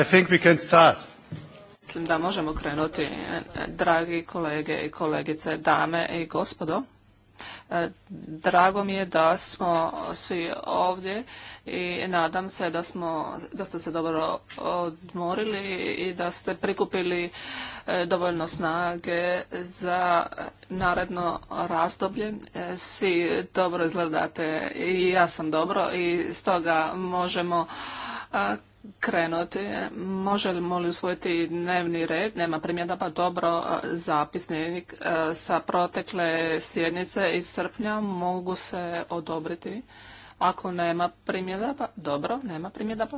I think we Mislim da možemo krenuti, e, e, dragi kolege i kolegice, dame i gospodo. E, drago mi je da smo svi ovdje i nadam se da, smo, da ste se dobro odmorili i da ste prikupili dovoljno snage za naredno razdoblje. Svi dobro izgledate i ja sam dobro i stoga možemo krenuti. Možemo li usvojiti dnevni red? Nema pa Dobro, zapisnik sa protekle sjednice iz srpnja mogu se odobriti. Ako nema pa dobro, nema primjedaba.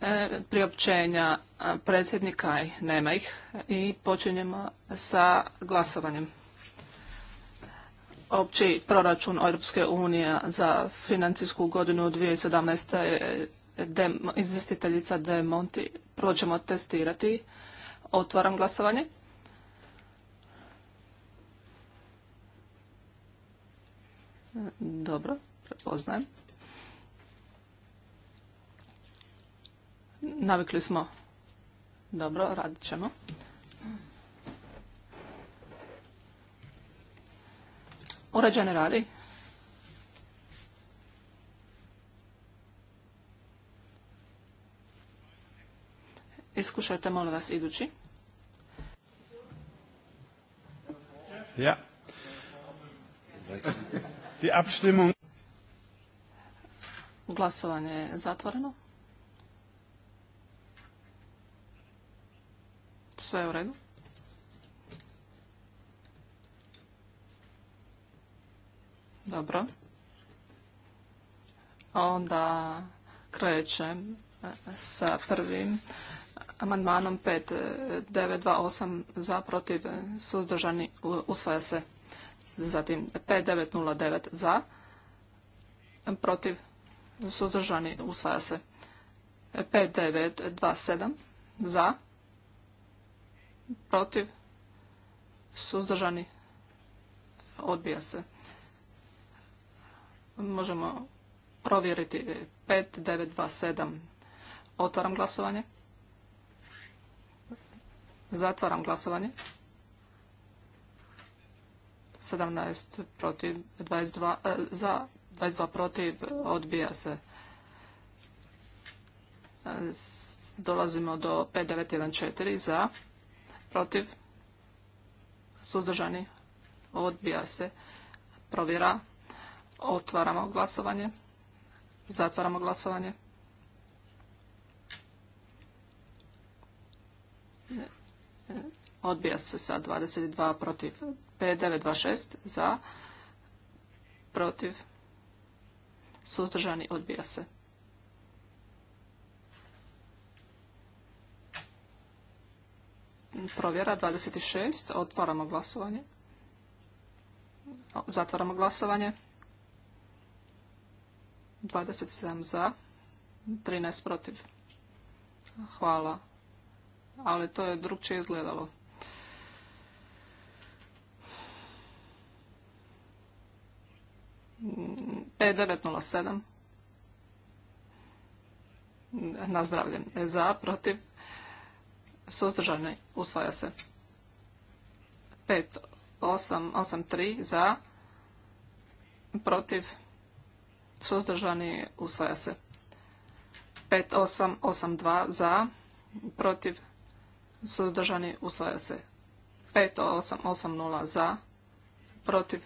Pa, e, priopćenja predsjednika nema ih i počinjemo sa glasovanjem. Opći proračun Europske unije za financijsku godinu 2017 izvjestiteljica De Monti. Prvo ćemo testirati. Otvaram glasovanje. Dobro, prepoznajem. Navikli smo. Dobro, radit ćemo. Uređene radi. Iskušajte, molim vas, idući. Ja. Glasovanje je zatvoreno. Sve u redu. Dobro. Onda krećem sa prvim amandmanom 5928 e, za protiv suzdržani usvaja se. Zatim 5909 za protiv suzdržani usvaja se. 5927 za protiv suzdržani odbija se. Možemo provjeriti 5927. Otvaram glasovanje. Zatvaram glasovanje. 17 protiv, 22 e, za, 22 protiv, odbija se. E, dolazimo do 5914 za, protiv, suzdržani, odbija se. Provjera, otvaramo glasovanje, zatvaramo glasovanje. Odbija se sa 22 protiv 926 za protiv suzdržani odbija se. Provjera 26. Otvaramo glasovanje. Zatvaramo glasovanje. 27 za, 13 protiv. Hvala ali to je drugčije izgledalo. P907 na zdravlje. Za, protiv, suzdržani, usvaja se. 5883 za, protiv, suzdržani, usvaja se. 5882 za, protiv, suzdržani, usvaja se. 5880 za, protiv,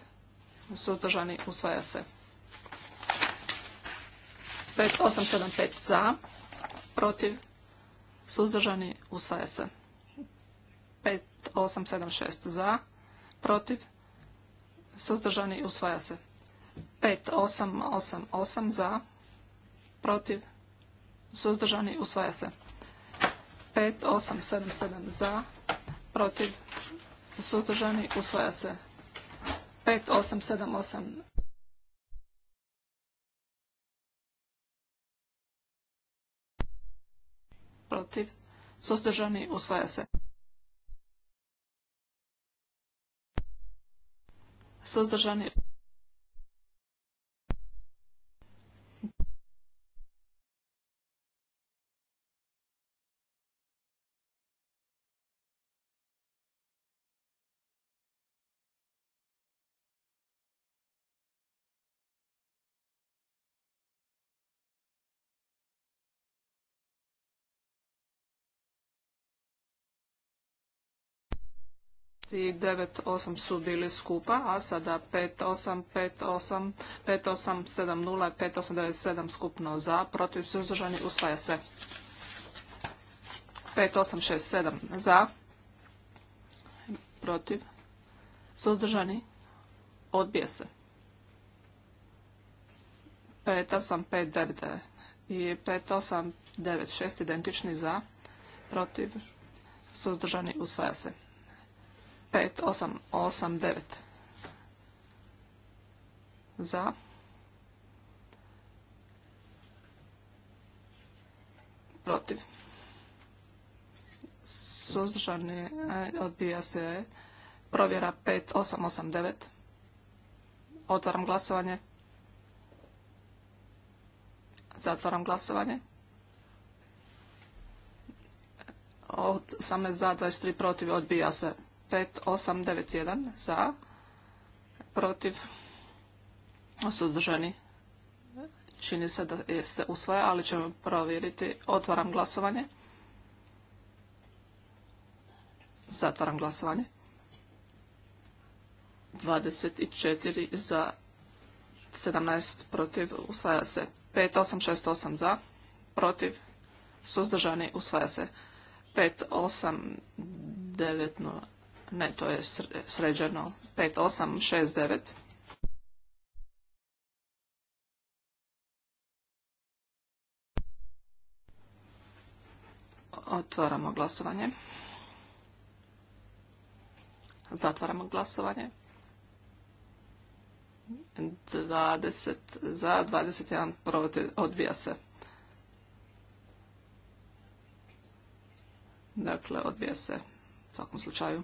suzdržani, usvaja se. 5875 za, protiv, suzdržani, usvaja se. 5876 za, protiv, suzdržani, usvaja se. 5888 za, protiv, suzdržani, usvaja se. 5877 za, protiv, suzdržani, usvaja se. 5878 protiv, suzdržani, usvaja se. Suzdržani, i 98 su bili skupa, a sada 58, 5870 i 5897 skupno za, protiv suzdržani usvaja se. 5867 za, protiv suzdržani odbija se. 5859 i 5896 identični za, protiv suzdržani usvaja se. 5889 za protiv suzdržani e, odbija se provjera 5889 otvaram glasovanje zatvaram glasovanje od same za 23 protiv odbija se 5891 za, protiv, osuzdržani. Čini se da se usvaja, ali ćemo provjeriti. Otvaram glasovanje. Zatvaram glasovanje. 24 za, 17 protiv, usvaja se. 5868 za, protiv, suzdržani, usvaja se. 5890 ne, to je sređeno. 5, 8, 6, 9. Otvaramo glasovanje. Zatvaramo glasovanje. 20 za, 21 protiv, odbija se. Dakle, odbija se u svakom slučaju.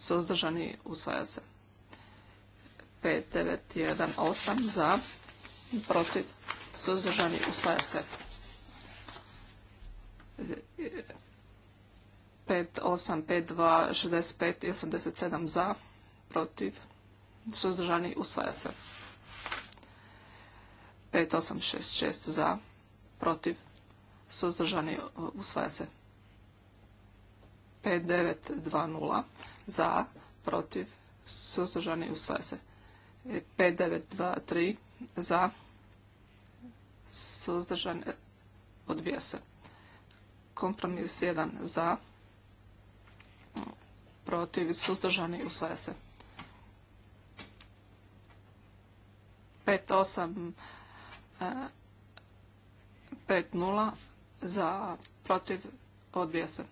suzdržani, usvaja se. 5918 za, protiv, suzdržani, usvaja se. šezdeset 65 i 87 za, protiv, suzdržani, usvaja se. 5866 za, protiv, suzdržani, usvaja se. 5920 za, protiv, suzdržani, usvaja se. 5923 za, suzdržani, odbija se. Kompromis 1 za, protiv, suzdržani, usvaja se. 58 5-0 eh, za protiv odbija se.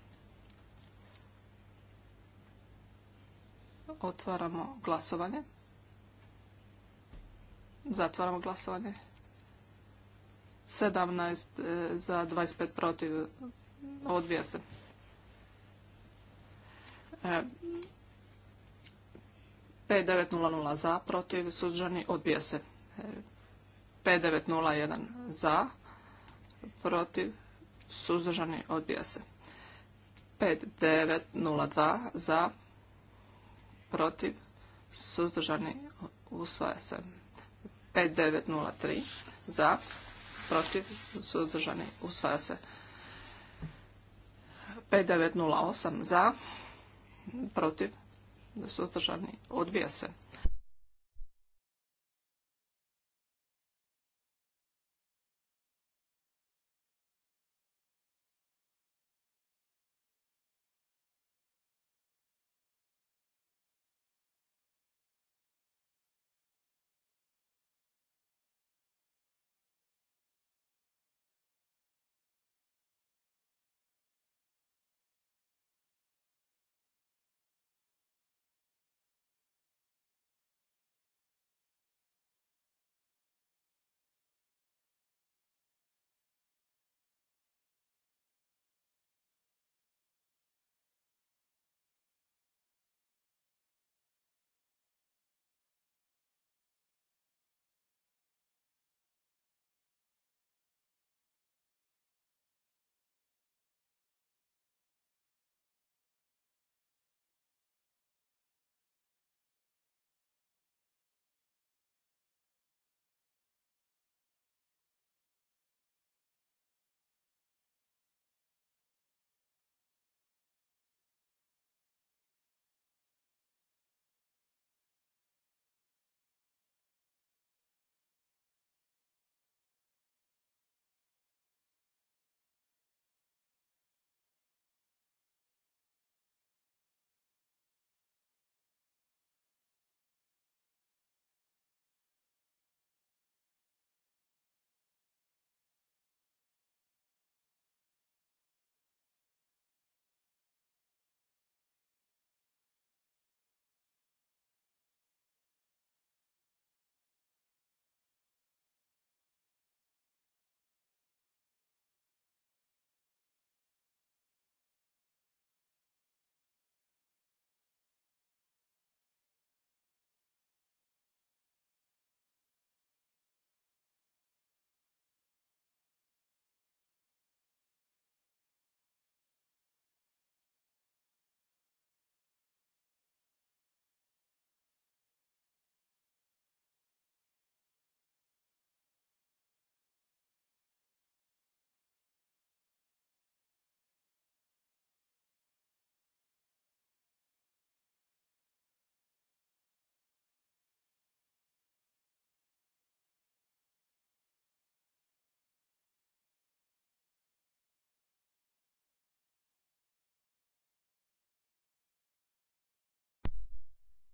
Otvaramo glasovanje. Zatvaramo glasovanje. 17 e, za 25 protiv. odvija se. E, 5900 za, protiv, suđani odbija se. 5901 za, protiv, suzdržani, odbija se. 5902 e, za, protiv, suzdržani, usvaja se. 5903 za, protiv, suzdržani, usvaja se. 5908 za, protiv, suzdržani, odbija se.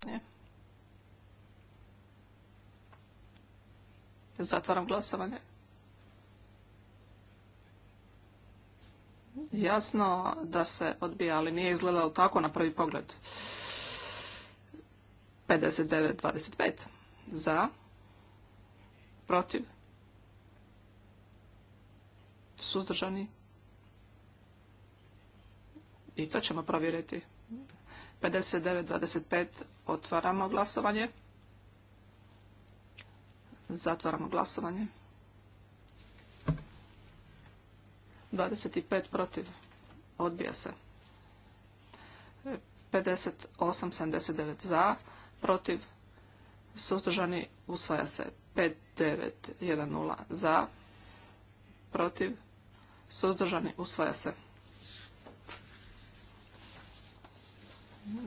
E. Zatvaram glasovanje. Jasno da se odbija, ali nije izgledalo tako na prvi pogled. 59.25 Za. Protiv. Suzdržani. I to ćemo provjeriti. 59.25 otvaramo glasovanje. Zatvaramo glasovanje. 25 protiv. Odbija se. 58.79 za. Protiv. Suzdržani usvaja se. 5910 za. Protiv. Suzdržani usvaja se.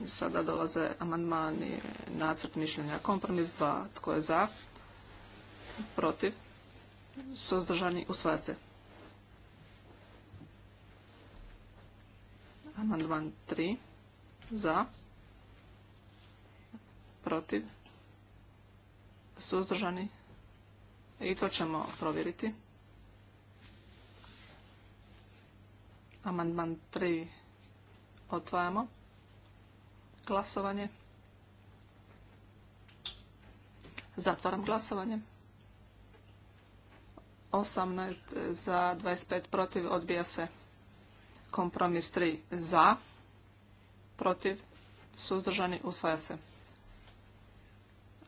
Sada dolaze amandmani nacrt mišljenja kompromis 2. Tko je za? Protiv? Suzdržani usvaja se. Amandman 3. Za? Protiv? Suzdržani? I to ćemo provjeriti. Amandman 3 otvajamo glasovanje. Zatvaram glasovanje. 18 za, 25 protiv, odbija se kompromis 3 za, protiv, suzdržani, usvaja se.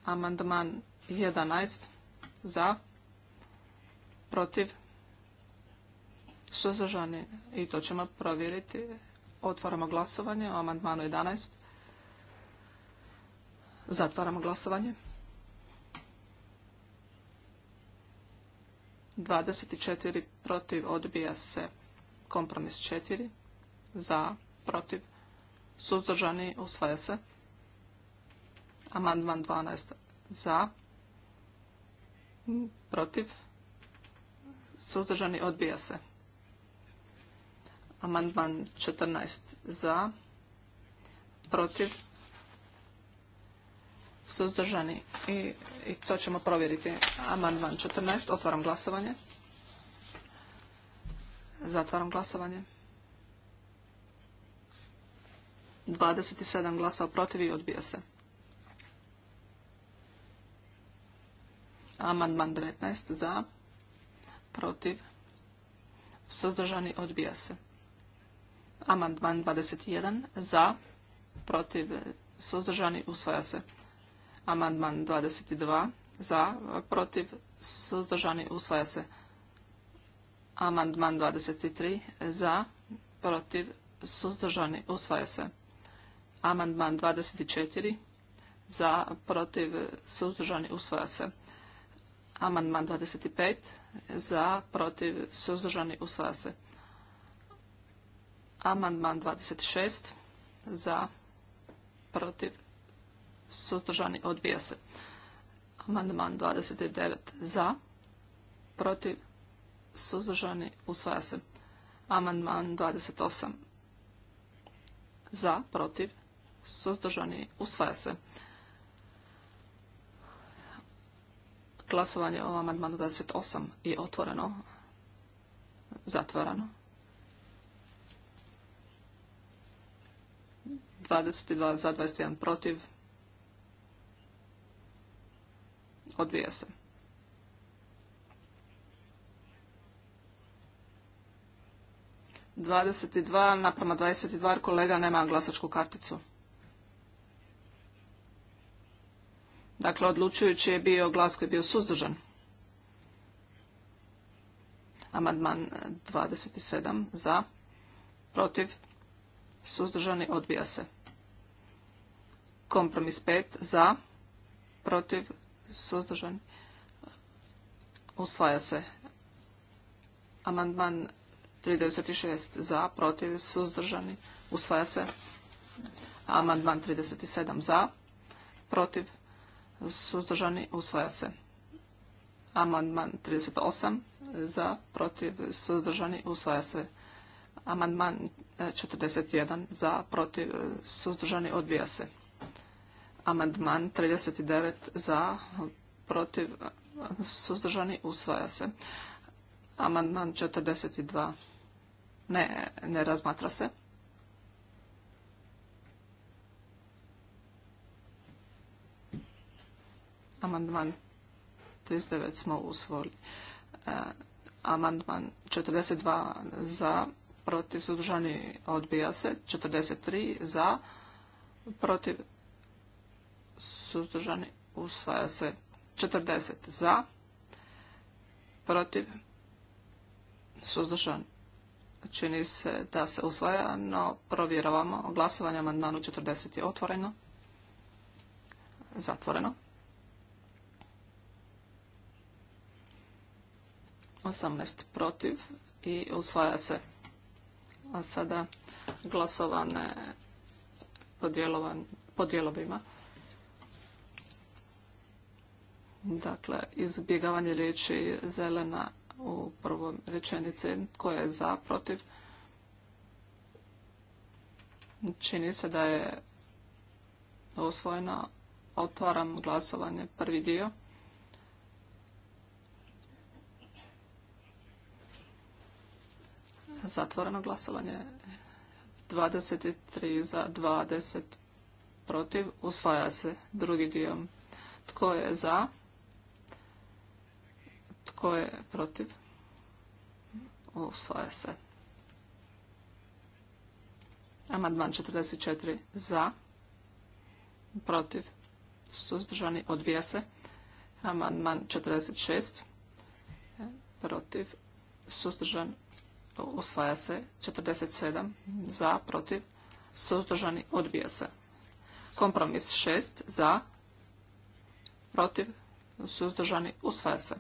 Amandman 11 za, protiv, suzdržani i to ćemo provjeriti. Otvaramo glasovanje o amandmanu 11. Zatvaramo glasovanje. 24 protiv odbija se kompromis 4 za protiv suzdržani usvaja se amandman 12 za protiv suzdržani odbija se amandman 14 za protiv suzdržani i, to ćemo provjeriti. Amandman 14. Otvaram glasovanje. Zatvaram glasovanje. 27 glasova protiv i odbija se. Amandman 19 za, protiv, suzdržani odbija se. Amandman 21 za, protiv, suzdržani usvaja se. Amandman 22 za, protiv, suzdržani, usvaja se. Amandman 23 za, protiv, suzdržani, usvaja se. Amandman 24 za, protiv, suzdržani, usvaja se. Amandman 25 za, protiv, suzdržani, usvaja se. Amandman 26 za, protiv, suzdržani, odbija se. Amandman 29 za, protiv, suzdržani, usvaja se. Amandman 28 za, protiv, suzdržani, usvaja se. Glasovanje o amandmanu 28 je otvoreno, zatvoreno. 22 za, 21 protiv, Odbija se. Dvadeset dva naprama dvadeset dva kolega nema glasačku karticu. Dakle, odlučujući je bio glas koji je bio suzdržan. Amandman 27 za, protiv, suzdržani, odbija se. Kompromis pet za, protiv, suzdržani, usvaja se. Amandman 36 za, protiv, suzdržani, usvaja se. Amandman 37 za, protiv, suzdržani, usvaja se. Amandman 38 za, protiv, suzdržani, usvaja se. Amandman 41 za, protiv, suzdržani, odbija se. Amandman 39 za, protiv, suzdržani, usvaja se. Amandman 42 ne, ne razmatra se. Amandman 39 smo usvojili. E, amandman 42 za, protiv, suzdržani, odbija se. 43 za, protiv, suzdržani, usvaja se. 40 za, protiv, suzdržan. Čini se da se usvaja, no provjeravamo. Glasovanje amandmanu 40 je otvoreno, zatvoreno. 18 protiv i usvaja se. A sada glasovane po dijelovima. Dakle, izbjegavanje riječi zelena u prvom rečenici koja je za, protiv. Čini se da je usvojena. Otvaram glasovanje prvi dio. Zatvoreno glasovanje 23 za 20 protiv. Usvaja se drugi dio. Tko je za? Tko je protiv? Usvaja se. Amandman 44 za. Protiv. Suzdržani. Odbija se. Amandman 46. Protiv. Suzdržan. Usvaja se. 47 za. Protiv. Suzdržani. Odbija se. Kompromis 6 za. Protiv. Suzdržani. Usvaja se.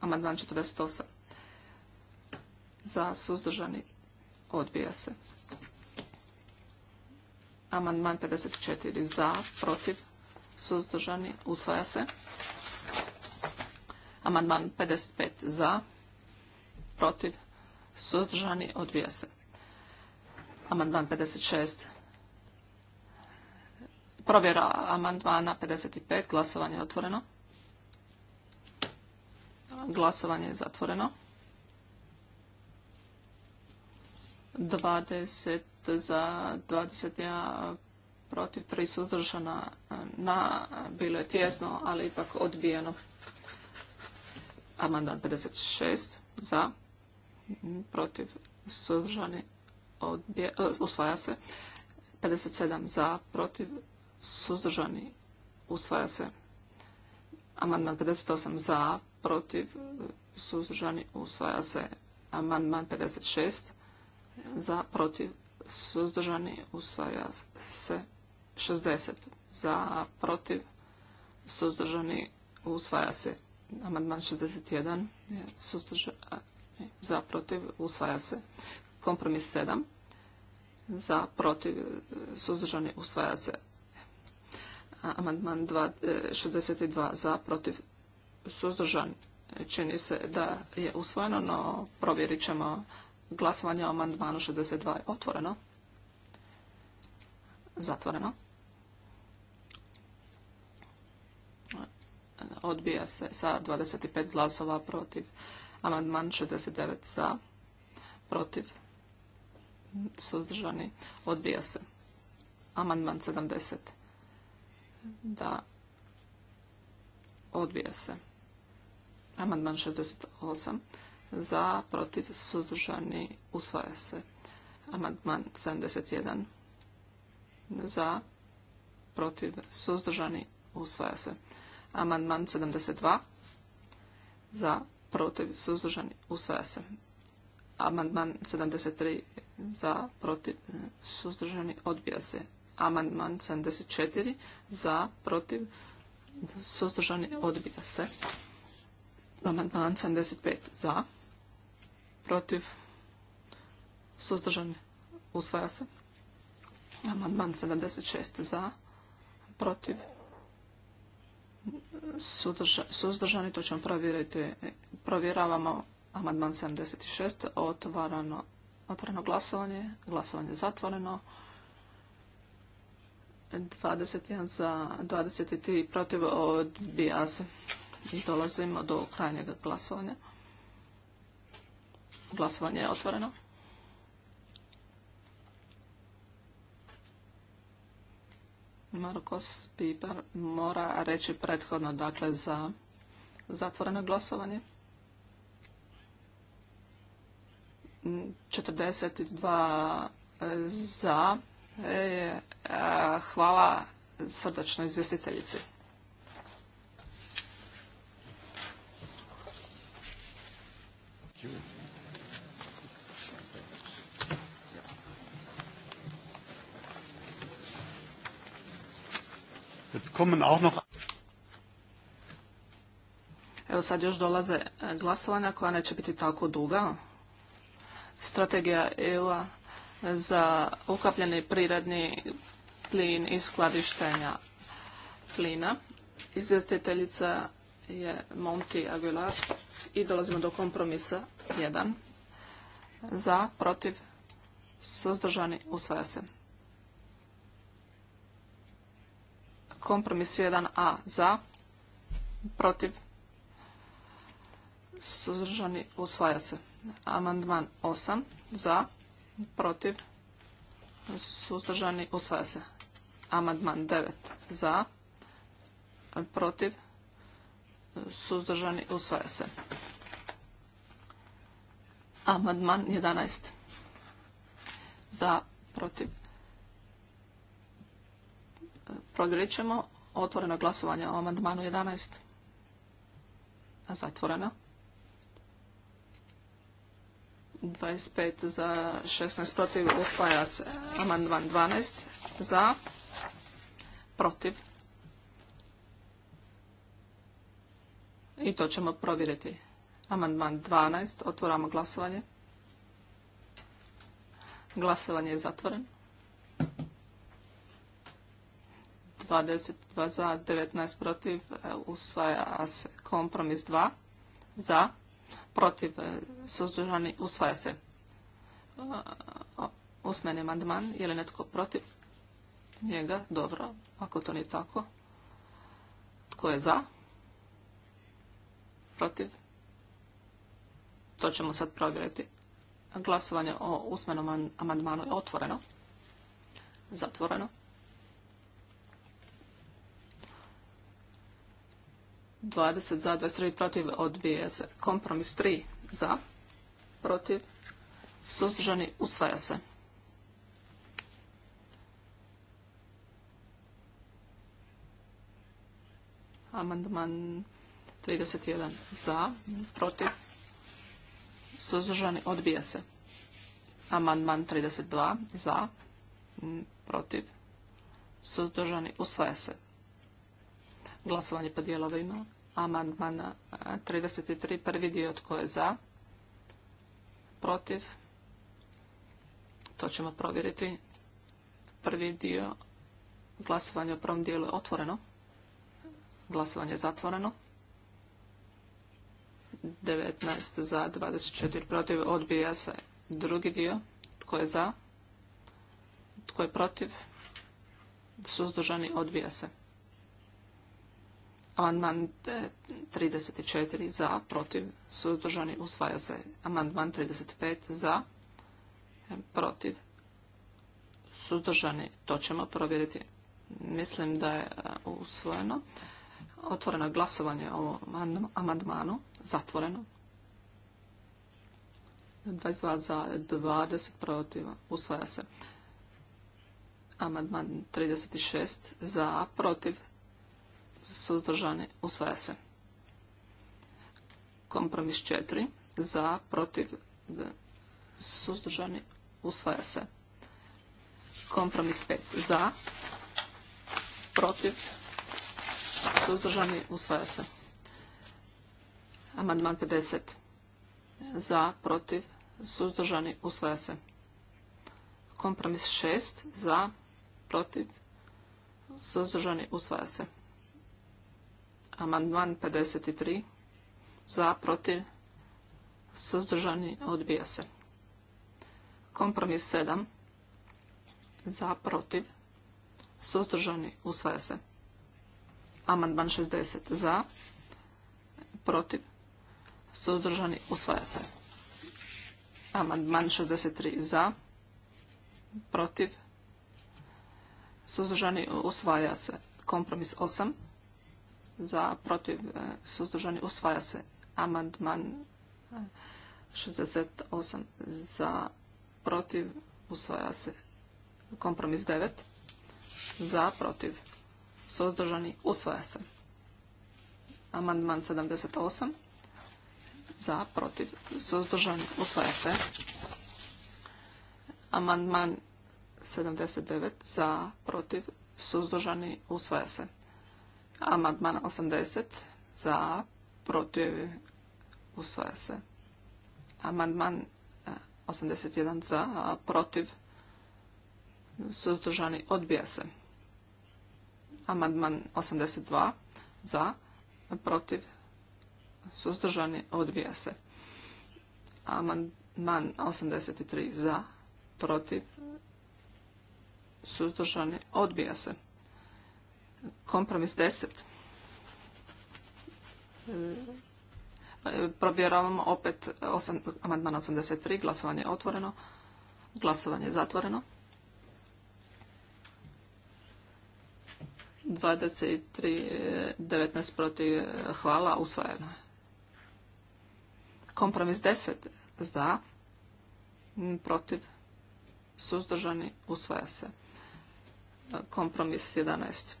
Amandman 48. Za suzdržani odbija se. Amandman 54. Za, protiv, suzdržani, usvaja se. Amandman 55. Za, protiv, suzdržani, odbija se. Amandman 56. Provjera amandmana 55. Glasovanje je otvoreno. Glasovanje je zatvoreno. 20 za 21 protiv 3 suzdržana na, bilo je tjesno, ali ipak odbijeno. Amandman 56 za, protiv suzdržani odbije, usvaja se. 57 za, protiv suzdržani usvaja se. Amandman 58 za, protiv, suzdržani, usvaja se. Amandman 56 za, protiv, suzdržani, usvaja se. 60 za, protiv, suzdržani, usvaja se. Amandman 61 suzdržani, za, protiv, usvaja se. Kompromis 7 za, protiv, suzdržani, usvaja se. Amandman 62 e, za protiv suzdržan. Čini se da je usvojeno, no provjerit ćemo glasovanje o amandmanu 62 je otvoreno. Zatvoreno. Odbija se sa 25 glasova protiv. Amandman 69 za protiv suzdržani. Odbija se. Amandman 70 da odbija se. Amandman 68 za, protiv, suzdržani, usvaja se. Amandman 71 za, protiv, suzdržani, usvaja se. Amandman 72 za, protiv, suzdržani, usvaja se. Amandman 73 za, protiv, suzdržani, odbija se. Amandman 74 za, protiv, suzdržani odbija se. Amandman 75 za, protiv, suzdržani usvaja se. Amandman 76 za, protiv, suzdržani, to ćemo provjeriti, provjeravamo amandman 76, otvarano, otvoreno glasovanje, glasovanje zatvoreno. 21 za, 23 protiv, odbija se. I dolazimo do krajnjeg glasovanja. Glasovanje je otvoreno. Markos Piper mora reći prethodno, dakle, za zatvoreno glasovanje. 42 za, E, hvala srdačno izvjestiteljici. Evo sad još dolaze glasovanja koja neće biti tako duga. Strategija EU-a za ukapljeni prirodni plin i skladištenja plina. Izvjestiteljica je Monti Aguilar i dolazimo do kompromisa 1. Za, protiv, suzdržani, usvaja se. Kompromis 1a za, protiv, suzdržani, usvaja se. Amandman 8 za, protiv, suzdržani, usvaja se. Amandman 9 za, protiv, suzdržani, usvaja se. Amandman 11 za, protiv. Provjerit ćemo otvoreno glasovanje o amandmanu 11. Zatvoreno. 25 za 16 protiv usvaja se amandman 12 za protiv i to ćemo provjeriti amandman 12 otvoramo glasovanje glasovanje je zatvoren 22 za 19 protiv e, usvaja se kompromis 2 za protiv, e, suzdržani, usvaja se. E, usmeni amandman, je li netko protiv njega? Dobro, ako to nije tako. Tko je za? Protiv? To ćemo sad provjeriti. Glasovanje o usmenom amandmanu je otvoreno. Zatvoreno. 20 za, 23 protiv, odbije se. Kompromis 3 za, protiv, suzdržani, usvaja se. Amandman 31 za, protiv, suzdržani, odbija se. Amandman 32 za, protiv, suzdržani, usvaja se. Glasovanje po dijelovima. Amandman 33, prvi dio tko je za, protiv, to ćemo provjeriti. Prvi dio glasovanja u prvom dijelu je otvoreno. Glasovanje je zatvoreno. 19 za, 24 protiv, odbija se drugi dio. Tko je za? Tko je protiv? Suzdržani odbija se. Amandman 34 e, za, protiv, suzdržani, usvaja se. Amandman 35 za, e, protiv, suzdržani, to ćemo provjeriti. Mislim da je e, usvojeno. Otvoreno je glasovanje o amandmanu, zatvoreno. 22 za, 20 protiv, usvaja se. Amandman 36 za, protiv, suzdržani, usvaja se. Kompromis četiri za, protiv, suzdržani, usvaja se. Kompromis pet, za, protiv, suzdržani, usvaja se. Amandman 50 za, protiv, suzdržani, usvaja se. Kompromis šest, za, protiv, suzdržani, usvaja se. Amandman 53 za, protiv, suzdržani, odbija se. Kompromis 7 za, protiv, suzdržani, usvaja se. Amandman 60 za, protiv, suzdržani, usvaja se. Amandman 63 za, protiv, suzdržani, usvaja se. Kompromis 8 E, e, za, protiv, suzdržani, usvaja se. Amandman 68 za, protiv, usvaja se. Kompromis 9 za, protiv, suzdržani, usvaja se. Amandman 78 za, protiv, suzdržani, usvaja se. Amandman 79 za, protiv, suzdržani, usvaja se. Amandman 80 za, protiv, usvaja se. Amandman 81 e, za, protiv, suzdržani, odbija se. Amandman 82 za, protiv, suzdržani, odbija se. Amandman 83 za, protiv, suzdržani, odbija se. Kompromis deset. Probjeravamo opet amandman 83. Glasovanje je otvoreno. Glasovanje je zatvoreno. 23, 19 protiv hvala, usvojeno je. Kompromis deset. za, protiv, suzdržani, usvaja se. Kompromis 11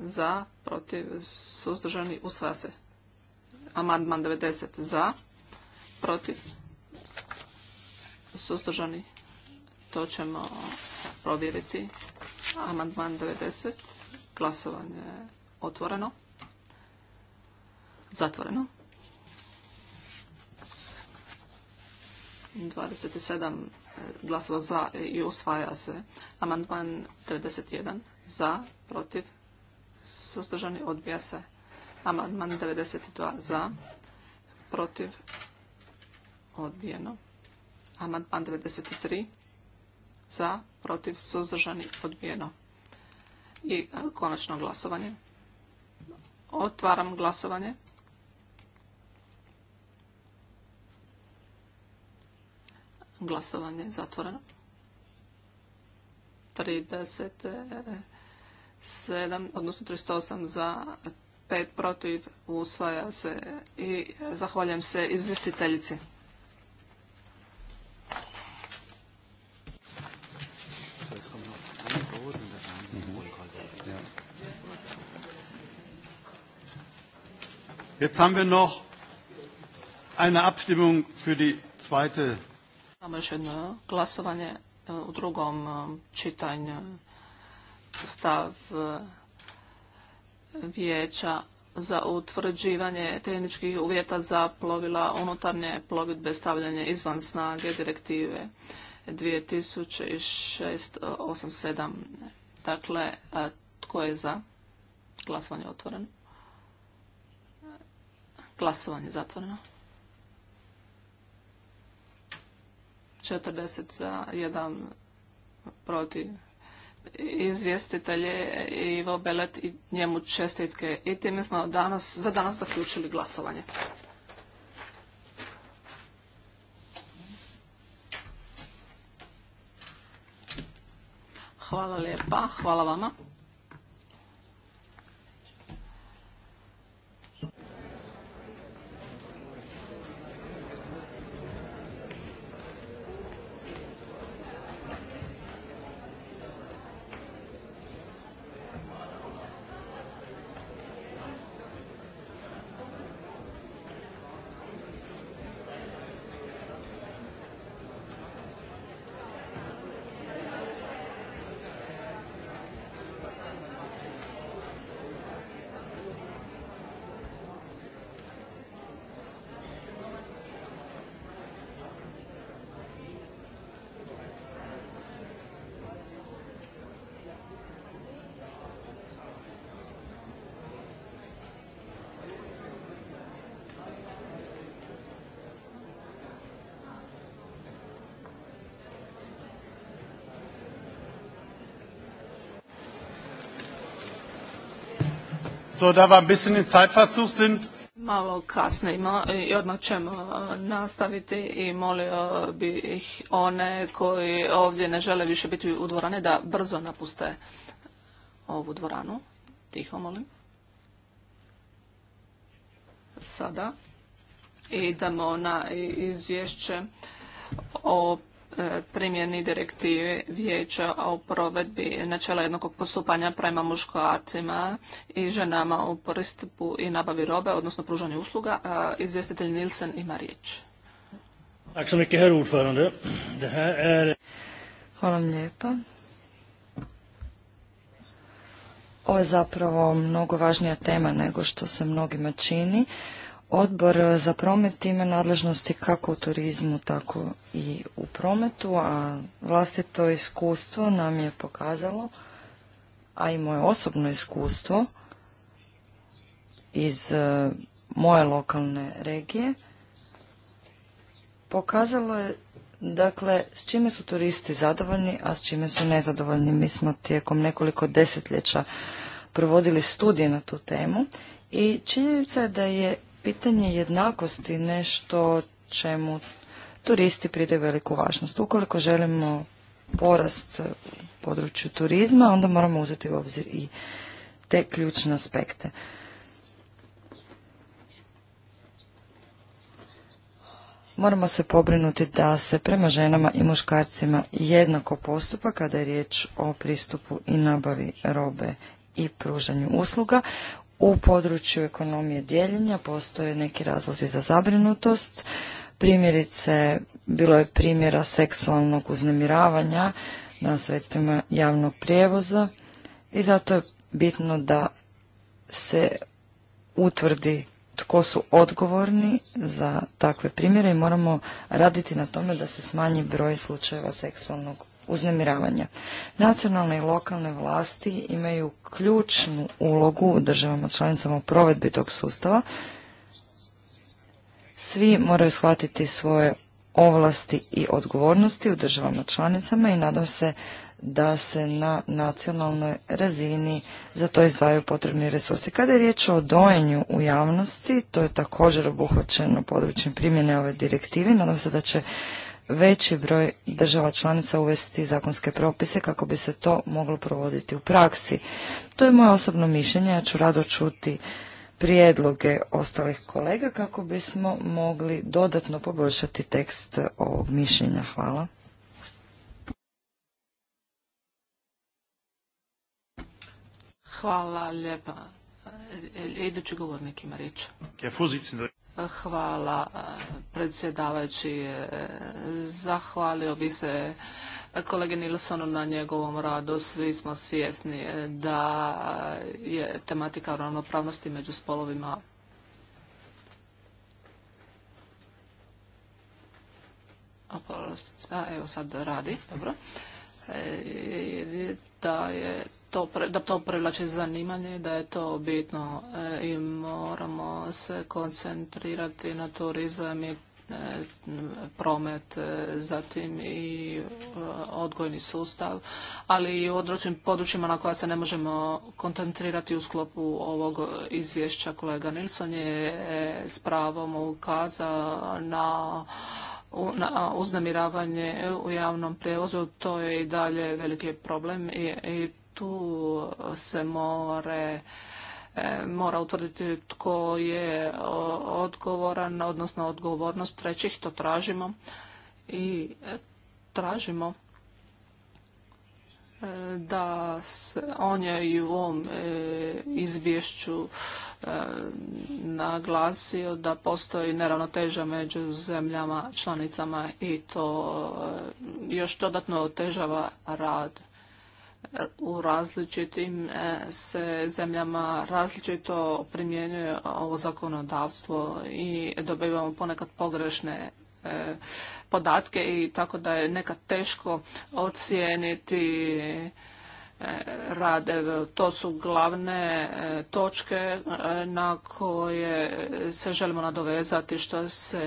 za, protiv, suzdržani, usvaja se. Amandman 90 za, protiv, suzdržani, to ćemo provjeriti. Amandman 90, glasovanje otvoreno, zatvoreno. 27 glasova za i usvaja se. Amandman 91 za, protiv, suzdržani, odbija se. Amandman 92 za, protiv, odbijeno. Amandman 93 za, protiv, suzdržani, odbijeno. I e, konačno glasovanje. Otvaram glasovanje. Glasovanje je zatvoreno. 30 7, odnosno 308 za 5 protiv usvaja se i zahvaljujem se izvjestiteljici. Jetzt haben wir noch eine Abstimmung für die zweite. haben još jedno glasovanje e, u drugom e, čitanju stav eh, vijeća za utvrđivanje tehničkih uvjeta za plovila unutarnje plovidbe stavljanje izvan snage direktive 2006-87. Dakle, tko je za? Glasovanje otvoreno. Glasovanje zatvoreno. 41 za, protiv, izvjestitelje Ivo Belet i njemu čestitke. I time smo danas, za danas zaključili glasovanje. Hvala lijepa, hvala vama. so da wir sind. Malo kasnimo i odmah ćemo uh, nastaviti i molio bih one koji ovdje ne žele više biti u dvorane da brzo napuste ovu dvoranu. Tiho molim. Sada idemo na izvješće o E, primjeni direktive vijeća o provedbi načela jednakog postupanja prema muškarcima i ženama u pristupu i nabavi robe, odnosno pružanju usluga. E, izvjestitelj Nilsen ima riječ. Hvala vam lijepa. Ovo je zapravo mnogo važnija tema nego što se mnogima čini. Odbor za promet ima nadležnosti kako u turizmu, tako i u prometu, a vlastito iskustvo nam je pokazalo, a i moje osobno iskustvo iz e, moje lokalne regije, pokazalo je dakle s čime su turisti zadovoljni, a s čime su nezadovoljni. Mi smo tijekom nekoliko desetljeća provodili studije na tu temu i činjenica je da je pitanje jednakosti nešto čemu turisti pride veliku važnost. Ukoliko želimo porast u području turizma, onda moramo uzeti u obzir i te ključne aspekte. Moramo se pobrinuti da se prema ženama i muškarcima jednako postupa kada je riječ o pristupu i nabavi robe i pružanju usluga. U području ekonomije dijeljenja postoje neki razlozi za zabrinutost. Primjerice, bilo je primjera seksualnog uznemiravanja na sredstvima javnog prijevoza i zato je bitno da se utvrdi tko su odgovorni za takve primjere i moramo raditi na tome da se smanji broj slučajeva seksualnog uznemiravanja. Nacionalne i lokalne vlasti imaju ključnu ulogu u državama članicama u provedbi tog sustava. Svi moraju shvatiti svoje ovlasti i odgovornosti u državama članicama i nadam se da se na nacionalnoj razini za to izdvajaju potrebni resursi. Kada je riječ o dojenju u javnosti, to je također obuhvaćeno područjem primjene ove direktive. Nadam se da će veći broj država članica uvesti zakonske propise kako bi se to moglo provoditi u praksi. To je moje osobno mišljenje, ja ću rado čuti prijedloge ostalih kolega kako bismo mogli dodatno poboljšati tekst ovog mišljenja. Hvala. Hvala lijepa. E, e, idući govornik ima riječ. Hvala predsjedavajući. Zahvalio bi se kolegi Nilsonu na njegovom radu. Svi smo svjesni da je tematika ravnopravnosti među spolovima evo sad radi, dobro. E, da je to, da to privlači zanimanje, da je to bitno e, i moramo se koncentrirati na turizam i e, promet, e, zatim i odgojni sustav, ali i u odročnim područjima na koja se ne možemo koncentrirati u sklopu ovog izvješća. Kolega Nilsson je s pravom ukazao na uznamiravanje u javnom prijevozu, to je i dalje veliki problem i tu se more e, mora utvrditi tko je odgovoran, odnosno odgovornost trećih, to tražimo i e, tražimo e, da se on je i u ovom izvješću naglasio da postoji neravnoteža među zemljama članicama i to još dodatno otežava rad u različitim e, se zemljama različito primjenjuje ovo zakonodavstvo i dobivamo ponekad pogrešne e, podatke i tako da je nekad teško ocijeniti e, rade. To su glavne točke na koje se želimo nadovezati što se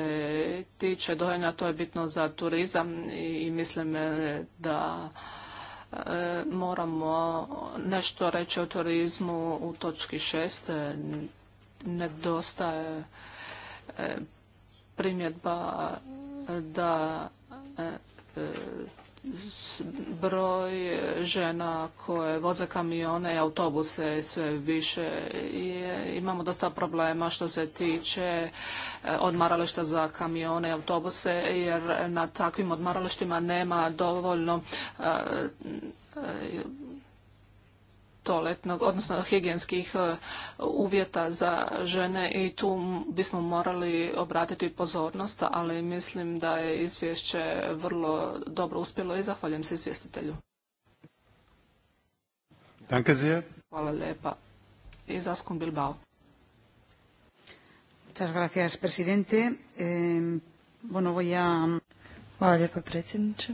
tiče dojenja. To je bitno za turizam i mislim da E, moramo nešto reći o turizmu u točki šest. E, nedostaje e, primjedba da broj žena koje voze kamione i autobuse sve više. I imamo dosta problema što se tiče eh, odmarališta za kamione i autobuse jer na takvim odmaralištima nema dovoljno eh, toaletnog, odnosno higijenskih e, uvjeta za žene i tu bismo morali obratiti pozornost, ali mislim da je izvješće vrlo dobro uspjelo i zahvaljujem se izvjestitelju. Danke sehr. Hvala lijepa. I Bilbao. Muchas gracias, presidente. bueno, voy a... Hvala lijepa, predsjedniče.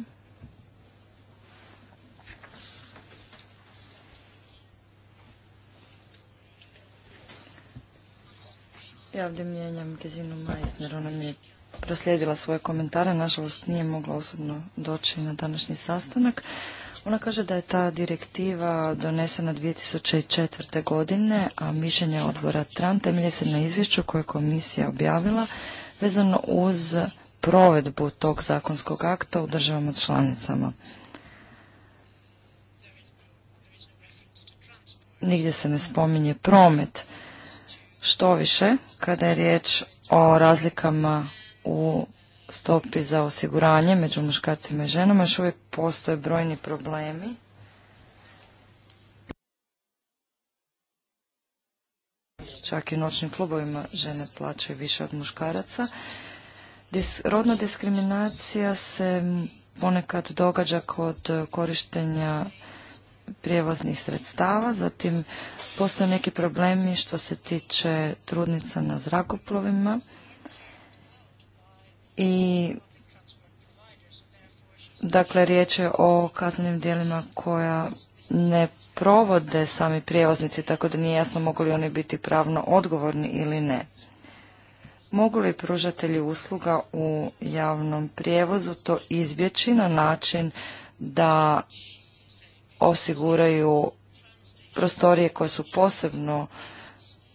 Ja ovdje mijenjam Gezinu Majsner, ona mi je proslijedila svoje komentare, nažalost nije mogla osobno doći na današnji sastanak. Ona kaže da je ta direktiva donesena 2004. godine, a mišljenje odbora TRAN temelje se na izvješću koje je komisija objavila vezano uz provedbu tog zakonskog akta u državama članicama. Nigdje se ne spominje promet, što više kada je riječ o razlikama u stopi za osiguranje među muškarcima i ženama još uvijek postoje brojni problemi. Čak i u noćnim klubovima žene plaćaju više od muškaraca. rodna diskriminacija se ponekad događa kod korištenja prijevoznih sredstava, zatim postoje neki problemi što se tiče trudnica na zrakoplovima i dakle riječ je o kaznenim dijelima koja ne provode sami prijevoznici, tako da nije jasno mogu li oni biti pravno odgovorni ili ne. Mogu li pružatelji usluga u javnom prijevozu to izbjeći na način da osiguraju prostorije koje su posebno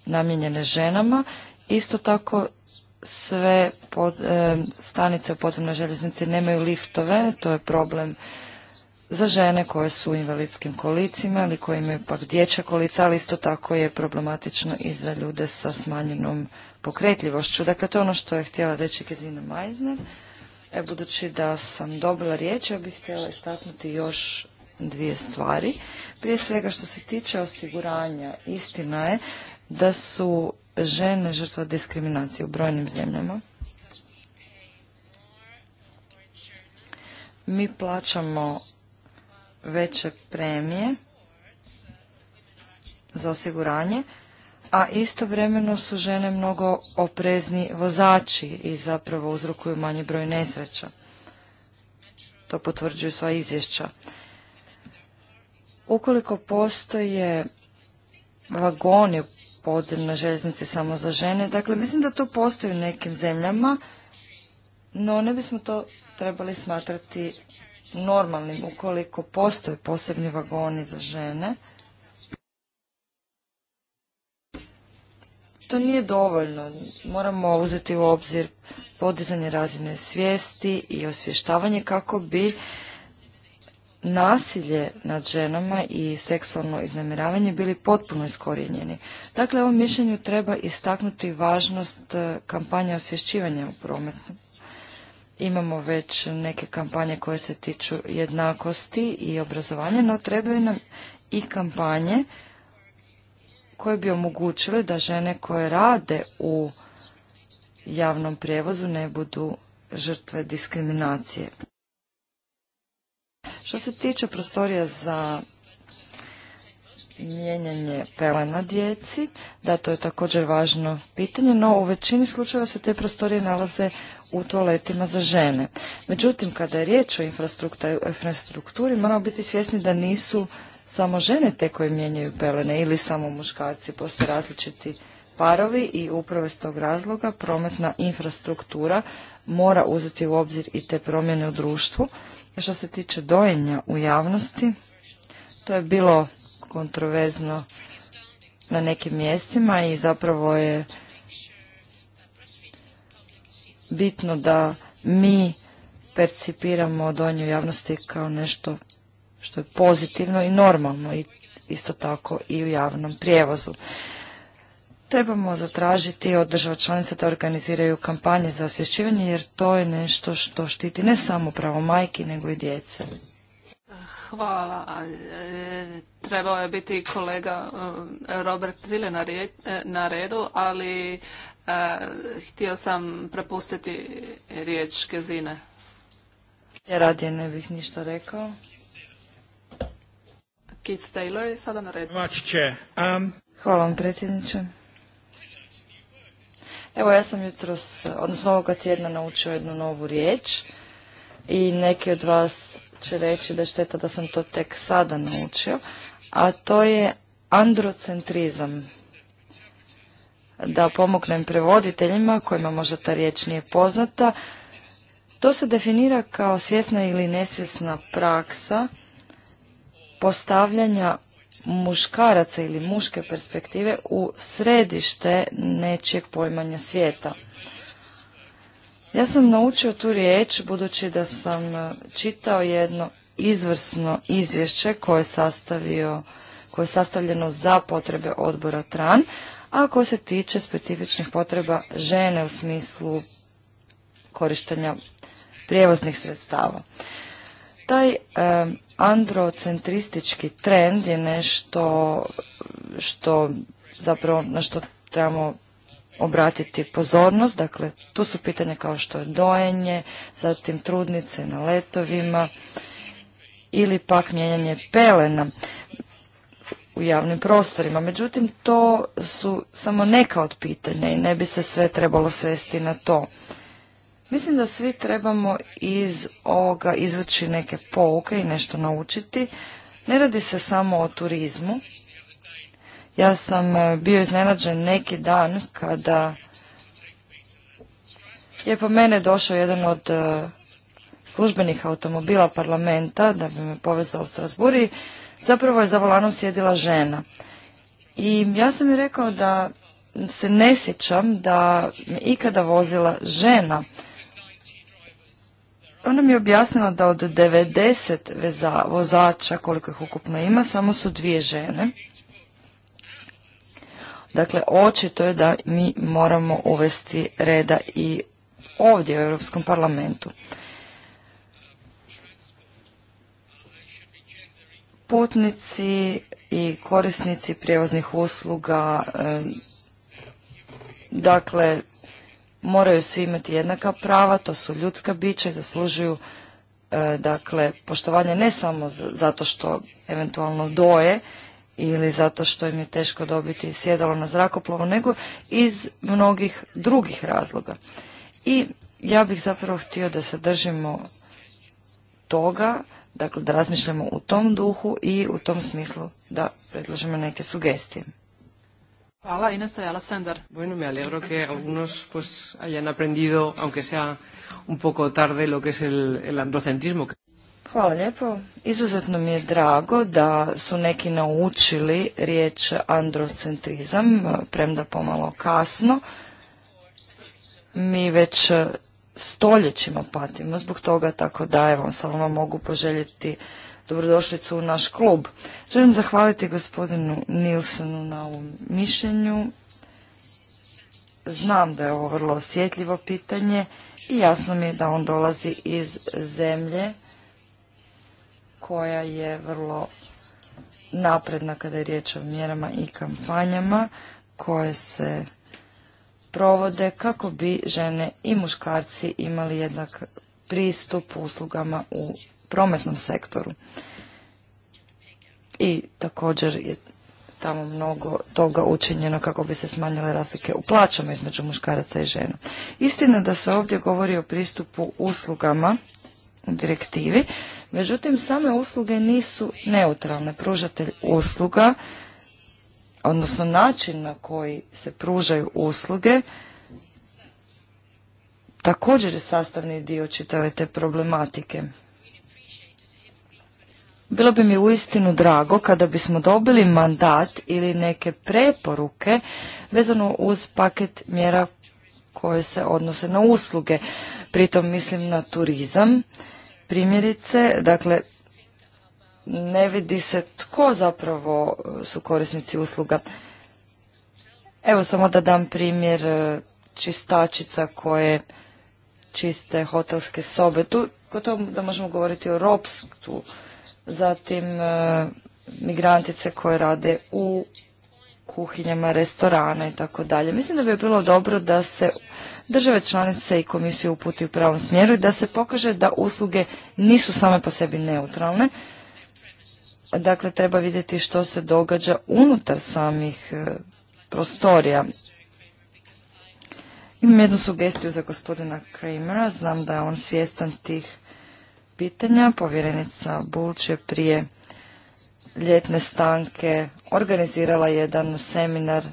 namijenjene ženama. Isto tako sve e, stanice u podzemnoj željeznici nemaju liftove, to je problem za žene koje su u invalidskim kolicima ili koje imaju pak dječja kolica, ali isto tako je problematično i za ljude sa smanjenom pokretljivošću. Dakle, to je ono što je htjela reći Kezina Majzner. E, budući da sam dobila riječ, ja bih htjela istaknuti još dvije stvari. Prije svega što se tiče osiguranja, istina je da su žene žrtva diskriminacije u brojnim zemljama. Mi plaćamo veće premije za osiguranje, a istovremeno su žene mnogo oprezni vozači i zapravo uzrokuju manji broj nesreća. To potvrđuju sva izvješća. Ukoliko postoje vagoni podzemne željeznice samo za žene, dakle mislim da to postoji u nekim zemljama, no ne bismo to trebali smatrati normalnim ukoliko postoje posebni vagoni za žene. To nije dovoljno. Moramo uzeti u obzir podizanje razine svijesti i osvještavanje kako bi nasilje nad ženama i seksualno uznemiravanje bili potpuno iskorjenjeni. Dakle, ovom mišljenju treba istaknuti važnost e, kampanja osvješćivanja u prometu. Imamo već neke kampanje koje se tiču jednakosti i obrazovanja, no trebaju nam i kampanje koje bi omogućile da žene koje rade u javnom prijevozu ne budu žrtve diskriminacije. Što se tiče prostorija za mijenjanje pelena djeci, da to je također važno pitanje, no u većini slučajeva se te prostorije nalaze u toaletima za žene. Međutim, kada je riječ o infrastrukturi, moramo biti svjesni da nisu samo žene te koje mijenjaju pelene ili samo muškarci, postoje različiti parovi i upravo iz tog razloga prometna infrastruktura mora uzeti u obzir i te promjene u društvu što se tiče dojenja u javnosti, to je bilo kontroverzno na nekim mjestima i zapravo je bitno da mi percipiramo u javnosti kao nešto što je pozitivno i normalno i isto tako i u javnom prijevozu. Trebamo zatražiti od država članica da organiziraju kampanje za osvješćivanje jer to je nešto što štiti ne samo pravo majki nego i djece. Hvala. E, trebao je biti kolega e, Robert Zile na e, redu, ali htio sam prepustiti riječ Kezine. Ja radije ne bih ništa rekao. Keith Taylor je sada na redu. Um, Hvala vam predsjedniče. Evo ja sam jutros, odnosno ovoga tjedna naučio jednu novu riječ i neki od vas će reći da je šteta da sam to tek sada naučio, a to je androcentrizam. Da pomognem prevoditeljima kojima možda ta riječ nije poznata, to se definira kao svjesna ili nesvjesna praksa postavljanja muškaraca ili muške perspektive u središte nečijeg pojmanja svijeta. Ja sam naučio tu riječ budući da sam e, čitao jedno izvrsno izvješće koje je, sastavio, koje je sastavljeno za potrebe odbora TRAN, a koje se tiče specifičnih potreba žene u smislu korištenja prijevoznih sredstava. Taj e, androcentristički trend je nešto što zapravo na što trebamo obratiti pozornost. Dakle, tu su pitanja kao što je dojenje, zatim trudnice na letovima ili pak mijenjanje pelena u javnim prostorima. Međutim, to su samo neka od pitanja i ne bi se sve trebalo svesti na to. Mislim da svi trebamo iz ovoga izvući neke pouke i nešto naučiti. Ne radi se samo o turizmu. Ja sam e, bio iznenađen neki dan kada je po mene došao jedan od e, službenih automobila parlamenta da bi me povezao u Strasburi. Zapravo je za volanom sjedila žena. I ja sam joj rekao da se ne sjećam da ikada vozila žena ona mi je objasnila da od 90 vozača, koliko ih ukupno ima, samo su dvije žene. Dakle, očito je da mi moramo uvesti reda i ovdje u Europskom parlamentu. Putnici i korisnici prijevoznih usluga, dakle, moraju svi imati jednaka prava, to su ljudska bića i zaslužuju e, dakle poštovanje ne samo zato što eventualno doje ili zato što im je teško dobiti sjedalo na zrakoplovu, nego iz mnogih drugih razloga. I ja bih zapravo htio da se držimo toga, dakle da razmišljamo u tom duhu i u tom smislu da predložimo neke sugestije. Hvala, Inesa i Sender. Bueno, me alegro que algunos pues hayan aprendido, aunque sea un poco tarde, lo que es el, el androcentrismo. Hvala lijepo. Izuzetno mi je drago da su neki naučili riječ androcentrizam, premda pomalo kasno. Mi već stoljećima patimo zbog toga, tako da evo, samo vam mogu poželjeti dobrodošlicu u naš klub. Želim zahvaliti gospodinu Nilsonu na ovom mišljenju. Znam da je ovo vrlo osjetljivo pitanje i jasno mi je da on dolazi iz zemlje koja je vrlo napredna kada je riječ o mjerama i kampanjama koje se provode kako bi žene i muškarci imali jednak pristup uslugama u prometnom sektoru. I također je tamo mnogo toga učinjeno kako bi se smanjile razlike u plaćama između muškaraca i žena. Istina da se ovdje govori o pristupu uslugama u direktivi, međutim same usluge nisu neutralne. Pružatelj usluga, odnosno način na koji se pružaju usluge, također je sastavni dio čitave te problematike. Bilo bi mi uistinu drago kada bismo dobili mandat ili neke preporuke vezano uz paket mjera koje se odnose na usluge. Pritom mislim na turizam. Primjerice, dakle, ne vidi se tko zapravo su korisnici usluga. Evo samo da dam primjer e, čistačica koje čiste hotelske sobe. Tu gotovo da možemo govoriti o ropstvu zatim e, migrantice koje rade u kuhinjama, restorana i tako dalje. Mislim da bi bilo dobro da se države članice i komisije uputi u pravom smjeru i da se pokaže da usluge nisu same po sebi neutralne. Dakle, treba vidjeti što se događa unutar samih e, prostorija. Imam jednu sugestiju za gospodina Kramera. Znam da je on svjestan tih pitanja. Povjerenica Bulč je prije ljetne stanke organizirala jedan seminar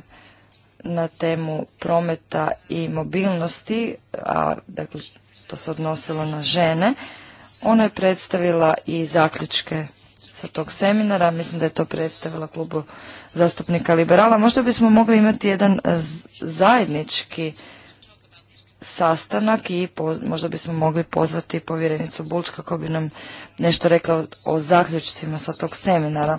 na temu prometa i mobilnosti, a dakle to se odnosilo na žene. Ona je predstavila i zaključke sa tog seminara, mislim da je to predstavila klubu zastupnika liberala. Možda bismo mogli imati jedan zajednički sastanak i možda bismo mogli pozvati povjerenicu Bulč kako bi nam nešto rekla o, zaključcima sa tog seminara.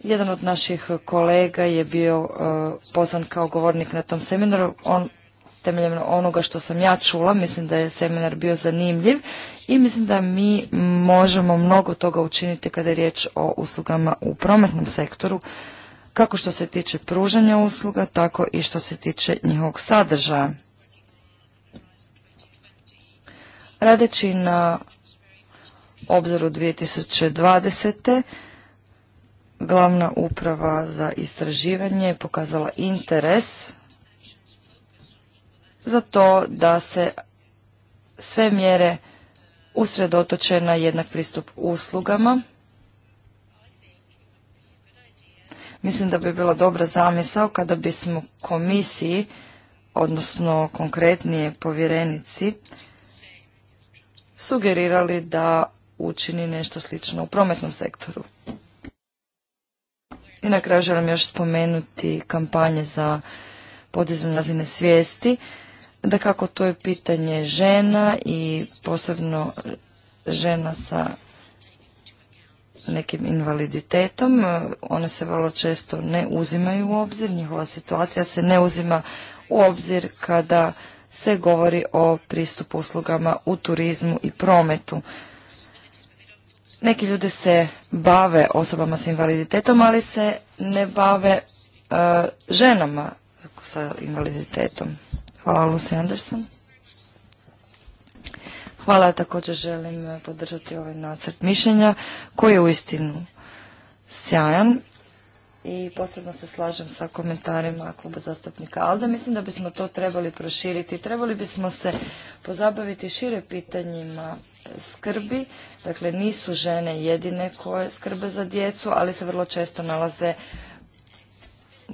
Jedan od naših kolega je bio uh, pozvan kao govornik na tom seminaru. On temeljem onoga što sam ja čula, mislim da je seminar bio zanimljiv i mislim da mi možemo mnogo toga učiniti kada je riječ o uslugama u prometnom sektoru, kako što se tiče pružanja usluga, tako i što se tiče njihovog sadržaja. Radeći na obzoru 2020. glavna uprava za istraživanje je pokazala interes za to da se sve mjere usredotoče na jednak pristup uslugama. Mislim da bi bila dobra zamisao kada bismo komisiji, odnosno konkretnije povjerenici, sugerirali da učini nešto slično u prometnom sektoru. I na kraju želim još spomenuti kampanje za podizanje razine svijesti, da kako to je pitanje žena i posebno žena sa nekim invaliditetom, one se vrlo često ne uzimaju u obzir, njihova situacija se ne uzima u obzir kada se govori o pristupu uslugama u turizmu i prometu. Neki ljudi se bave osobama s invaliditetom, ali se ne bave e, ženama sa invaliditetom. Hvala Lucy Anderson. Hvala, također želim podržati ovaj nacrt mišljenja koji je uistinu sjajan i posebno se slažem sa komentarima kluba zastupnika Alda. Mislim da bismo to trebali proširiti. Trebali bismo se pozabaviti šire pitanjima skrbi. Dakle, nisu žene jedine koje skrbe za djecu, ali se vrlo često nalaze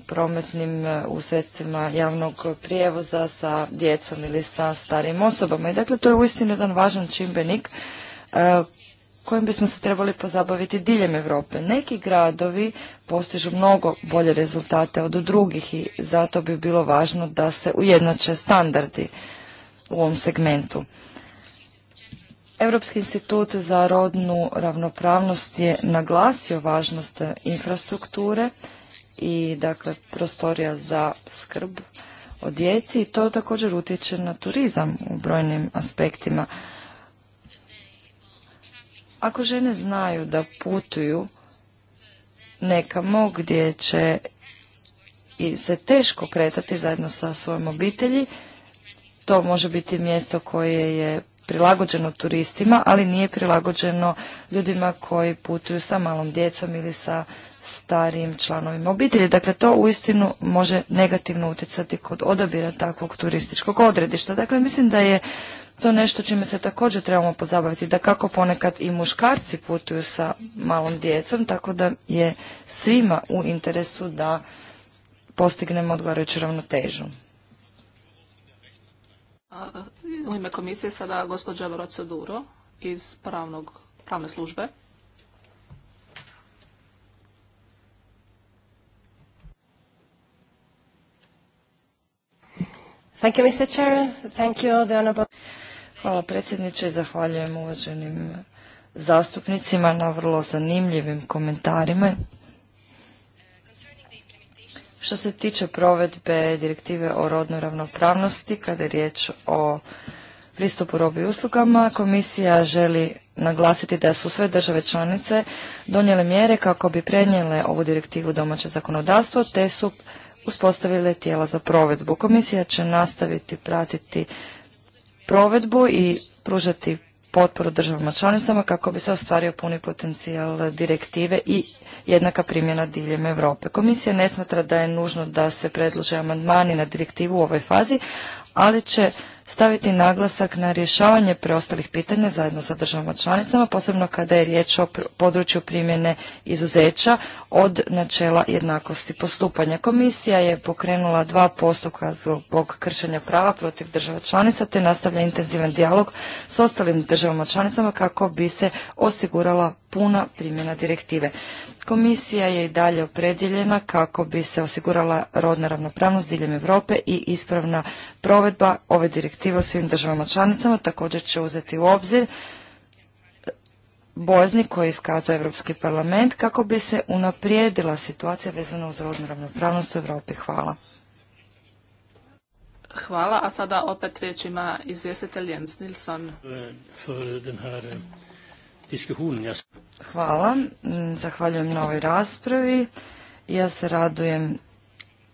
prometnim e, usredstvima javnog prijevoza sa djecom ili sa starim osobama. I dakle, to je uistinu jedan važan čimbenik e, kojim bismo se trebali pozabaviti diljem Europe. Neki gradovi postižu mnogo bolje rezultate od drugih i zato bi bilo važno da se ujednače standardi u ovom segmentu. Europski institut za rodnu ravnopravnost je naglasio važnost infrastrukture i dakle prostorija za skrb o djeci i to također utječe na turizam u brojnim aspektima. Ako žene znaju da putuju nekamo gdje će i se teško kretati zajedno sa svojom obitelji, to može biti mjesto koje je prilagođeno turistima, ali nije prilagođeno ljudima koji putuju sa malom djecom ili sa starijim članovima obitelji. Dakle, to uistinu može negativno utjecati kod odabira takvog turističkog odredišta. Dakle, mislim da je to nešto čime se također trebamo pozabaviti, da kako ponekad i muškarci putuju sa malom djecom, tako da je svima u interesu da postignemo odgovarajuću ravnotežu. U ime komisije sada gospođa Duro iz pravnog, pravne službe. Thank you, Mr. Chair. Thank you, the honorable... Hvala predsjedniče i zahvaljujem uvaženim zastupnicima na vrlo zanimljivim komentarima. Što se tiče provedbe direktive o rodnoj ravnopravnosti, kada je riječ o pristupu robi i uslugama, komisija želi naglasiti da su sve države članice donijele mjere kako bi prenijele ovu direktivu domaće zakonodavstvo, te su uspostavile tijela za provedbu. Komisija će nastaviti pratiti provedbu i pružati potporu državama članicama kako bi se ostvario puni potencijal direktive i jednaka primjena diljem Europe. Komisija ne smatra da je nužno da se predlože amandmani na direktivu u ovoj fazi, ali će staviti naglasak na rješavanje preostalih pitanja zajedno sa državama članicama, posebno kada je riječ o području primjene izuzeća od načela jednakosti postupanja. Komisija je pokrenula dva postupka zbog kršenja prava protiv država članica te nastavlja intenzivan dijalog s ostalim državama članicama kako bi se osigurala puna primjena direktive. Komisija je i dalje opredjeljena kako bi se osigurala rodna ravnopravnost diljem Europe i ispravna provedba ove direktive u svim državama članicama. Također će uzeti u obzir bojazni koje je iskazao Europski parlament kako bi se unaprijedila situacija vezana uz rodnu ravnopravnost u Europi. Hvala. Hvala, a sada opet riječ ima izvjestitelj Jens Nilsson. Eh, Hvala. Mm, Zahvaljujem na ovoj raspravi. Ja se radujem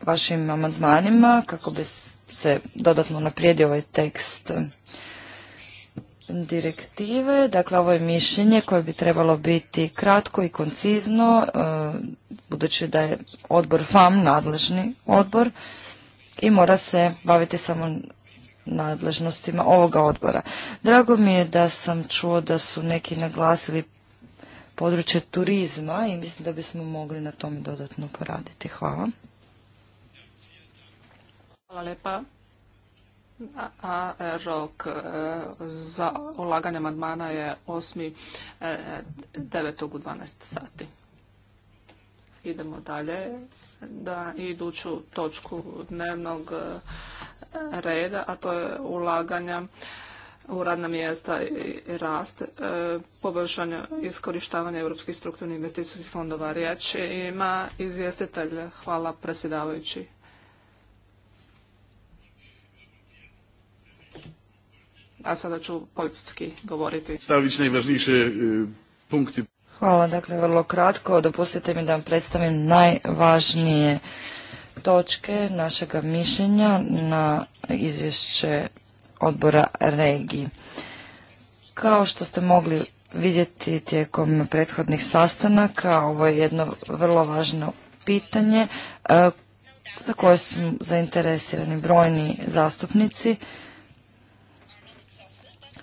vašim amandmanima kako bi se dodatno naprijedio ovaj tekst direktive. Dakle, ovo je mišljenje koje bi trebalo biti kratko i koncizno, e, budući da je odbor FAM nadležni odbor i mora se baviti samo nadležnostima ovoga odbora. Drago mi je da sam čuo da su neki naglasili područje turizma i mislim da bismo mogli na tome dodatno poraditi. Hvala. Hvala lepa. A, e, rok e, za ulaganje amandmana je 8. 9. E, u 12. sati. Idemo dalje da iduću točku dnevnog reda, a to je ulaganja u radna mjesta i rast, poboljšano e, poboljšanje iskorištavanja europskih strukturnih investicijskih fondova. Riječ ima izvjestitelj. Hvala predsjedavajući. A sada ću politički govoriti. Stavić najvažnije e, Hvala, dakle, vrlo kratko. Dopustite mi da vam predstavim najvažnije točke našega mišljenja na izvješće odbora regiji. Kao što ste mogli vidjeti tijekom prethodnih sastanaka, ovo je jedno vrlo važno pitanje e, za koje su zainteresirani brojni zastupnici.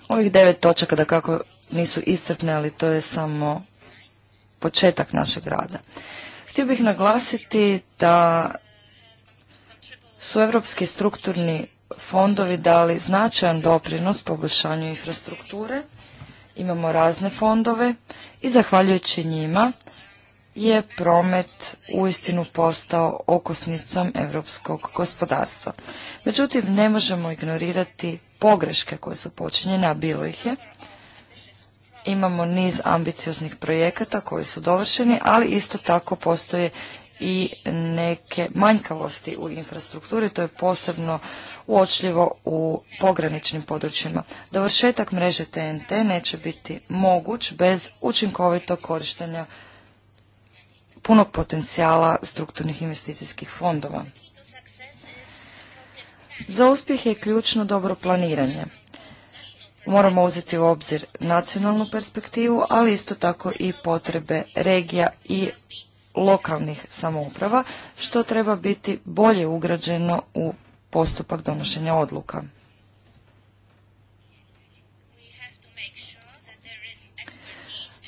Ovih devet točaka da kako nisu iscrpne, ali to je samo početak našeg rada. Htio bih naglasiti da su europski strukturni fondovi dali značajan doprinos poboljšanju infrastrukture. Imamo razne fondove i zahvaljujući njima je promet uistinu postao okosnicom europskog gospodarstva. Međutim, ne možemo ignorirati pogreške koje su počinjene, a bilo ih je. Imamo niz ambicioznih projekata koji su dovršeni, ali isto tako postoje i neke manjkavosti u infrastrukturi, to je posebno uočljivo u pograničnim područjima. Dovršetak mreže TNT neće biti moguć bez učinkovitog korištenja punog potencijala strukturnih investicijskih fondova. Za uspjeh je ključno dobro planiranje. Moramo uzeti u obzir nacionalnu perspektivu, ali isto tako i potrebe regija i lokalnih samouprava, što treba biti bolje ugrađeno u postupak donošenja odluka.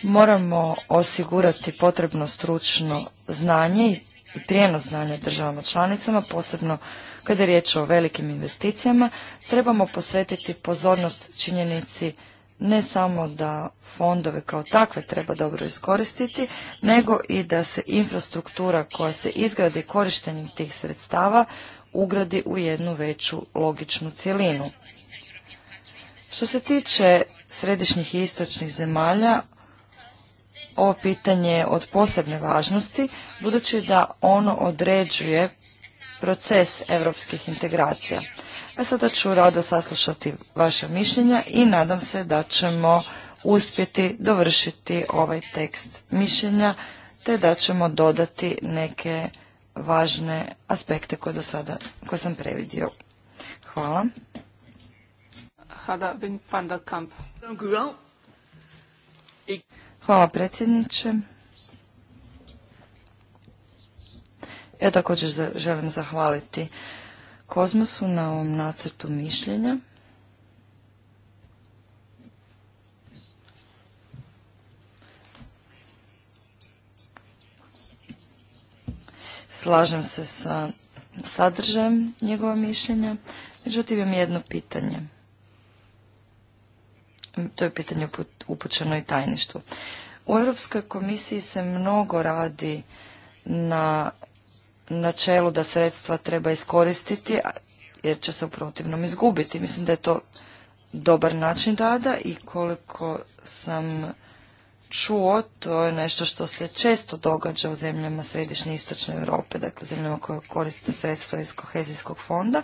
Moramo osigurati potrebno stručno znanje i prijenos znanja državama članicama, posebno kada je riječ o velikim investicijama. Trebamo posvetiti pozornost činjenici ne samo da fondove kao takve treba dobro iskoristiti, nego i da se infrastruktura koja se izgradi korištenjem tih sredstava ugradi u jednu veću logičnu cjelinu. Što se tiče središnjih i istočnih zemalja, ovo pitanje je od posebne važnosti, budući da ono određuje proces europskih integracija. A e sada ću rado saslušati vaše mišljenja i nadam se da ćemo uspjeti dovršiti ovaj tekst mišljenja te da ćemo dodati neke važne aspekte koje do sada, koje sam previdio. Hvala. Hvala predsjedniče. Ja također želim zahvaliti Kozmosu na ovom nacrtu mišljenja. Slažem se sa sadržajem njegova mišljenja, međutim imam jedno pitanje. To je pitanje upućeno i tajništvu. U Europskoj komisiji se mnogo radi na načelu da sredstva treba iskoristiti jer će se u protivnom izgubiti. Mislim da je to dobar način rada i koliko sam čuo, to je nešto što se često događa u zemljama središnje i istočne Europe, dakle zemljama koje koriste sredstva iz kohezijskog fonda,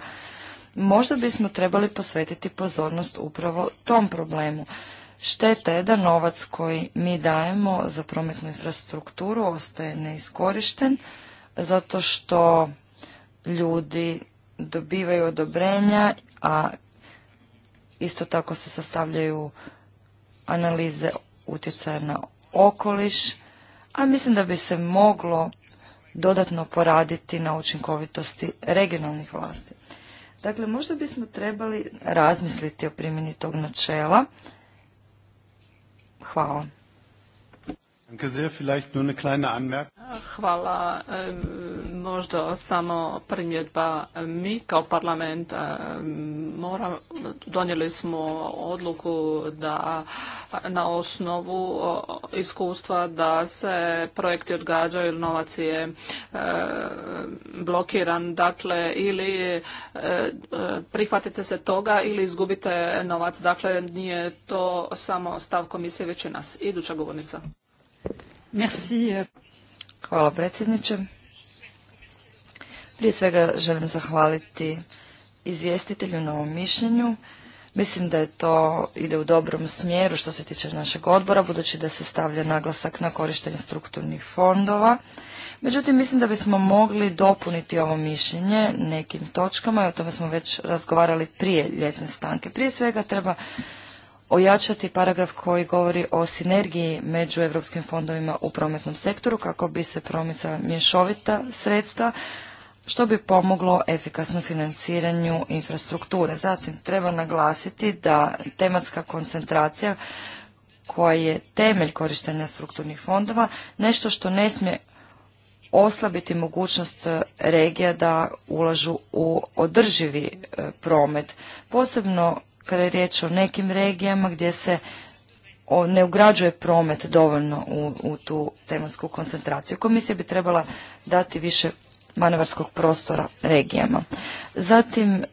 možda bismo trebali posvetiti pozornost upravo tom problemu. Šteta je da novac koji mi dajemo za prometnu infrastrukturu ostaje neiskorišten, zato što ljudi dobivaju odobrenja, a isto tako se sastavljaju analize utjecaja na okoliš, a mislim da bi se moglo dodatno poraditi na učinkovitosti regionalnih vlasti. Dakle, možda bismo trebali razmisliti o primjeni tog načela. Hvala. Ah, hvala. Možda samo primjedba. Mi kao parlament mora, donijeli smo odluku da na osnovu iskustva da se projekti odgađaju ili novac je blokiran. Dakle, ili prihvatite se toga ili izgubite novac. Dakle, nije to samo stav komisije, već i nas. Iduća govornica. Hvala predsjedniče. Prije svega želim zahvaliti izvjestitelju na ovom mišljenju. Mislim da je to ide u dobrom smjeru što se tiče našeg odbora, budući da se stavlja naglasak na korištenje strukturnih fondova. Međutim, mislim da bismo mogli dopuniti ovo mišljenje nekim točkama i o tome smo već razgovarali prije ljetne stanke. Prije svega treba ojačati paragraf koji govori o sinergiji među europskim fondovima u prometnom sektoru kako bi se promicala mješovita sredstva što bi pomoglo efikasnom financiranju infrastrukture. Zatim treba naglasiti da tematska koncentracija koja je temelj korištenja strukturnih fondova nešto što ne smije oslabiti mogućnost regija da ulažu u održivi e, promet. Posebno kada je riječ o nekim regijama gdje se ne ugrađuje promet dovoljno u, u tu tematsku koncentraciju. Komisija bi trebala dati više manevarskog prostora regijama. Zatim,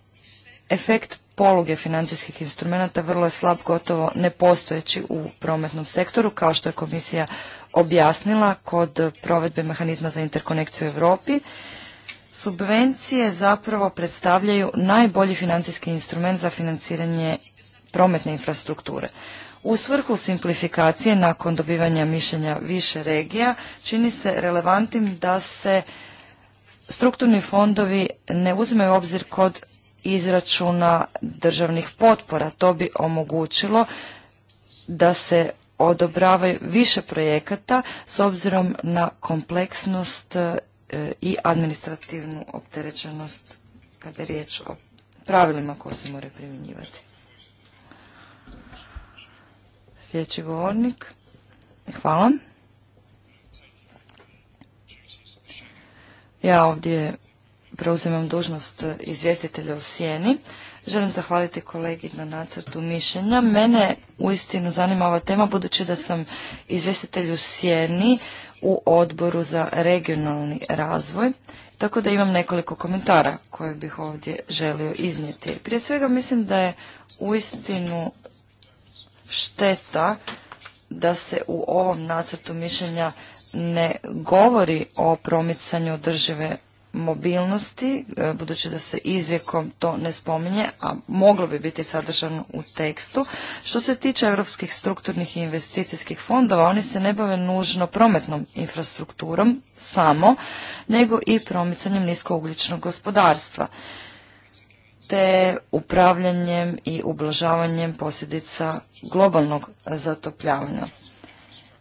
efekt poluge financijskih instrumenata vrlo je slab, gotovo nepostojeći u prometnom sektoru, kao što je komisija objasnila kod provedbe mehanizma za interkonekciju u Europi. Subvencije zapravo predstavljaju najbolji financijski instrument za financiranje prometne infrastrukture. U svrhu simplifikacije nakon dobivanja mišljenja više regija čini se relevantnim da se strukturni fondovi ne u obzir kod izračuna državnih potpora. To bi omogućilo da se odobravaju više projekata s obzirom na kompleksnost E, i administrativnu opterećenost kada je riječ o pravilima koje se moraju primjenjivati. Sljedeći govornik. Hvala. Ja ovdje preuzimam dužnost izvjestitelja u sjeni. Želim zahvaliti kolegi na nacrtu mišljenja. Mene uistinu zanima ova tema budući da sam izvjestitelj u sjeni u odboru za regionalni razvoj, tako da imam nekoliko komentara koje bih ovdje želio iznijeti. Prije svega mislim da je uistinu šteta da se u ovom nacrtu mišljenja ne govori o promicanju održive mobilnosti, e, budući da se izvijekom to ne spominje, a moglo bi biti sadržano u tekstu. Što se tiče europskih strukturnih i investicijskih fondova, oni se ne bave nužno prometnom infrastrukturom samo, nego i promicanjem niskougličnog gospodarstva te upravljanjem i ublažavanjem posljedica globalnog zatopljavanja.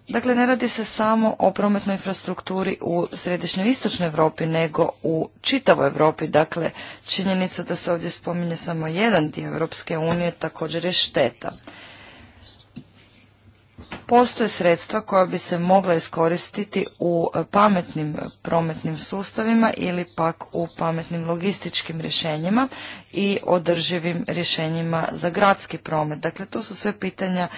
Dakle, ne radi se samo o prometnoj infrastrukturi u središnjoj istočnoj Europi, nego u čitavoj Europi. Dakle, činjenica da se ovdje spominje samo jedan dio Europske unije također je šteta. Postoje sredstva koja bi se mogla iskoristiti u pametnim prometnim sustavima ili pak u pametnim logističkim rješenjima i održivim rješenjima za gradski promet. Dakle, to su sve pitanja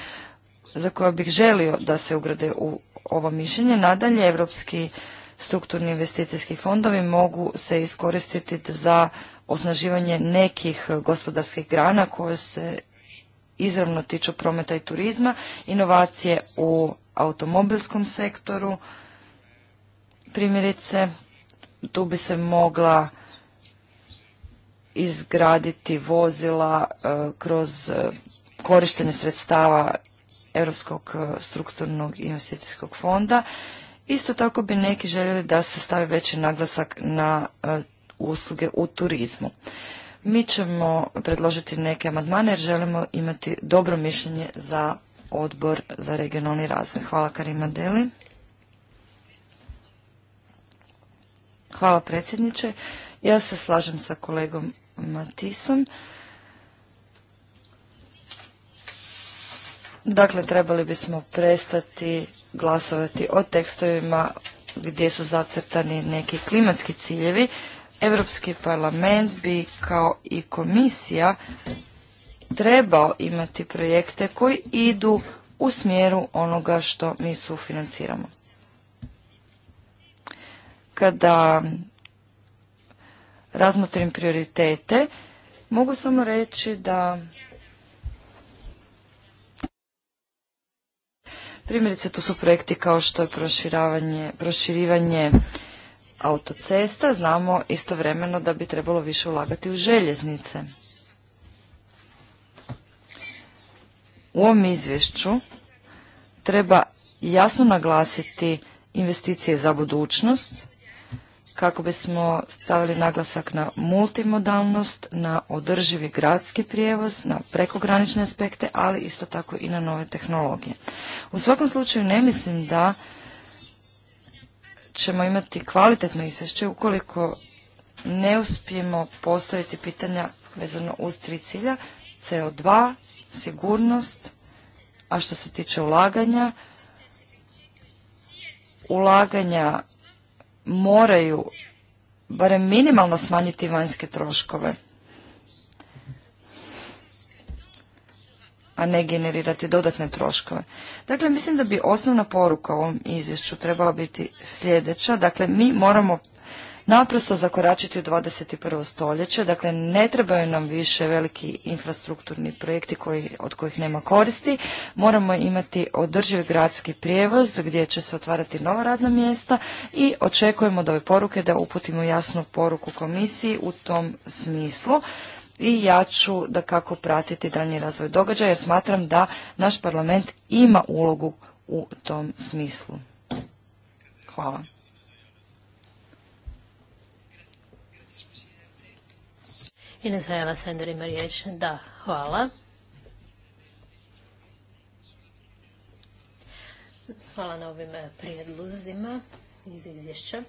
za koje bih želio da se ugrade u ovo mišljenje. Nadalje, evropski strukturni investicijski fondovi mogu se iskoristiti za osnaživanje nekih gospodarskih grana koje se izravno tiču prometa i turizma, inovacije u automobilskom sektoru. Primjerice, tu bi se mogla izgraditi vozila e, kroz e, korištenje sredstava Europskog e, strukturnog investicijskog fonda. Isto tako bi neki željeli da se stavi veći naglasak na e, usluge u turizmu. Mi ćemo predložiti neke amandmane jer želimo imati dobro mišljenje za odbor za regionalni razvoj. Hvala Karima Deli. Hvala predsjedniče. Ja se slažem sa kolegom Matisom. Dakle, trebali bismo prestati glasovati o tekstovima gdje su zacrtani neki klimatski ciljevi. Europski parlament bi kao i komisija trebao imati projekte koji idu u smjeru onoga što mi sufinanciramo. Kada razmotrim prioritete, mogu samo reći da Primjerice, tu su projekti kao što je proširivanje, proširivanje autocesta. Znamo istovremeno da bi trebalo više ulagati u željeznice. U ovom izvješću treba jasno naglasiti investicije za budućnost kako bismo stavili naglasak na multimodalnost, na održivi gradski prijevoz, na prekogranične aspekte, ali isto tako i na nove tehnologije. U svakom slučaju ne mislim da ćemo imati kvalitetno izvješće ukoliko ne uspijemo postaviti pitanja vezano uz tri cilja, CO2, sigurnost, a što se tiče ulaganja, ulaganja moraju barem minimalno smanjiti vanjske troškove, a ne generirati dodatne troškove. Dakle, mislim da bi osnovna poruka u ovom izvješću trebala biti sljedeća. Dakle, mi moramo naprosto zakoračiti u 21. stoljeće. Dakle, ne trebaju nam više veliki infrastrukturni projekti koji, od kojih nema koristi. Moramo imati održivi gradski prijevoz gdje će se otvarati nova radna mjesta i očekujemo od ove poruke da uputimo jasnu poruku komisiji u tom smislu i ja ću da kako pratiti daljnji razvoj događaja jer smatram da naš parlament ima ulogu u tom smislu. Hvala. Ines Sender riječ. Da, hvala. Hvala na ovim e, prijedluzima iz izvješća.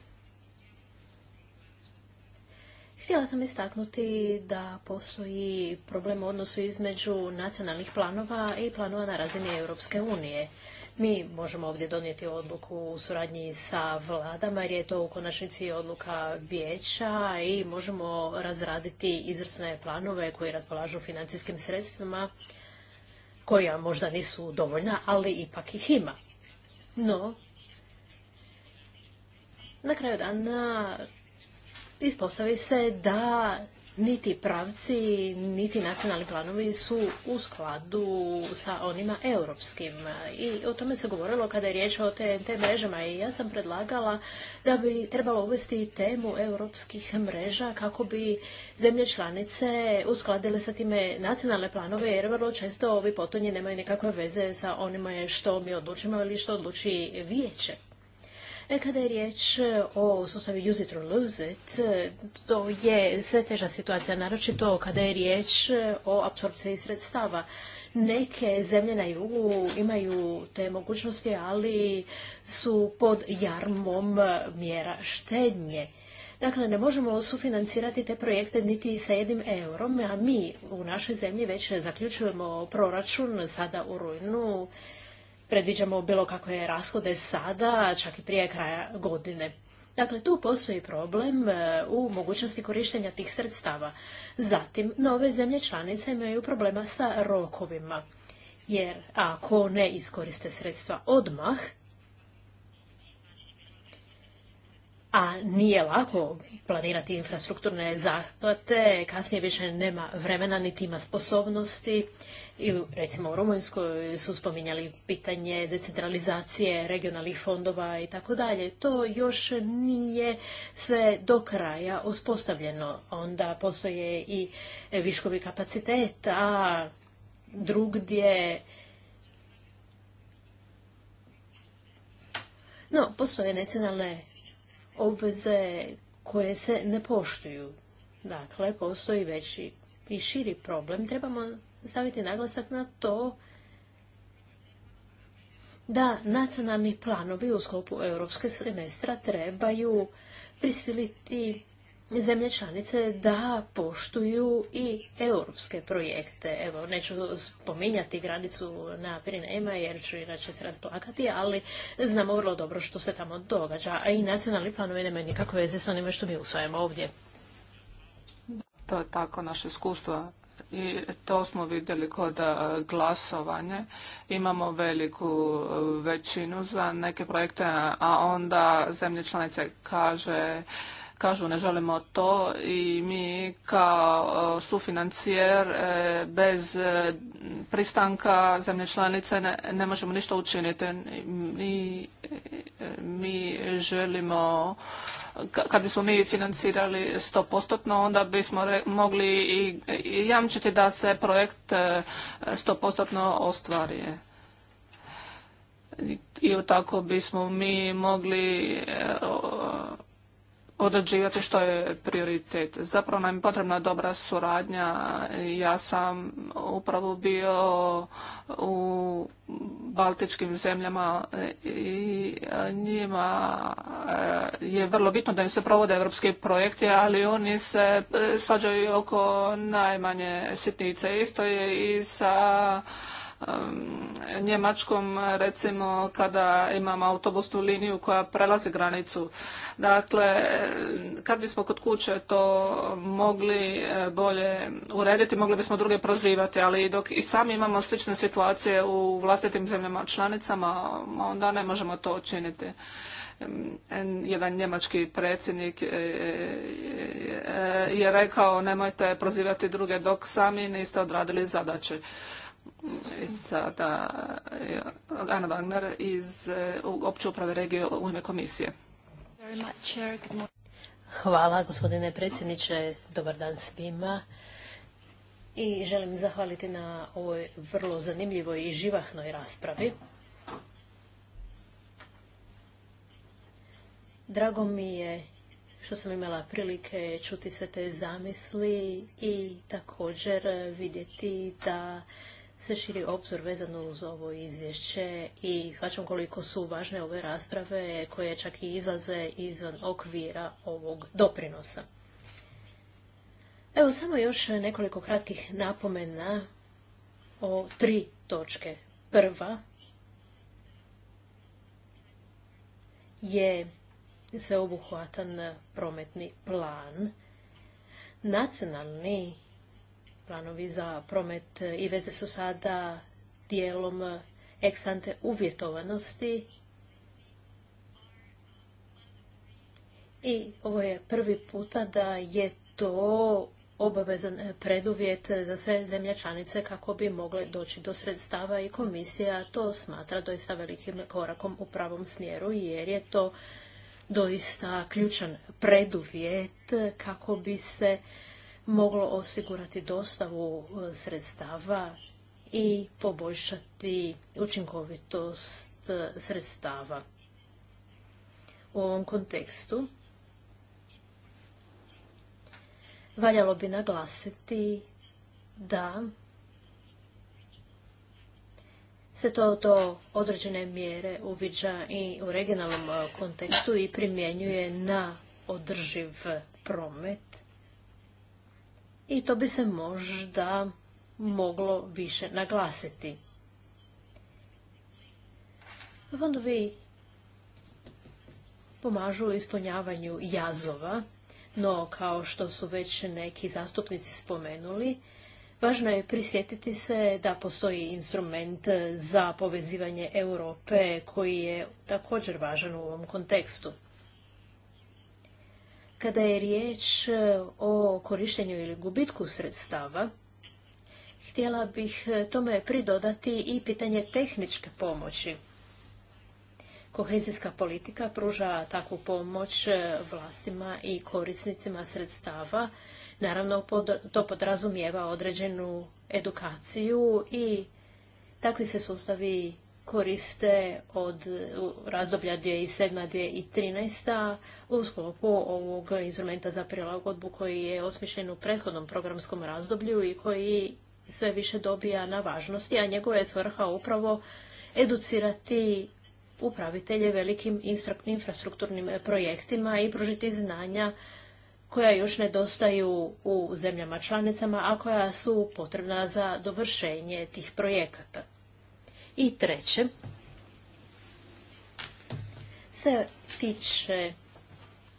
Htjela sam istaknuti da postoji problem u odnosu između nacionalnih planova i planova na razini Europske unije. Mi možemo ovdje donijeti odluku u suradnji sa vladama jer je to u konačnici odluka vijeća i možemo razraditi izvrsne planove koji raspolažu financijskim sredstvima koja možda nisu dovoljna, ali ipak ih ima. No, na kraju dana ispostavi se da niti pravci, niti nacionalni planovi su u skladu sa onima europskim. I o tome se govorilo kada je riječ o TNT mrežama i ja sam predlagala da bi trebalo uvesti temu europskih mreža kako bi zemlje članice uskladile sa time nacionalne planove jer vrlo često ovi potonje nemaju nikakve veze sa onima što mi odlučimo ili što odluči vijeće. E, kada je riječ e, o sustavu use it or lose it, e, to je sve teža situacija, naročito kada je riječ o apsorpciji sredstava. Neke zemlje na jugu imaju te mogućnosti, ali su pod jarmom mjera štednje. Dakle, ne možemo sufinancirati te projekte niti sa jednim eurom, a mi u našoj zemlji već zaključujemo proračun sada u rujnu predviđamo bilo kakve rashode sada, čak i prije kraja godine. Dakle, tu postoji problem e, u mogućnosti korištenja tih sredstava. Zatim, nove zemlje članice imaju problema sa rokovima, jer ako ne iskoriste sredstva odmah, a nije lako planirati infrastrukturne zahvate, kasnije više nema vremena niti ima sposobnosti. I, recimo u Rumunjskoj su spominjali pitanje decentralizacije regionalnih fondova i tako dalje. To još nije sve do kraja uspostavljeno. Onda postoje i viškovi kapaciteta, drugdje No, postoje nacionalne obveze koje se ne poštuju. Dakle, postoji veći i širi problem. Trebamo staviti naglasak na to da nacionalni planovi u sklopu europske semestra trebaju prisiliti zemlje članice da poštuju i europske projekte. Evo, neću spominjati granicu na Pirinejma jer ću inače se razplakati, ali znamo vrlo dobro što se tamo događa. A i nacionalni planovi nema nikakve veze s onime što mi usvajamo ovdje. To je tako naše iskustvo i to smo vidjeli kod e, glasovanja. Imamo veliku e, većinu za neke projekte, a onda zemlje članice kaže kažu ne želimo to i mi kao e, sufinancijer e, bez e, pristanka zemlje članice ne, možemo ništa učiniti. Mi, mi želimo kad bismo mi financirali 100% onda bismo mogli i, jamčiti da se projekt 100% ostvari i tako bismo mi mogli određivati što je prioritet. Zapravo nam je potrebna dobra suradnja. Ja sam upravo bio u baltičkim zemljama i njima e, je vrlo bitno da im se provode evropski projekti, ali oni se e, svađaju oko najmanje sitnice. Isto je i sa Njemačkom recimo kada imamo autobusnu liniju koja prelazi granicu. Dakle, kad bismo kod kuće to mogli e, bolje urediti, mogli bismo druge prozivati, ali dok i sami imamo slične situacije u vlastitim zemljama članicama, onda ne možemo to učiniti jedan njemački predsjednik e, e, je rekao nemojte prozivati druge dok sami niste odradili zadaće sada eh, Ana Wagner iz eh, opće uprave regije u ime komisije. Hvala gospodine predsjedniče, dobar dan svima. I želim zahvaliti na ovoj vrlo zanimljivoj i živahnoj raspravi. Drago mi je što sam imala prilike čuti sve te zamisli i također vidjeti da se širi obzor vezano uz ovo izvješće i shvaćam koliko su važne ove rasprave koje čak i izlaze izvan okvira ovog doprinosa. Evo samo još nekoliko kratkih napomena o tri točke. Prva je sveobuhvatan prometni plan. Nacionalni planovi za promet i veze su sada dijelom eksante uvjetovanosti i ovo je prvi puta da je to obavezan preduvjet za sve zemlje članice kako bi mogle doći do sredstava i komisija to smatra doista velikim korakom u pravom smjeru jer je to doista ključan preduvjet kako bi se moglo osigurati dostavu e, sredstava i poboljšati učinkovitost e, sredstava. U ovom kontekstu valjalo bi naglasiti da se to do određene mjere uviđa i u regionalnom e, kontekstu i primjenjuje na održiv promet i to bi se možda moglo više naglasiti. Fondovi pomažu u ispunjavanju jazova, no kao što su već neki zastupnici spomenuli, Važno je prisjetiti se da postoji instrument za povezivanje Europe koji je također važan u ovom kontekstu. Kada je riječ e, o korištenju ili gubitku sredstava, htjela bih e, tome pridodati i pitanje tehničke pomoći. Kohezijska politika pruža takvu pomoć e, vlastima i korisnicima sredstava. Naravno, to podrazumijeva određenu edukaciju i takvi se sustavi koriste od razdoblja 2007-2013 u sklopu ovog instrumenta za prilagodbu koji je osmišljen u prethodnom programskom razdoblju i koji sve više dobija na važnosti, a njegova je svrha upravo educirati upravitelje velikim infrastrukturnim projektima i pružiti znanja koja još nedostaju u zemljama članicama, a koja su potrebna za dovršenje tih projekata. I treće se tiče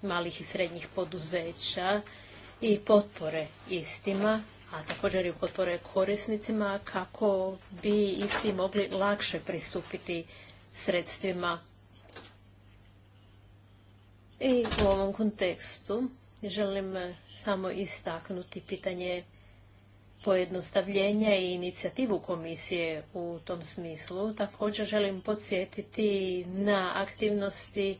malih i srednjih poduzeća i potpore istima, a također i potpore korisnicima kako bi isti mogli lakše pristupiti sredstvima. I u ovom kontekstu želim samo istaknuti pitanje pojednostavljenje i inicijativu komisije u tom smislu. Također želim podsjetiti na aktivnosti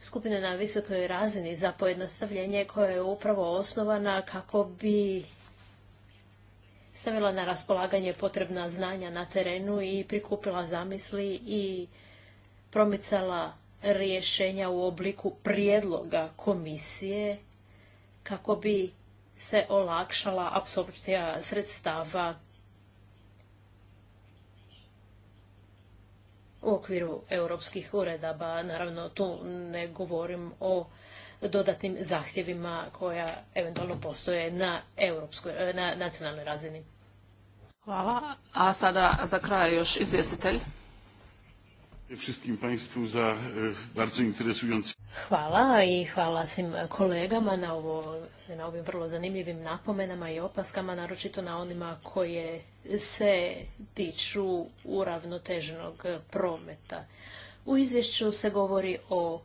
skupine na visokoj razini za pojednostavljenje koja je upravo osnovana kako bi stavila na raspolaganje potrebna znanja na terenu i prikupila zamisli i promicala rješenja u obliku prijedloga komisije kako bi se olakšala apsorpcija sredstava u okviru europskih uredaba. Naravno, tu ne govorim o dodatnim zahtjevima koja eventualno postoje na, europskoj, eh, na nacionalnoj razini. Hvala. A sada za kraj još izvjestitelj. Hvala eh, i hvala svim kolegama na ovo Dakle, na ovim vrlo zanimljivim napomenama i opaskama, naročito na onima koje se tiču uravnoteženog prometa. U izvješću se govori o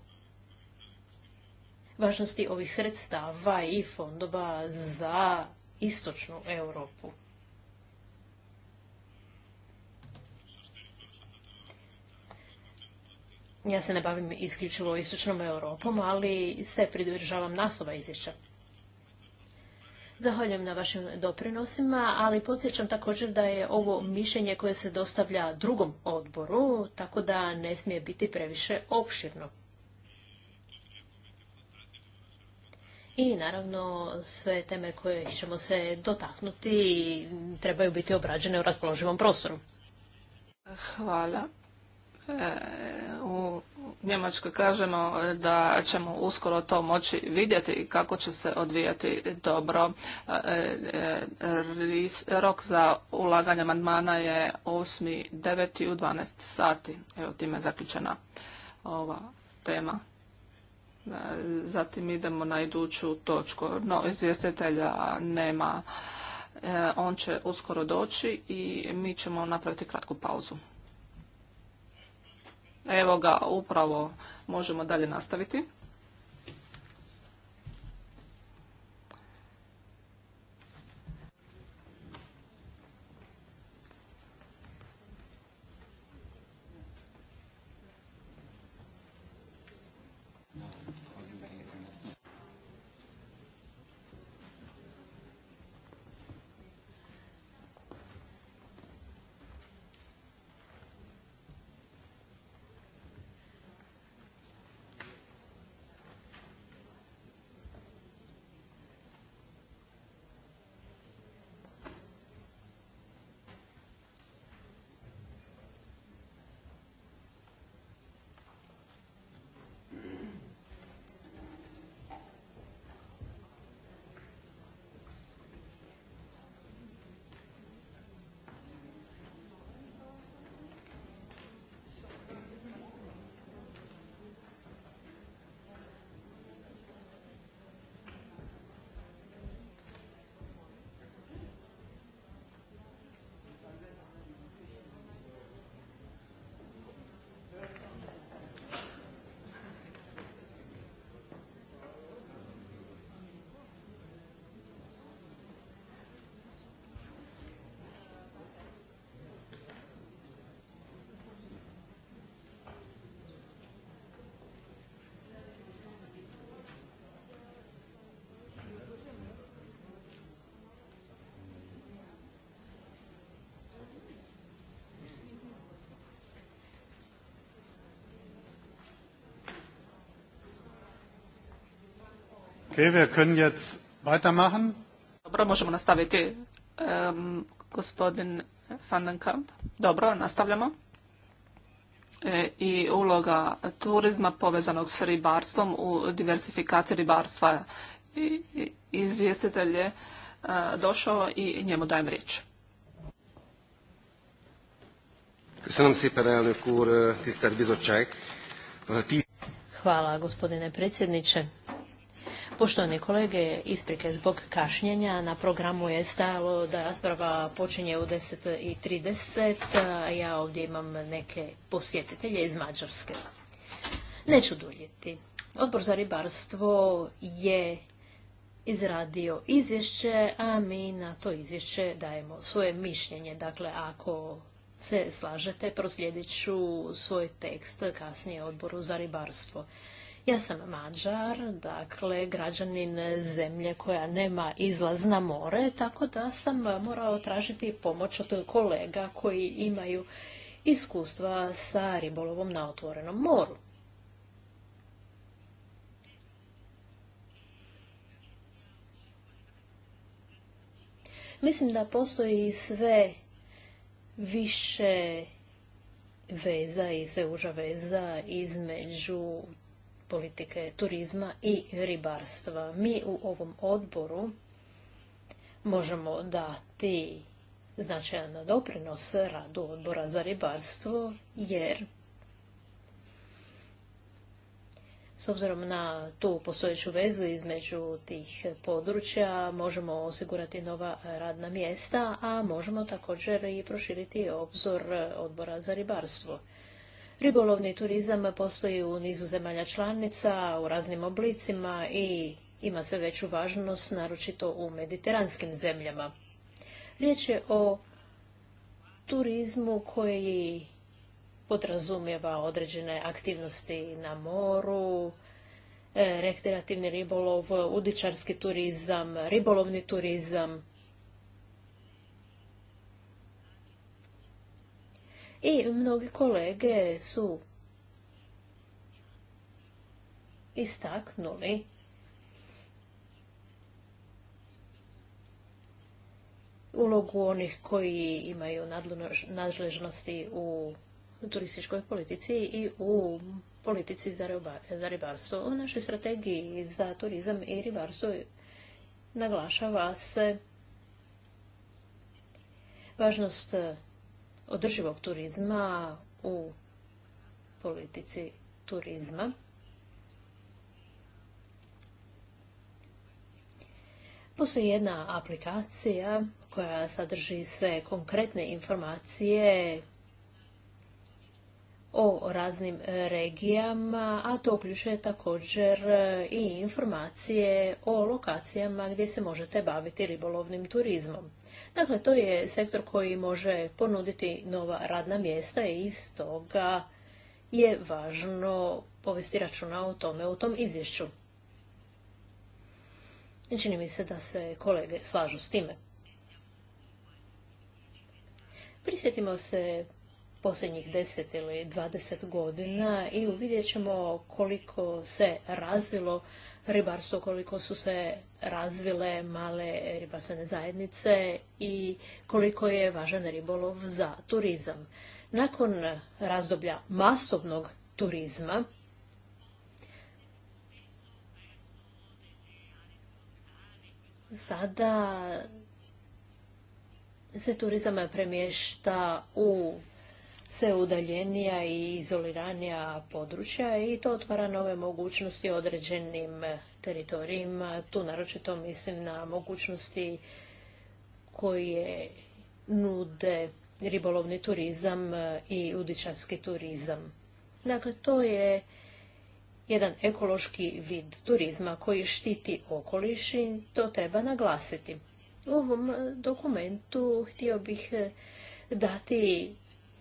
važnosti ovih sredstava i fondova za istočnu Europu. Ja se ne bavim isključivo istočnom Europom, ali se pridržavam nasova izvješća. Zahvaljujem na vašim doprinosima, ali podsjećam također da je ovo mišljenje koje se dostavlja drugom odboru, tako da ne smije biti previše opširno. I naravno sve teme koje ćemo se dotaknuti trebaju biti obrađene u raspoloživom prostoru. Hvala u Njemačkoj kažemo da ćemo uskoro to moći vidjeti kako će se odvijati dobro. E, e, e, rok za ulaganje amandmana je 8.9. u 12 sati. Evo time je zaključena ova tema. Zatim idemo na iduću točku. No, izvjestitelja nema. On će uskoro doći i mi ćemo napraviti kratku pauzu. Evo ga, upravo možemo dalje nastaviti. Dobro, možemo nastaviti. gospodin Vandenkamp. Dobro, nastavljamo. E, I uloga turizma povezanog s ribarstvom u diversifikaciji ribarstva. I, i, izvjestitelj je e, došao i njemu dajem riječ. Hvala, gospodine predsjedniče. Poštovani kolege, isprike zbog kašnjenja. Na programu je stajalo da rasprava počinje u 10.30. Ja ovdje imam neke posjetitelje iz Mađarske. Neću duljiti. Odbor za ribarstvo je izradio izvješće, a mi na to izvješće dajemo svoje mišljenje. Dakle, ako se slažete, proslijedit ću svoj tekst kasnije odboru za ribarstvo. Ja sam Mađar, dakle građanin zemlje koja nema izlaz na more, tako da sam morao tražiti pomoć od kolega koji imaju iskustva sa ribolovom na otvorenom moru. Mislim da postoji sve više veza i sve uža veza između politike turizma i ribarstva. Mi u ovom odboru možemo dati značajan doprinos radu odbora za ribarstvo jer S obzirom na tu postojeću vezu između tih područja možemo osigurati nova radna mjesta, a možemo također i proširiti obzor odbora za ribarstvo. Ribolovni turizam postoji u nizu zemalja članica, u raznim oblicima i ima sve veću važnost, naročito u mediteranskim zemljama. Riječ je o turizmu koji podrazumijeva određene aktivnosti na moru, e, rekreativni ribolov, udičarski turizam, ribolovni turizam. I mnogi kolege su istaknuli ulogu onih koji imaju nadležnosti u turističkoj politici i u politici za ribarstvo. U našoj strategiji za turizam i ribarstvo naglašava se važnost održivog turizma u politici turizma. Postoji jedna aplikacija koja sadrži sve konkretne informacije o raznim regijama, a to uključuje također e, i informacije o lokacijama gdje se možete baviti ribolovnim turizmom. Dakle, to je sektor koji može ponuditi nova radna mjesta i stoga je važno povesti računa o tome u tom izvješću. Čini mi se da se kolege slažu s time. Prisjetimo se posljednjih 10 ili 20 godina i vidjet ćemo koliko se razvilo ribarstvo, koliko su se razvile male ribarstvene zajednice i koliko je važan ribolov za turizam. Nakon razdoblja masovnog turizma, sada se turizam premješta u sve udaljenija i izoliranija područja i to otvara nove mogućnosti određenim teritorijima. Tu naročito mislim na mogućnosti koje nude ribolovni turizam i udičarski turizam. Dakle, to je jedan ekološki vid turizma koji štiti okoliš i to treba naglasiti. U ovom dokumentu htio bih dati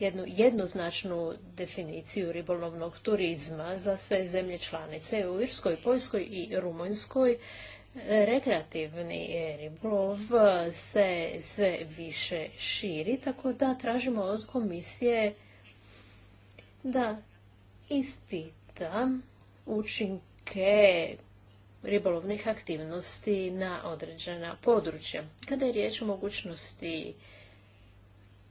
jednu jednoznačnu definiciju ribolovnog turizma za sve zemlje članice. U Irskoj, Poljskoj i Rumunjskoj e, rekreativni ribolov se sve više širi, tako da tražimo od komisije da ispita učinke ribolovnih aktivnosti na određena područja. Kada je riječ o mogućnosti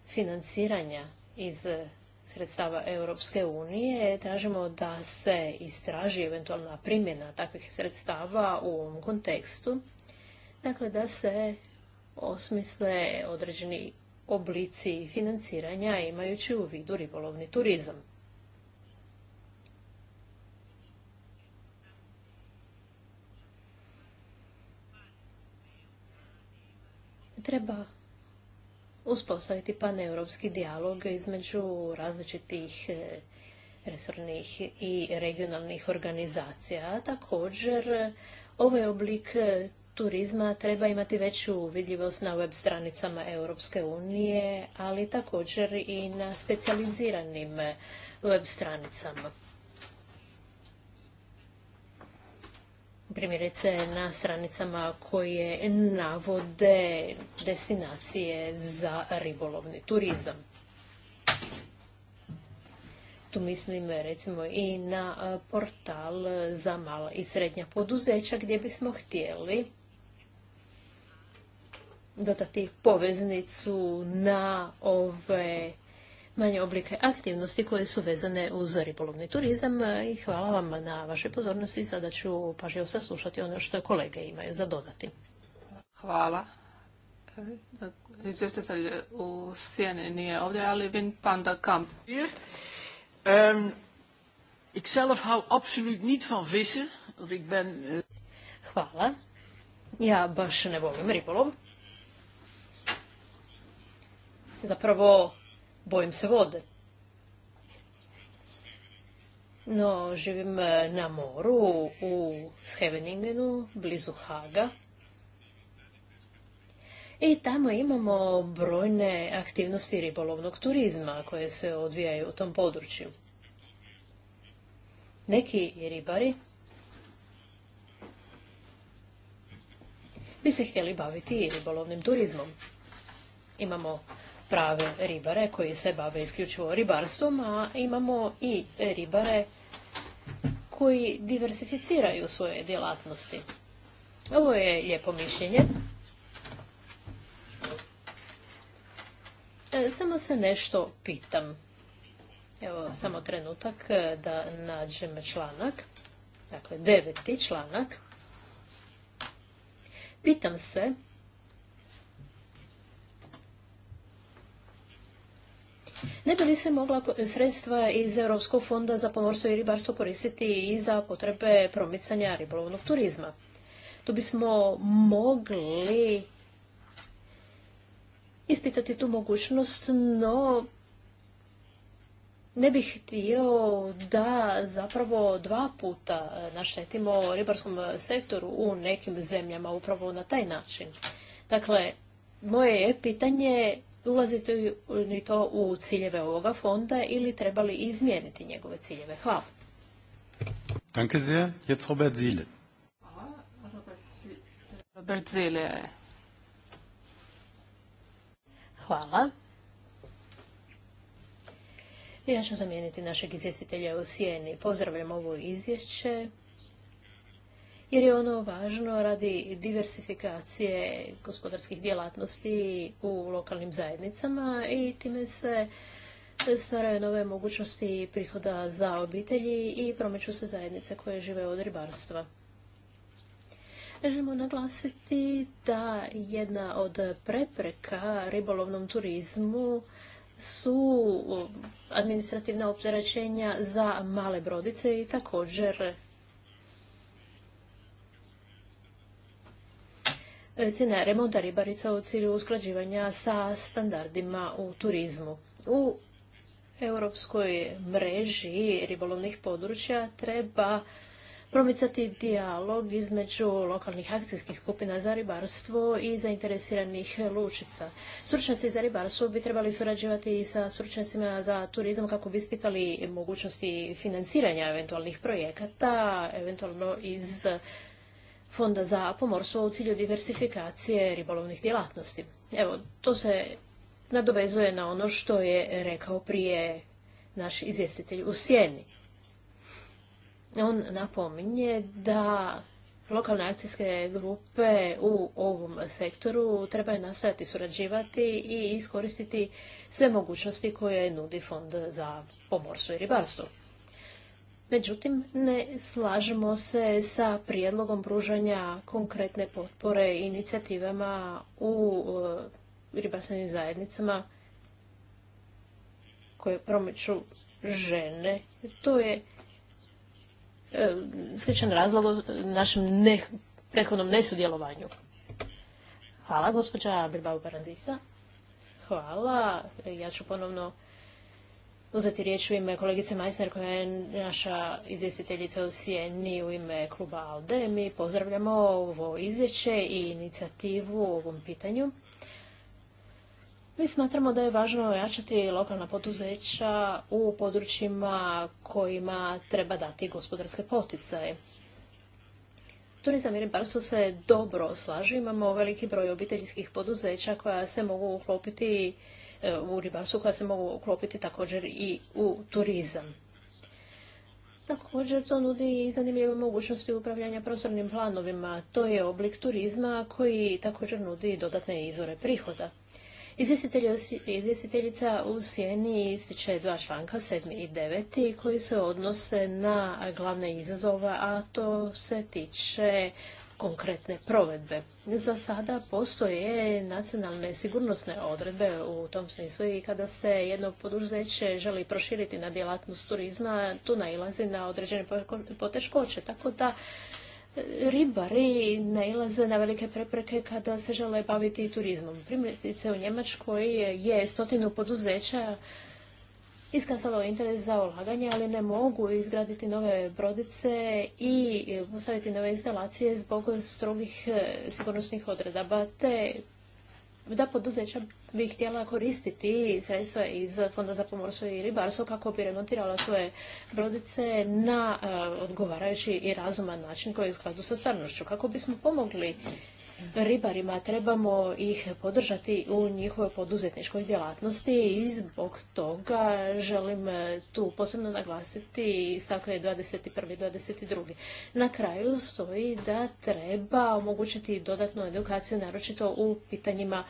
financiranja iz eh, sredstava Europske unije. Tražimo da se istraži eventualna primjena takvih sredstava u ovom kontekstu. Dakle, da se osmisle određeni oblici financiranja imajući u vidu ribolovni turizam. Treba uspostaviti paneuropski dijalog između različitih e, resornih i regionalnih organizacija. Također, ovaj oblik e, turizma treba imati veću vidljivost na web stranicama Europske unije, ali također i na specijaliziranim e, web stranicama. primjerice na stranicama koje navode destinacije za ribolovni turizam. Tu mislim recimo i na e, portal za mala i srednja poduzeća gdje bismo htjeli dodati poveznicu na ove manje oblike aktivnosti koje su vezane uz ribolovni turizam i hvala vam na vašoj pozornosti. Sada ću pažljivo saslušati ono što kolege imaju za dodati. Hvala. E, izvjestitelj u sjeni nije ovdje, ali Vin Panda Kamp. Ehm, ik zelf hou absoluut niet van vissen, want ik ben... Eh, hvala. Ja baš ne volim ribolov. Zapravo bojim se vode. No, živim e, na moru u Scheveningenu, blizu Haga. I tamo imamo brojne aktivnosti ribolovnog turizma koje se odvijaju u tom području. Neki ribari bi se htjeli baviti ribolovnim turizmom. Imamo prave ribare koji se bave isključivo ribarstvom, a imamo i ribare koji diversificiraju svoje djelatnosti. Ovo je lijepo mišljenje. E, samo se nešto pitam. Evo, samo trenutak da nađem članak. Dakle, deveti članak. Pitam se Ne bi li se mogla sredstva iz Europskog fonda za pomorstvo i ribarstvo koristiti i za potrebe promicanja ribolovnog turizma? Tu bismo mogli ispitati tu mogućnost, no ne bih htio da zapravo dva puta naštetimo ribarskom sektoru u nekim zemljama upravo na taj način. Dakle, moje je pitanje Ulazite li to u ciljeve ovoga fonda ili trebali izmijeniti njegove ciljeve? Hvala. Danke sehr. Jetzt Robert Robert Hvala. Ja ću zamijeniti našeg izvjestitelja u Sijeni. Pozdravljam ovo izvješće jer je ono važno radi diversifikacije gospodarskih djelatnosti u lokalnim zajednicama i time se stvaraju nove mogućnosti prihoda za obitelji i promiču se zajednice koje žive od ribarstva. Želimo naglasiti da jedna od prepreka ribolovnom turizmu su administrativna opterećenja za male brodice i također E, cijena remonta ribarica u cilju usklađivanja sa standardima u turizmu. U europskoj mreži ribolovnih područja treba promicati dijalog između lokalnih akcijskih skupina za ribarstvo i zainteresiranih lučica. Stručnjaci za ribarstvo bi trebali surađivati i sa stručnjacima za turizam kako bi ispitali mogućnosti financiranja eventualnih projekata, eventualno iz Fonda za pomorstvo u cilju diversifikacije ribolovnih djelatnosti. Evo, to se nadovezuje na ono što je rekao prije naš izvjestitelj u Sjeni. On napominje da lokalne akcijske grupe u ovom sektoru trebaju nastaviti surađivati i iskoristiti sve mogućnosti koje nudi Fond za pomorstvo i ribarstvo. Međutim, ne slažemo se sa prijedlogom pružanja konkretne potpore inicijativama u e, ribarstvenim zajednicama koje promiču žene. To je e, sličan razlog našem prethodnom nesudjelovanju. Hvala, gospođa Bilbao Barandisa. Hvala. Ja ću ponovno uzeti riječ u ime kolegice Majsner koja je naša izvjestiteljica u Sijeni u ime kluba ALDE. Mi pozdravljamo ovo izvješće i inicijativu u ovom pitanju. Mi smatramo da je važno ojačati lokalna poduzeća u područjima kojima treba dati gospodarske poticaje. Turizam i ribarstvo se dobro slaži, imamo veliki broj obiteljskih poduzeća koja se mogu uklopiti E, u ribarstvu koja se mogu uklopiti također i u turizam. Također to nudi i zanimljive mogućnosti upravljanja prostornim planovima. To je oblik turizma koji također nudi dodatne izvore prihoda. Izvjestiteljica u Sjeni ističe dva članka, sedmi i deveti, koji se odnose na glavne izazove, a to se tiče konkretne provedbe. Za sada postoje nacionalne sigurnosne odredbe u tom smislu i kada se jedno poduzeće želi proširiti na djelatnost turizma, tu nailazi na određene poteškoće. Tako da e, ribari nailaze na velike prepreke kada se žele baviti turizmom. Primjerice u Njemačkoj je stotinu poduzeća iskazalo interes za ulaganje, ali ne mogu izgraditi nove brodice i postaviti nove instalacije zbog strogih e, sigurnosnih odredaba, te da poduzeća bi htjela koristiti sredstva iz Fonda za pomorstvo i ribarstvo kako bi remontirala svoje brodice na e, odgovarajući i razuman način koji je u skladu sa stvarnošću. Kako bismo pomogli ribarima. Trebamo ih podržati u njihovoj poduzetničkoj djelatnosti i zbog toga želim e, tu posebno naglasiti je 21. i 22. Na kraju stoji da treba omogućiti dodatnu edukaciju, naročito u pitanjima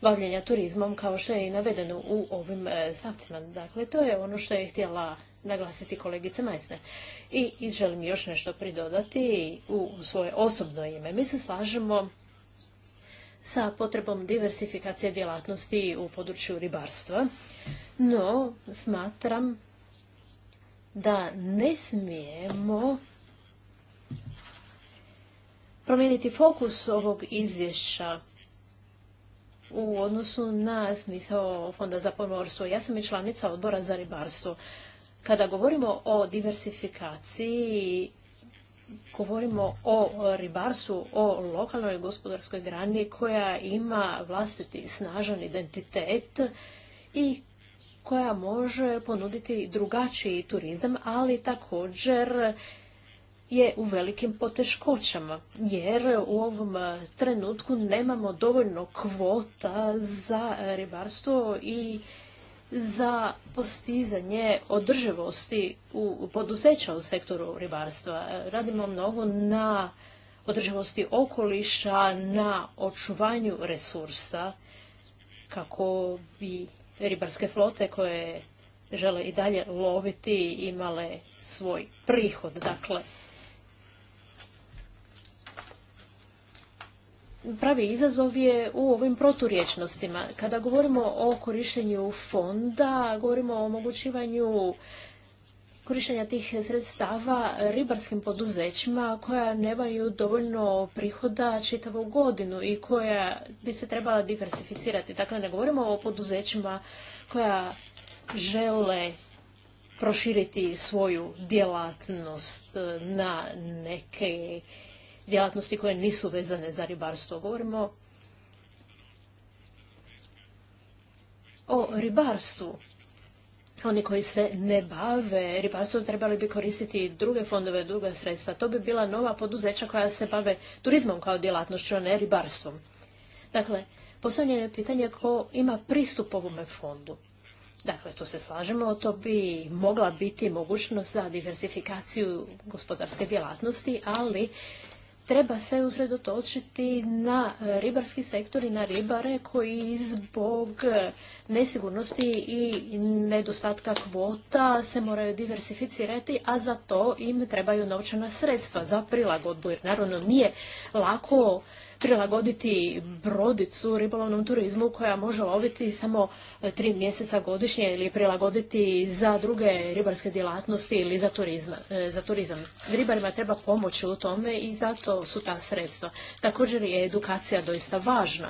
bavljenja turizmom kao što je i navedeno u ovim e, stavcima. Dakle, to je ono što je htjela naglasiti kolegica Majsner. I želim još nešto pridodati u svoje osobno ime. Mi se slažemo sa potrebom diversifikacije djelatnosti u području ribarstva. No, smatram da ne smijemo promijeniti fokus ovog izvješća u odnosu na smisao Fonda za pomorstvo. Ja sam i članica odbora za ribarstvo. Kada govorimo o diversifikaciji govorimo o ribarstvu, o lokalnoj gospodarskoj grani koja ima vlastiti snažan identitet i koja može ponuditi drugačiji turizam, ali također je u velikim poteškoćama, jer u ovom trenutku nemamo dovoljno kvota za ribarstvo i za postizanje održivosti u poduzeća u sektoru ribarstva. Radimo mnogo na održivosti okoliša, na očuvanju resursa kako bi ribarske flote koje žele i dalje loviti imale svoj prihod. Dakle, pravi izazov je u ovim proturječnostima. Kada govorimo o korištenju fonda, govorimo o omogućivanju korištenja tih sredstava ribarskim poduzećima koja nemaju dovoljno prihoda čitavu godinu i koja bi se trebala diversificirati. Dakle, ne govorimo o poduzećima koja žele proširiti svoju djelatnost na neke djelatnosti koje nisu vezane za ribarstvo. Govorimo o ribarstvu. Oni koji se ne bave ribarstvom trebali bi koristiti druge fondove, druga sredstva. To bi bila nova poduzeća koja se bave turizmom kao djelatnošću, a ne ribarstvom. Dakle, postavljeno je pitanje ko ima pristup ovome fondu. Dakle, to se slažemo, to bi mogla biti mogućnost za diversifikaciju gospodarske djelatnosti, ali treba se usredotočiti na ribarski sektor i na ribare koji zbog nesigurnosti i nedostatka kvota se moraju diversificirati, a za to im trebaju novčana sredstva za prilagodbu. Jer naravno nije lako prilagoditi brodicu ribolovnom turizmu koja može loviti samo e, tri mjeseca godišnje ili prilagoditi za druge ribarske djelatnosti ili za, e, za turizam. Ribarima treba pomoći u tome i zato su ta sredstva. Također je edukacija doista važna.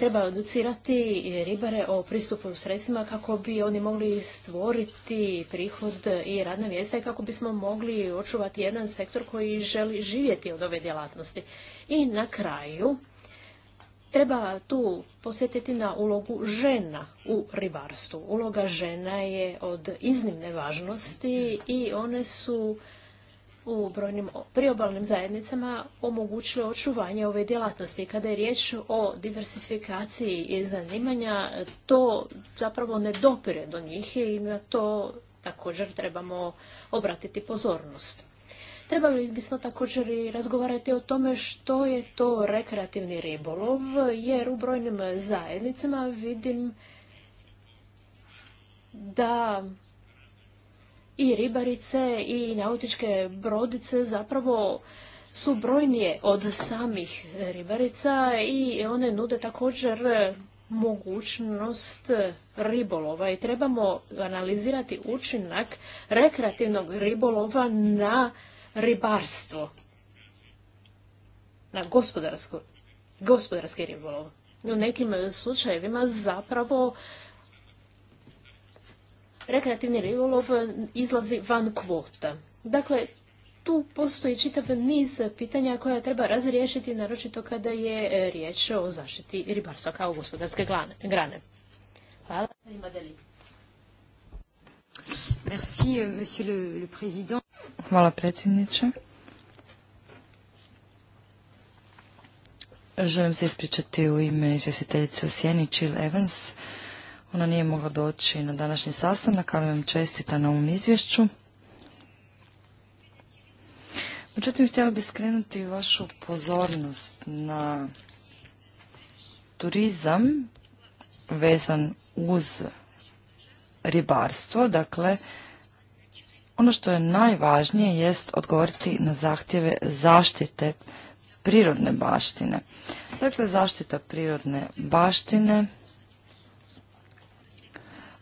Treba educirati ribare o pristupu sredstvima kako bi oni mogli stvoriti prihod i radne mjesta i kako bismo mogli očuvati jedan sektor koji želi živjeti od ove djelatnosti. I na kraju treba tu posjetiti na ulogu žena u ribarstvu. Uloga žena je od iznimne važnosti i one su u brojnim priobalnim zajednicama omogućilo očuvanje ove djelatnosti. Kada je riječ o diversifikaciji i zanimanja, to zapravo ne dopire do njih i na to također trebamo obratiti pozornost. Trebali bismo također i razgovarati o tome što je to rekreativni ribolov, jer u brojnim zajednicama vidim da i ribarice i nautičke brodice zapravo su brojnije od samih ribarica i one nude također mogućnost ribolova i trebamo analizirati učinak rekreativnog ribolova na ribarstvo, na gospodarsko, gospodarski ribolov. U nekim slučajevima zapravo rekreativni ribolov e, izlazi van kvota. Dakle, tu postoji čitav niz pitanja koja treba razriješiti, naročito kada je e, riječ o zaštiti ribarstva kao gospodarske grane. Hvala. E, Hvala predsjedniče. Želim se ispričati u ime izvjestiteljice u Sjeni, Jill Evans ona nije mogla doći na današnji sastanak, ali vam čestita na ovom izvješću. Međutim, htjela bih skrenuti vašu pozornost na turizam vezan uz ribarstvo. Dakle, ono što je najvažnije jest odgovoriti na zahtjeve zaštite prirodne baštine. Dakle, zaštita prirodne baštine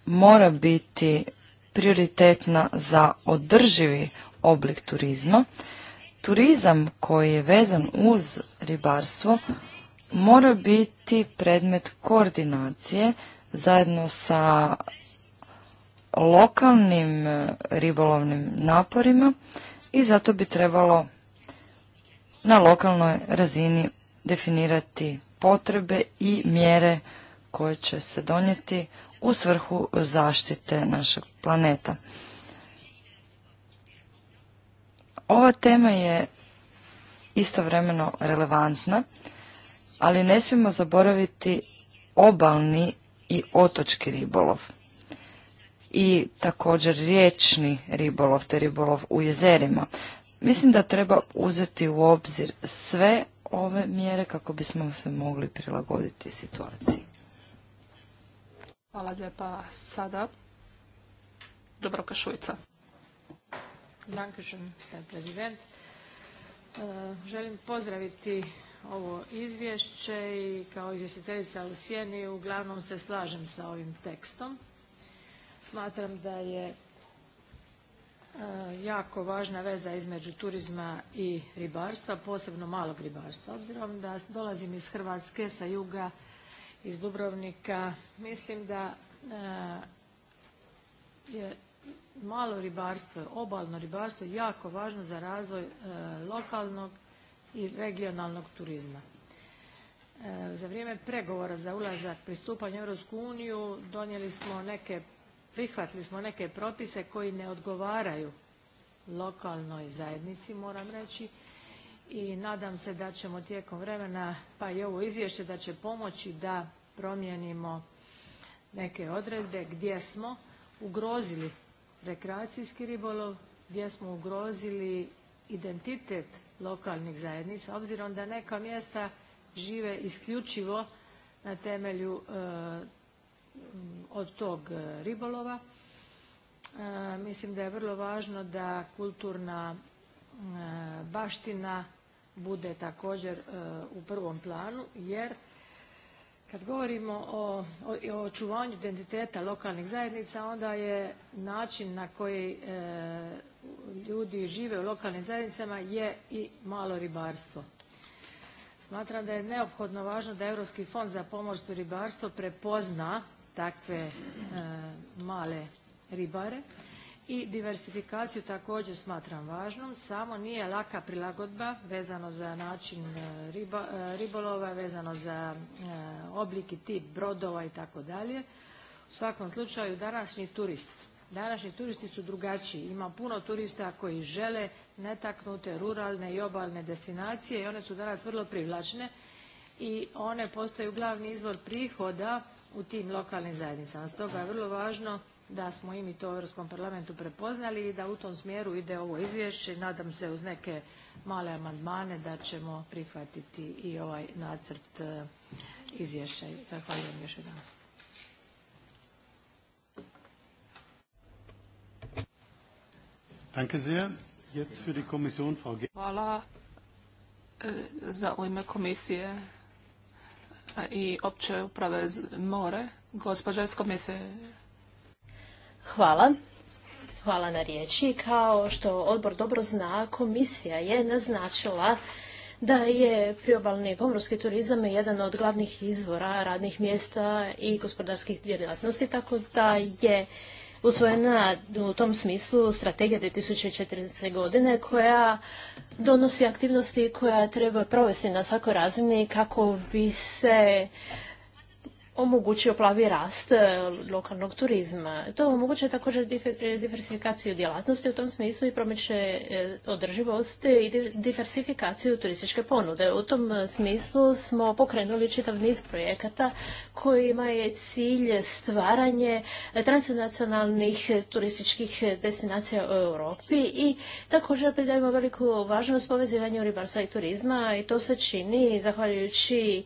mora biti prioritetna za održivi oblik turizma. Turizam koji je vezan uz ribarstvo mora biti predmet koordinacije zajedno sa lokalnim ribolovnim naporima i zato bi trebalo na lokalnoj razini definirati potrebe i mjere koje će se donijeti u svrhu zaštite našeg planeta. Ova tema je istovremeno relevantna, ali ne smijemo zaboraviti obalni i otočki ribolov i također riječni ribolov te ribolov u jezerima. Mislim da treba uzeti u obzir sve ove mjere kako bismo se mogli prilagoditi situaciji. Hvala lijepa. Sada Dobroka Šujca. Dankeschön, prezident. E, želim pozdraviti ovo izvješće i kao izvjestiteljica u sjeni uglavnom se slažem sa ovim tekstom. Smatram da je e, jako važna veza između turizma i ribarstva, posebno malog ribarstva. Obzirom da dolazim iz Hrvatske sa juga iz Dubrovnika. Mislim da eh, je malo ribarstvo, obalno ribarstvo jako važno za razvoj eh, lokalnog i regionalnog turizma. Eh, za vrijeme pregovora za ulazak pristupanja u Europsku uniju donijeli smo neke, prihvatili smo neke propise koji ne odgovaraju lokalnoj zajednici moram reći i nadam se da ćemo tijekom vremena pa i ovo izvješće da će pomoći da promijenimo neke odredbe gdje smo ugrozili rekreacijski ribolov, gdje smo ugrozili identitet lokalnih zajednica obzirom da neka mjesta žive isključivo na temelju e, od tog e, ribolova. E, mislim da je vrlo važno da kulturna baština bude također e, u prvom planu jer kad govorimo o, o, očuvanju identiteta lokalnih zajednica onda je način na koji e, ljudi žive u lokalnim zajednicama je i malo ribarstvo. Smatram da je neophodno važno da Europski fond za pomorstvo i ribarstvo prepozna takve e, male ribare i diversifikaciju također smatram važnom, samo nije laka prilagodba vezano za način e, e, ribolova, vezano za e, oblik i tip brodova i tako dalje. U svakom slučaju današnji turist, današnji turisti su drugačiji. Ima puno turista koji žele netaknute ruralne i obalne destinacije i one su danas vrlo privlačne i one postaju glavni izvor prihoda u tim lokalnim zajednicama. Stoga je vrlo važno da smo i mi to u Europskom parlamentu prepoznali i da u tom smjeru ide ovo izvješće. Nadam se uz neke male amandmane da ćemo prihvatiti i ovaj nacrt e, izvješća. Zahvaljujem još jedan. Hvala e, za u komisije e, i opće uprave more. Gospođa iz komisije Hvala. Hvala na riječi. Kao što odbor dobro zna, komisija je naznačila da je priobalni pomorski turizam jedan od glavnih izvora radnih mjesta i gospodarskih djelatnosti, tako da je usvojena u tom smislu strategija 2014. godine koja donosi aktivnosti koja treba provesti na svakoj razini kako bi se omogućio plavi rast e, lokalnog turizma. To omogućuje također e, diversifikaciju djelatnosti u tom smislu i promiče e, održivost i diversifikaciju turističke ponude. U tom smislu smo pokrenuli čitav niz projekata kojima je cilj stvaranje transnacionalnih turističkih destinacija u Europi i također pridajemo veliku važnost povezivanju ribarstva i turizma i to se čini zahvaljujući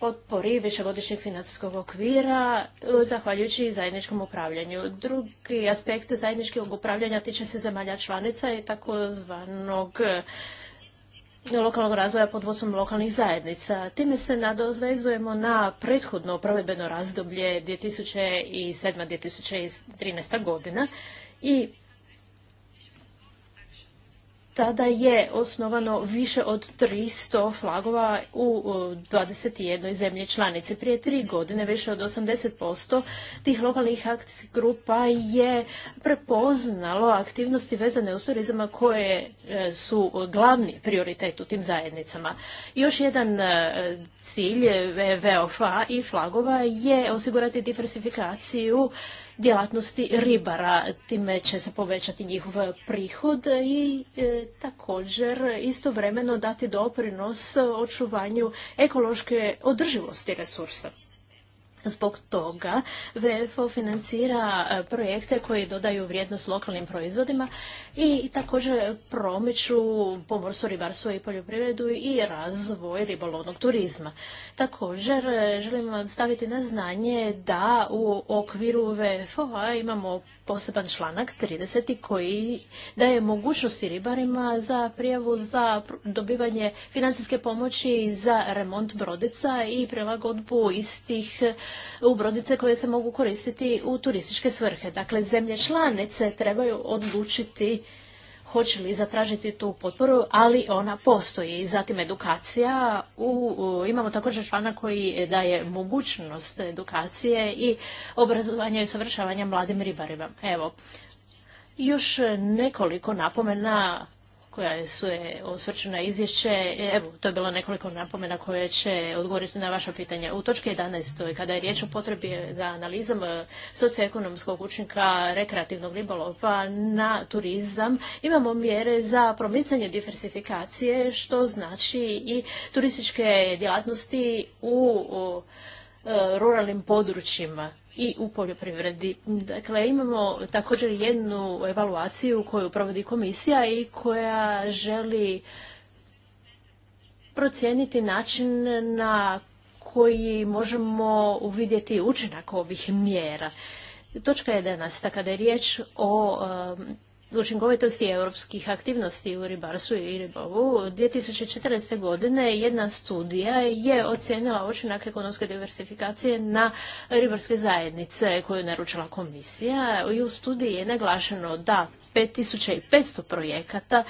potpori višegodišnjeg financijskog okvira e, zahvaljujući zajedničkom upravljanju. Drugi aspekt zajedničkog upravljanja tiče se zemalja članica i takozvanog e, lokalnog razvoja pod vodstvom lokalnih zajednica. Time se nadovezujemo na prethodno provedbeno razdoblje 2007-2013 godina i tada je osnovano više od 300 flagova u 21 zemlji članice. Prije tri godine više od 80% tih lokalnih akcijskih grupa je prepoznalo aktivnosti vezane uz turizama koje e, su glavni prioritet u tim zajednicama. Još jedan e, cilj e, VOFA i flagova je osigurati diversifikaciju djelatnosti ribara. Time će se povećati njihov prihod i e, također istovremeno dati doprinos očuvanju ekološke održivosti resursa. Zbog toga VFO financira e, projekte koji dodaju vrijednost lokalnim proizvodima i također promiču pomorstvo, ribarstvo i poljoprivredu i razvoj ribolovnog turizma. Također e, želim vam staviti na znanje da u okviru VFO-a imamo poseban članak 30. koji daje mogućnosti ribarima za prijavu za dobivanje financijske pomoći za remont brodica i prilagodbu istih e, u brodice koje se mogu koristiti u turističke svrhe. Dakle, zemlje članice trebaju odlučiti hoće li zatražiti tu potporu, ali ona postoji. Zatim edukacija. U, imamo također članak koji daje mogućnost edukacije i obrazovanja i savršavanja mladim ribarima. Evo, još nekoliko napomena koja su je osvrčena izvješće. E, evo, to je bilo nekoliko napomena koje će odgovoriti na vaša pitanja. U točki 11. kada je riječ o potrebi za analizom e, socioekonomskog učinka rekreativnog ribolova na turizam, imamo mjere za promicanje diversifikacije, što znači i turističke djelatnosti u e, ruralnim područjima i u poljoprivredi. Dakle, imamo također jednu evaluaciju koju provodi komisija i koja želi procijeniti način na koji možemo uvidjeti učinak ovih mjera. Točka 11. kada je riječ o učinkovitosti europskih aktivnosti u ribarstvu i ribovu, 2014. godine jedna studija je ocijenila učinak ekonomske diversifikacije na ribarske zajednice koju je naručila komisija i u studiji je naglašeno da 5500 projekata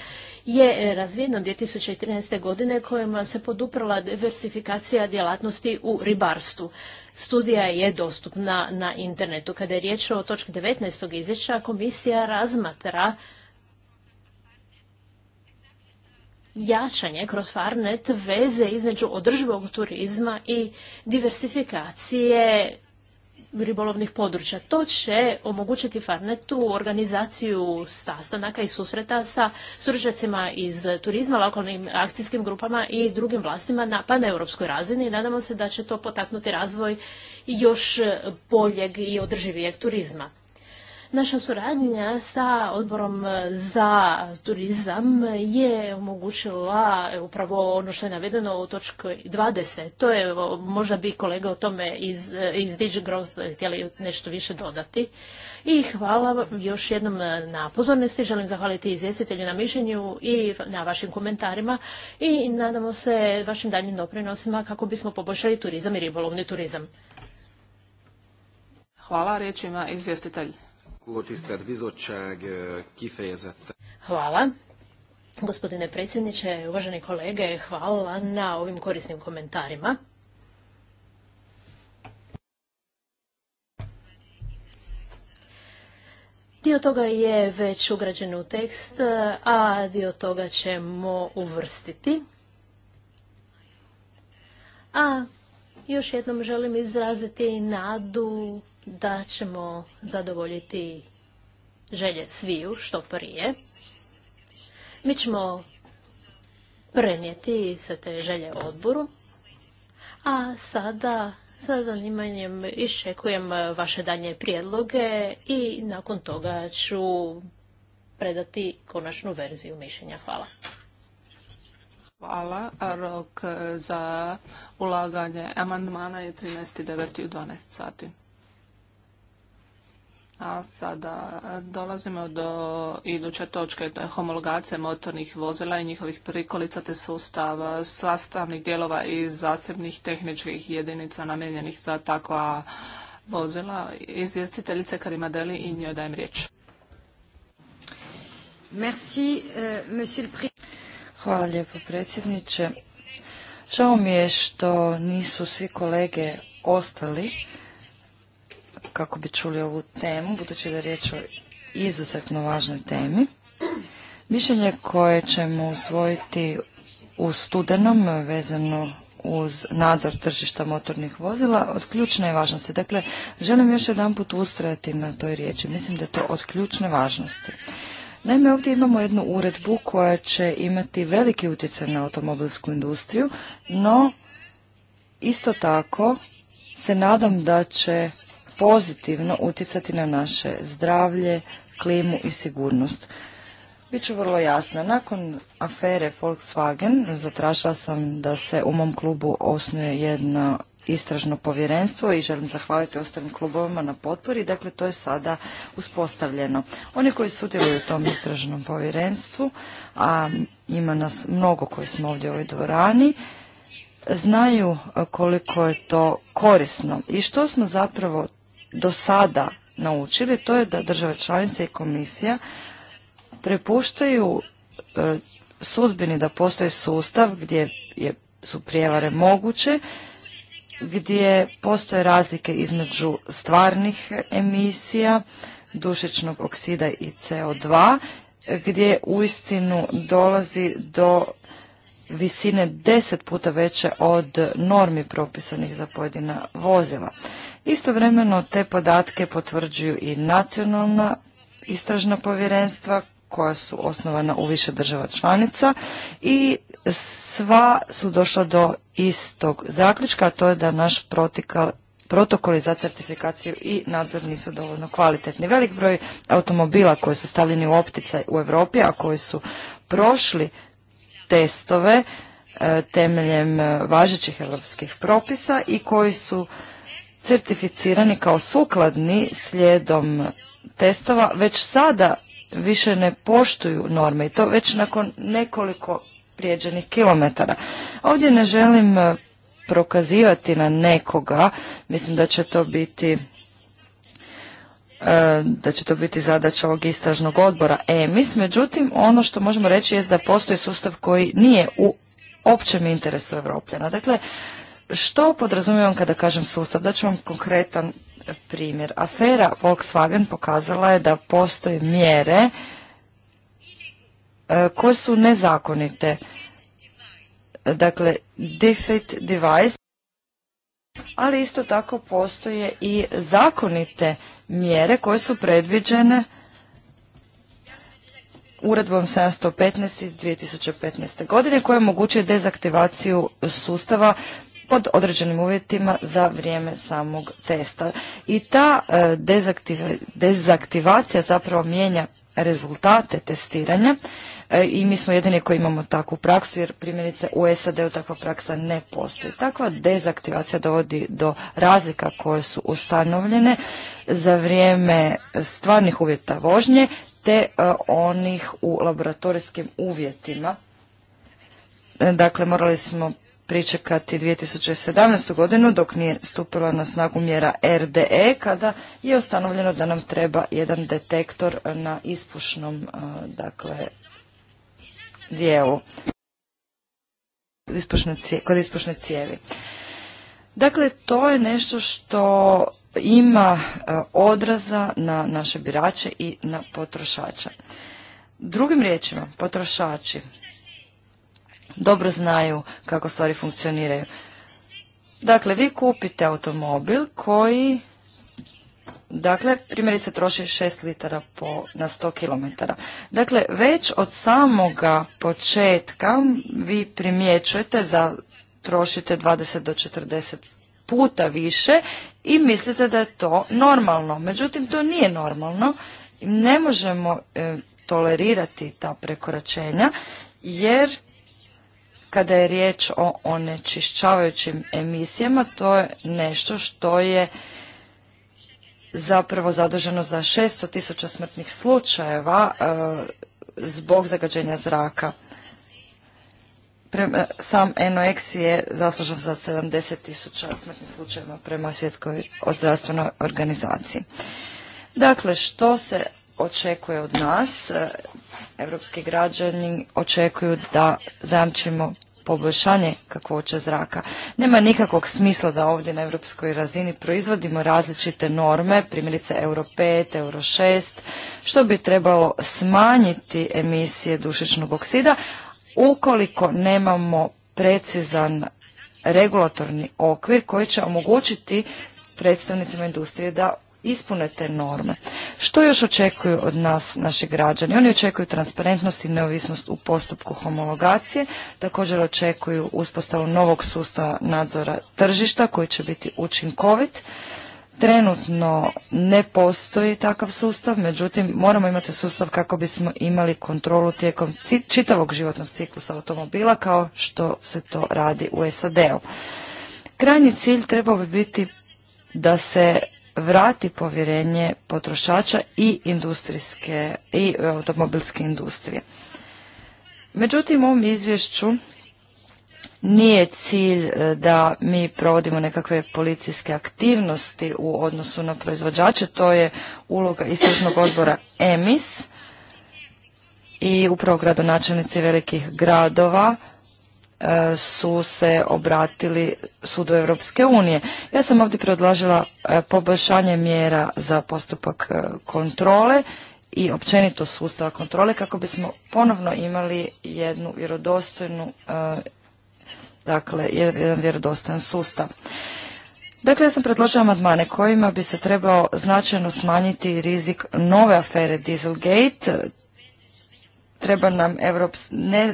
je razvijeno 2013. godine kojima se poduprala diversifikacija djelatnosti u ribarstvu. Studija je dostupna na internetu. Kada je riječ o točki 19. izvješća, komisija razmatra jačanje kroz Farnet veze između održivog turizma i diversifikacije ribolovnih područja. To će omogućiti Farnetu organizaciju sastanaka i susreta sa suržacima iz turizma, lokalnim akcijskim grupama i drugim vlastima na paneuropskoj razini. Nadamo se da će to potaknuti razvoj još boljeg i održivijeg turizma. Naša suradnja sa odborom za turizam je omogućila e, upravo ono što je navedeno u točkoj 20. To je, možda bi kolega o tome iz, e, iz htjeli nešto više dodati. I hvala još jednom na pozornosti. Želim zahvaliti izvjestitelju na mišljenju i na vašim komentarima i nadamo se vašim daljnjim doprinosima kako bismo poboljšali turizam i ribolovni turizam. Hvala, riječ ima izvjestitelj. Hvala. Gospodine predsjedniče, uvaženi kolege, hvala na ovim korisnim komentarima. Dio toga je već ugrađen u tekst, a dio toga ćemo uvrstiti. A još jednom želim izraziti nadu da ćemo zadovoljiti želje sviju što prije. Mi ćemo prenijeti sve te želje odboru, a sada sa zanimanjem iščekujem vaše danje prijedloge i nakon toga ću predati konačnu verziju mišljenja. Hvala. Hvala. Rok za ulaganje amandmana je 13.9. u 12 sati. A sada dolazimo do iduće točke, to je homologacija motornih vozila i njihovih prikolica te sustava sastavnih dijelova i zasebnih tehničkih jedinica namijenjenih za takva vozila. Izvjestiteljice Deli i njoj dajem riječ. Euh, Hvala lijepo predsjedniče. Žao mi je što nisu svi kolege ostali kako bi čuli ovu temu, budući da je riječ o izuzetno važnoj temi. Mišljenje koje ćemo usvojiti u studenom vezano uz nadzor tržišta motornih vozila od ključne je važnosti. Dakle, želim još jedan put ustrajati na toj riječi. Mislim da je to od ključne važnosti. Naime, ovdje imamo jednu uredbu koja će imati veliki utjecaj na automobilsku industriju, no isto tako se nadam da će pozitivno utjecati na naše zdravlje, klimu i sigurnost. Biću vrlo jasna. Nakon afere Volkswagen zatražila sam da se u mom klubu osnuje jedno istražno povjerenstvo i želim zahvaliti ostalim klubovima na potpori. Dakle, to je sada uspostavljeno. Oni koji sudjeluju u tom istražnom povjerenstvu, a ima nas mnogo koji smo ovdje u ovoj dvorani, znaju koliko je to korisno i što smo zapravo do sada naučili, to je da države članice i komisija prepuštaju e, sudbini da postoji sustav gdje su prijevare moguće, gdje postoje razlike između stvarnih emisija, dušičnog oksida i CO2, gdje uistinu dolazi do visine deset puta veće od normi propisanih za pojedina vozila. Istovremeno te podatke potvrđuju i nacionalna istražna povjerenstva koja su osnovana u više država članica i sva su došla do istog zaključka, a to je da naš protikal protokoli za certifikaciju i nadzor nisu dovoljno kvalitetni. Velik broj automobila koji su stavljeni u opticaj u Europi, a koji su prošli testove e, temeljem e, važećih europskih propisa i koji su certificirani kao sukladni slijedom testova, već sada više ne poštuju norme i to već nakon nekoliko prijeđenih kilometara. Ovdje ne želim e, prokazivati na nekoga, mislim da će to biti e, da će to biti zadaća ovog istražnog odbora EMIS, međutim ono što možemo reći je da postoji sustav koji nije u općem interesu Evropljana. Dakle, što podrazumijem kada kažem sustav? Da ću vam konkretan primjer. Afera Volkswagen pokazala je da postoje mjere e, koje su nezakonite. Dakle, defect device, ali isto tako postoje i zakonite mjere koje su predviđene uredbom 715 2015. godine koje omogućuje dezaktivaciju sustava pod određenim uvjetima za vrijeme samog testa. I ta e, dezaktivacija zapravo mijenja rezultate testiranja e, i mi smo jedini koji imamo takvu praksu jer primjerice u SAD-u takva praksa ne postoji. Takva dezaktivacija dovodi do razlika koje su ustanovljene za vrijeme stvarnih uvjeta vožnje te e, onih u laboratorijskim uvjetima. Dakle, morali smo pričekati 2017. godinu dok nije stupila na snagu mjera RDE kada je ustanovljeno da nam treba jedan detektor na ispušnom e, dakle, dijelu kod ispušne cijevi. Dakle, to je nešto što ima e, odraza na naše birače i na potrošača. Drugim riječima, potrošači dobro znaju kako stvari funkcioniraju. Dakle, vi kupite automobil koji, dakle, primjerice troši 6 litara po, na 100 km. Dakle, već od samoga početka vi primjećujete da trošite 20 do 40 puta više i mislite da je to normalno. Međutim, to nije normalno. Ne možemo e, tolerirati ta prekoračenja jer kada je riječ o onečišćavajućim emisijama, to je nešto što je zapravo zadržano za 600 tisuća smrtnih slučajeva e, zbog zagađenja zraka. sam NOX je zaslužan za 70 tisuća smrtnih slučajeva prema svjetskoj zdravstvenoj organizaciji. Dakle, što se očekuje od nas. E, evropski građani očekuju da zajamčimo poboljšanje kakvoće zraka. Nema nikakvog smisla da ovdje na europskoj razini proizvodimo različite norme, primjerice Euro 5, Euro 6, što bi trebalo smanjiti emisije dušičnog oksida ukoliko nemamo precizan regulatorni okvir koji će omogućiti predstavnicima industrije da ispune te norme. Što još očekuju od nas naši građani? Oni očekuju transparentnost i neovisnost u postupku homologacije, također očekuju uspostavu novog sustava nadzora tržišta koji će biti učinkovit. Trenutno ne postoji takav sustav, međutim moramo imati sustav kako bismo imali kontrolu tijekom čitavog životnog ciklusa automobila kao što se to radi u SAD-u. Krajnji cilj trebao bi biti da se vrati povjerenje potrošača i industrijske i automobilske industrije. Međutim, u ovom izvješću nije cilj e, da mi provodimo nekakve policijske aktivnosti u odnosu na proizvođače, to je uloga istražnog odbora EMIS i upravo gradonačelnici velikih gradova E, su se obratili sudu Europske unije. Ja sam ovdje predlažila e, poboljšanje mjera za postupak e, kontrole i općenito sustava kontrole kako bismo ponovno imali jednu vjerodostojnu dakle jedan vjerodostojan sustav. Dakle, ja sam predložila amandmane kojima bi se trebao značajno smanjiti rizik nove afere Dieselgate treba nam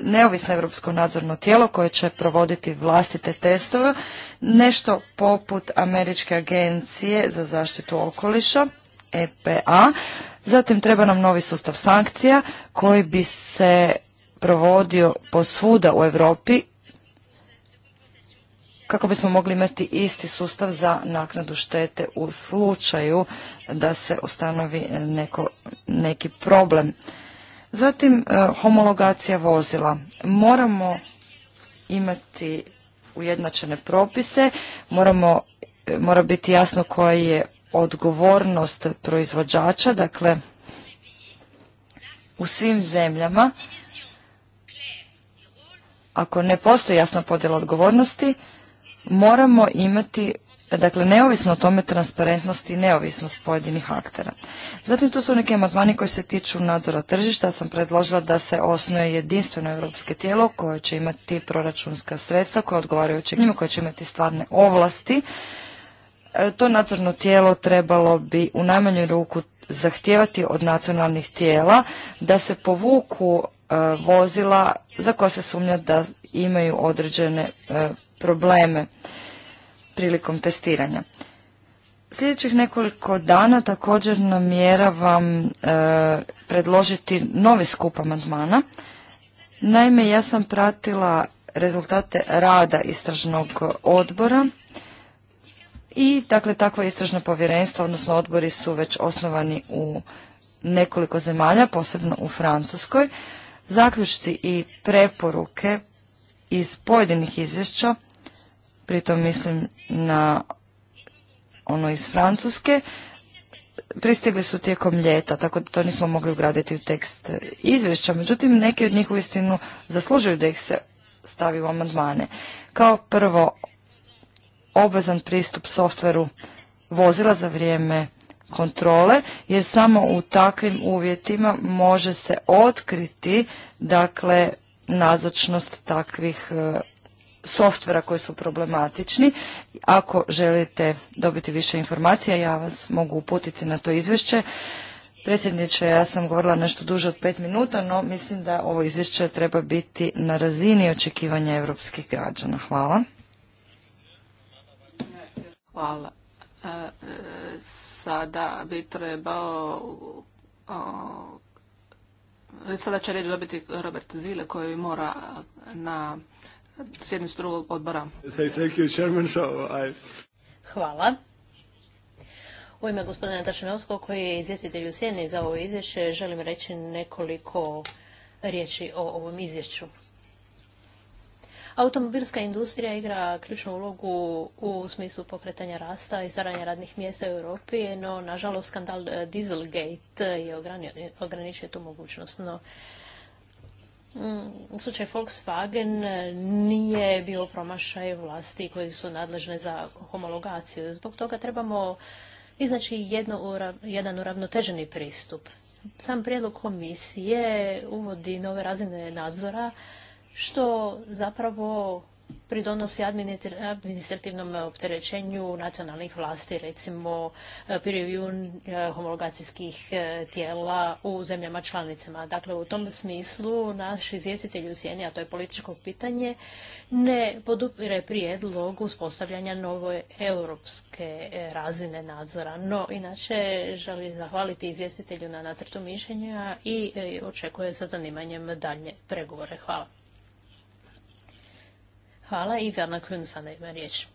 neovisno europsko nadzorno tijelo koje će provoditi vlastite testove, nešto poput Američke agencije za zaštitu okoliša, EPA. Zatim treba nam novi sustav sankcija koji bi se provodio posvuda u Europi kako bismo mogli imati isti sustav za naknadu štete u slučaju da se ustanovi neki problem. Zatim e, homologacija vozila. Moramo imati ujednačene propise, e, mora biti jasno koja je odgovornost proizvođača, dakle u svim zemljama ako ne postoji jasna podjela odgovornosti, moramo imati Dakle, neovisno o tome transparentnost i neovisnost pojedinih aktera. Zatim tu su neke amandmani koji se tiču nadzora tržišta. Sam predložila da se osnuje jedinstveno europske tijelo koje će imati proračunska sredstva koje odgovaraju njima, koje će imati stvarne ovlasti. E, to nadzorno tijelo trebalo bi u najmanju ruku zahtijevati od nacionalnih tijela da se povuku e, vozila za koja se sumnja da imaju određene e, probleme prilikom testiranja. Sljedećih nekoliko dana također namjeravam e, predložiti novi skup amandmana. Naime, ja sam pratila rezultate rada istražnog odbora i dakle takva istražna povjerenstva, odnosno odbori su već osnovani u nekoliko zemalja, posebno u Francuskoj. Zaključci i preporuke iz pojedinih izvješća pritom mislim na ono iz Francuske, pristigli su tijekom ljeta, tako da to nismo mogli ugraditi u tekst izvješća. Međutim, neki od njih uistinu zaslužuju da ih se stavi u amandmane. Kao prvo, obvezan pristup softveru vozila za vrijeme kontrole, jer samo u takvim uvjetima može se otkriti dakle nazočnost takvih e, softvera koji su problematični. Ako želite dobiti više informacija, ja vas mogu uputiti na to izvješće. Predsjedniče, ja sam govorila nešto duže od pet minuta, no mislim da ovo izvješće treba biti na razini očekivanja europskih građana. Hvala. Hvala. E, sada bi trebao sada će reći dobiti Robert Zile koji mora na odbora. Hvala. U ime gospodina Tašinovskog koji je izvjestitelj u sjeni za ovo izvješće želim reći nekoliko riječi o ovom izvješću. Automobilska industrija igra ključnu ulogu u smislu pokretanja rasta i stvaranja radnih mjesta u Europi, no nažalost skandal Dieselgate je ograničio tu mogućnost. No, Mm, slučaj Volkswagen e, nije bio promašaj vlasti koji su nadležne za homologaciju. Zbog toga trebamo iznaći jedan uravnoteženi pristup. Sam prijedlog komisije uvodi nove razine nadzora, što zapravo pridonosi administrativnom opterećenju nacionalnih vlasti, recimo eh, period eh, homologacijskih eh, tijela u zemljama članicama. Dakle, u tom smislu naš izvjestitelj u Sjeni, a to je političko pitanje, ne podupire prijedlog uspostavljanja nove europske razine nadzora. No, inače, želim zahvaliti izvjestitelju na nacrtu mišljenja i očekuje sa zanimanjem dalje pregovore. Hvala. Hvala. Ivana ima riječ.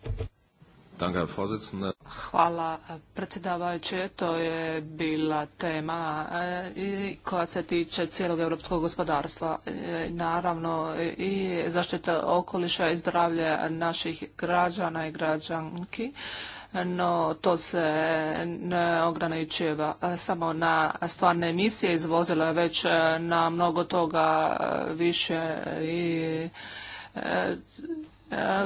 Hvala predsjedavajući. To je bila tema e, koja se tiče cijelog europskog gospodarstva. E, naravno i zaštita okoliša i zdravlje naših građana i građanki no to se ne samo na stvarne emisije iz već e, na mnogo toga više i E,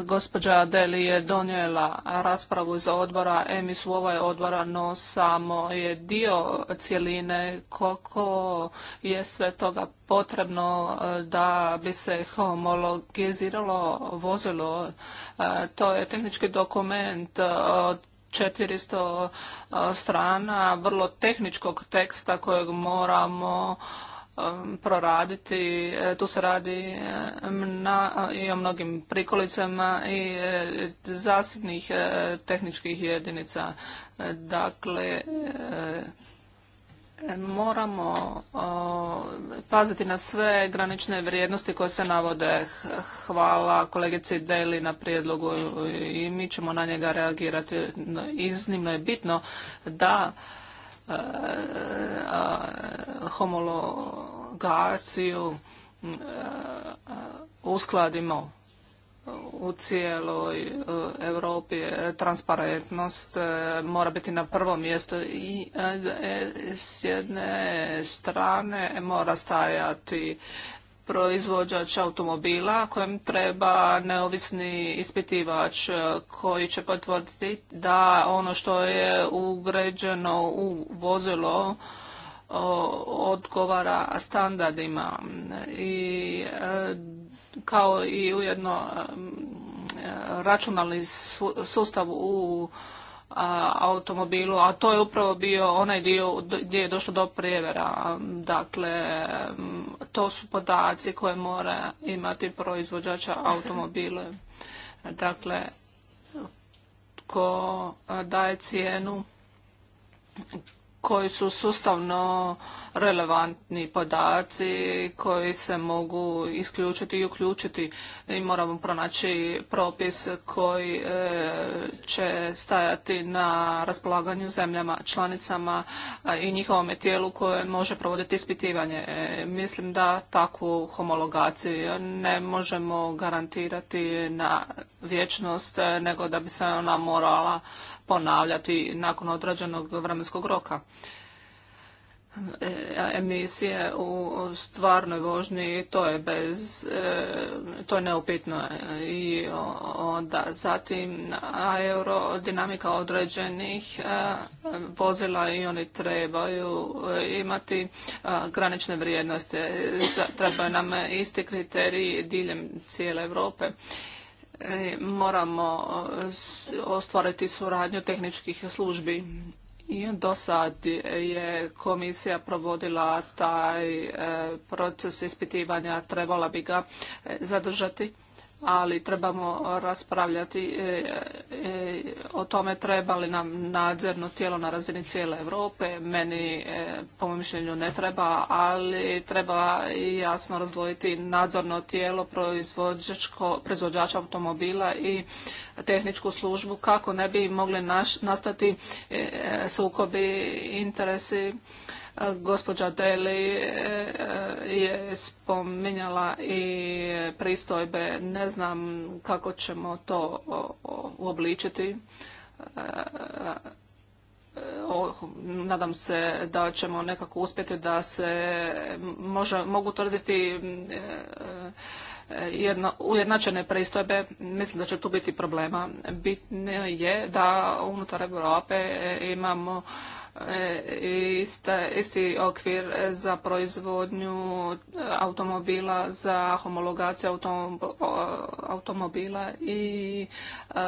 gospođa Deli je donijela raspravu za odbora EMIS u ovaj odbora, no samo je dio cijeline koliko je sve toga potrebno e, da bi se homologiziralo vozilo. E, to je tehnički dokument od 400 strana vrlo tehničkog teksta kojeg moramo Um, proraditi. E, tu se radi e, e, i o mnogim prikolicama i zasebnih tehničkih jedinica. Dakle, moramo paziti na sve granične vrijednosti koje se navode. Hvala kolegici Deli na prijedlogu i mi ćemo na njega reagirati. Iznimno je bitno da Eh, eh, homologaciju eh, uskladimo u cijeloj Europi transparentnost mora biti na prvom mjestu i s jedne strane mora stajati proizvođač automobila kojem treba neovisni ispitivač e, koji će potvrditi da ono što je ugređeno u vozilo e, odgovara standardima i e, kao i ujedno računalni sustav u automobilu, a to je upravo bio onaj dio gdje je došlo do prijevera. Dakle, to su podaci koje mora imati proizvođača automobile. Dakle, ko daje cijenu koji su sustavno relevantni podaci koji se mogu isključiti i uključiti i moramo pronaći propis koji e, će stajati na raspolaganju zemljama članicama i njihovome tijelu koje može provoditi ispitivanje. E, mislim da takvu homologaciju ne možemo garantirati na vječnost e, nego da bi se ona morala ponavljati nakon određenog vremenskog roka. E, emisije u stvarnoj vožnji to je bez, e, to je neupitno e, i onda zatim aerodinamika određenih vozila i oni trebaju imati granične vrijednosti. Trebaju nam isti kriteriji diljem cijele Europe E, moramo e, ostvariti suradnju tehničkih službi. I do sad je komisija provodila taj e, proces ispitivanja, trebala bi ga zadržati ali trebamo raspravljati e, e, o tome treba li nam nadzorno tijelo na razini cijele Europe. Meni, e, po mom mišljenju, ne treba, ali treba jasno razdvojiti nadzorno tijelo proizvođača automobila i tehničku službu kako ne bi mogli nastati sukobi interesi Gospođa Deli eh, je spominjala i pristojbe. Ne znam kako ćemo to uobličiti. Eh, eh, nadam se da ćemo nekako uspjeti da se mogu tvrditi ujednačene pristojbe. Mislim da će tu biti problema. Bitno je da unutar Europe imamo E, isti okvir za proizvodnju automobila, za homologaciju automobila i, e,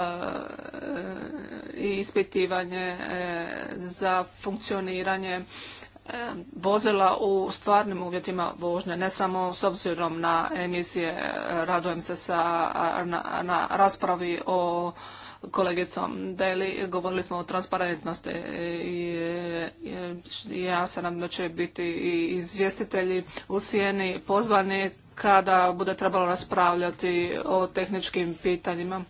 ispitivanje e, za funkcioniranje vozila u stvarnim uvjetima vožnje, ne samo s obzirom na emisije. Radujem se sa, na raspravi o kolegicom Deli. Govorili smo o transparentnosti i ja se nadam da će biti i izvjestitelji u Sijeni pozvani kada bude trebalo raspravljati o tehničkim pitanjima.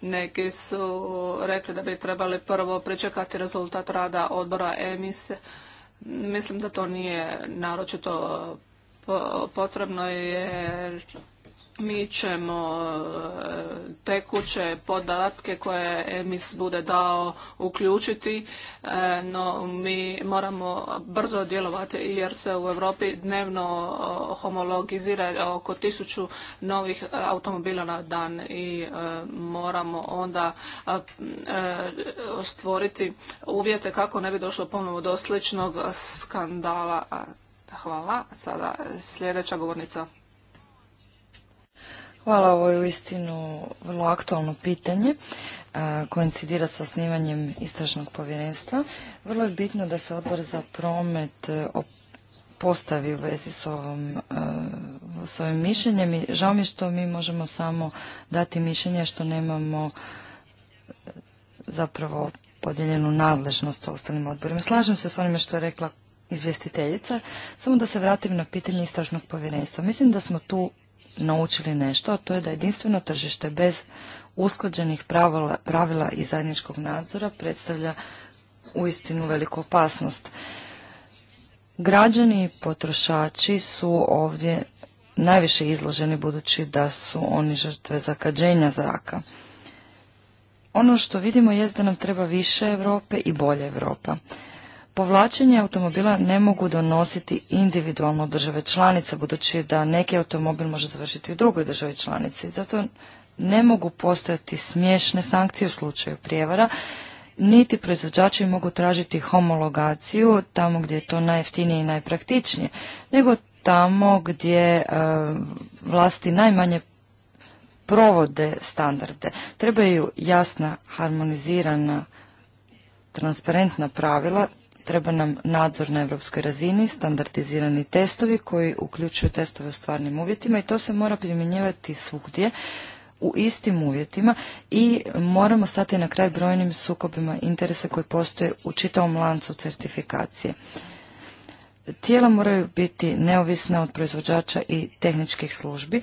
Neki su rekli da bi trebali prvo pričekati rezultat rada odbora emise. Mislim da to nije naročito potrebno jer mi ćemo e, tekuće podatke koje EMIS bude dao uključiti, e, no mi moramo brzo djelovati jer se u Europi dnevno homologizira oko tisuću novih automobila na dan i e, moramo onda stvoriti uvjete kako ne bi došlo ponovo do sličnog skandala. Hvala. Sada sljedeća govornica. Hvala, ovo je uistinu vrlo aktualno pitanje e, koincidira sa osnivanjem istražnog povjerenstva. Vrlo je bitno da se odbor za promet e, postavi u vezi s ovom, e, s ovim mišljenjem i žao mi što mi možemo samo dati mišljenje što nemamo zapravo podijeljenu nadležnost sa ostalim odborima. Slažem se s onime što je rekla izvjestiteljica, samo da se vratim na pitanje istražnog povjerenstva. Mislim da smo tu naučili nešto, a to je da jedinstveno tržište bez usklađenih pravila, i zajedničkog nadzora predstavlja uistinu veliku opasnost. Građani i potrošači su ovdje najviše izloženi budući da su oni žrtve zakađenja zraka. Ono što vidimo je da nam treba više Europe i bolja Europa. Povlačenje automobila ne mogu donositi individualno države članice, budući da neki automobil može završiti u drugoj državi članici. Zato ne mogu postojati smješne sankcije u slučaju prijevara, niti proizvođači mogu tražiti homologaciju tamo gdje je to najjeftinije i najpraktičnije, nego tamo gdje e, vlasti najmanje provode standarde. Trebaju jasna, harmonizirana, transparentna pravila Treba nam nadzor na europskoj razini, standardizirani testovi koji uključuju testove u stvarnim uvjetima i to se mora primjenjivati svugdje u istim uvjetima i moramo stati na kraj brojnim sukobima interesa koji postoje u čitavom lancu certifikacije. Tijela moraju biti neovisna od proizvođača i tehničkih službi.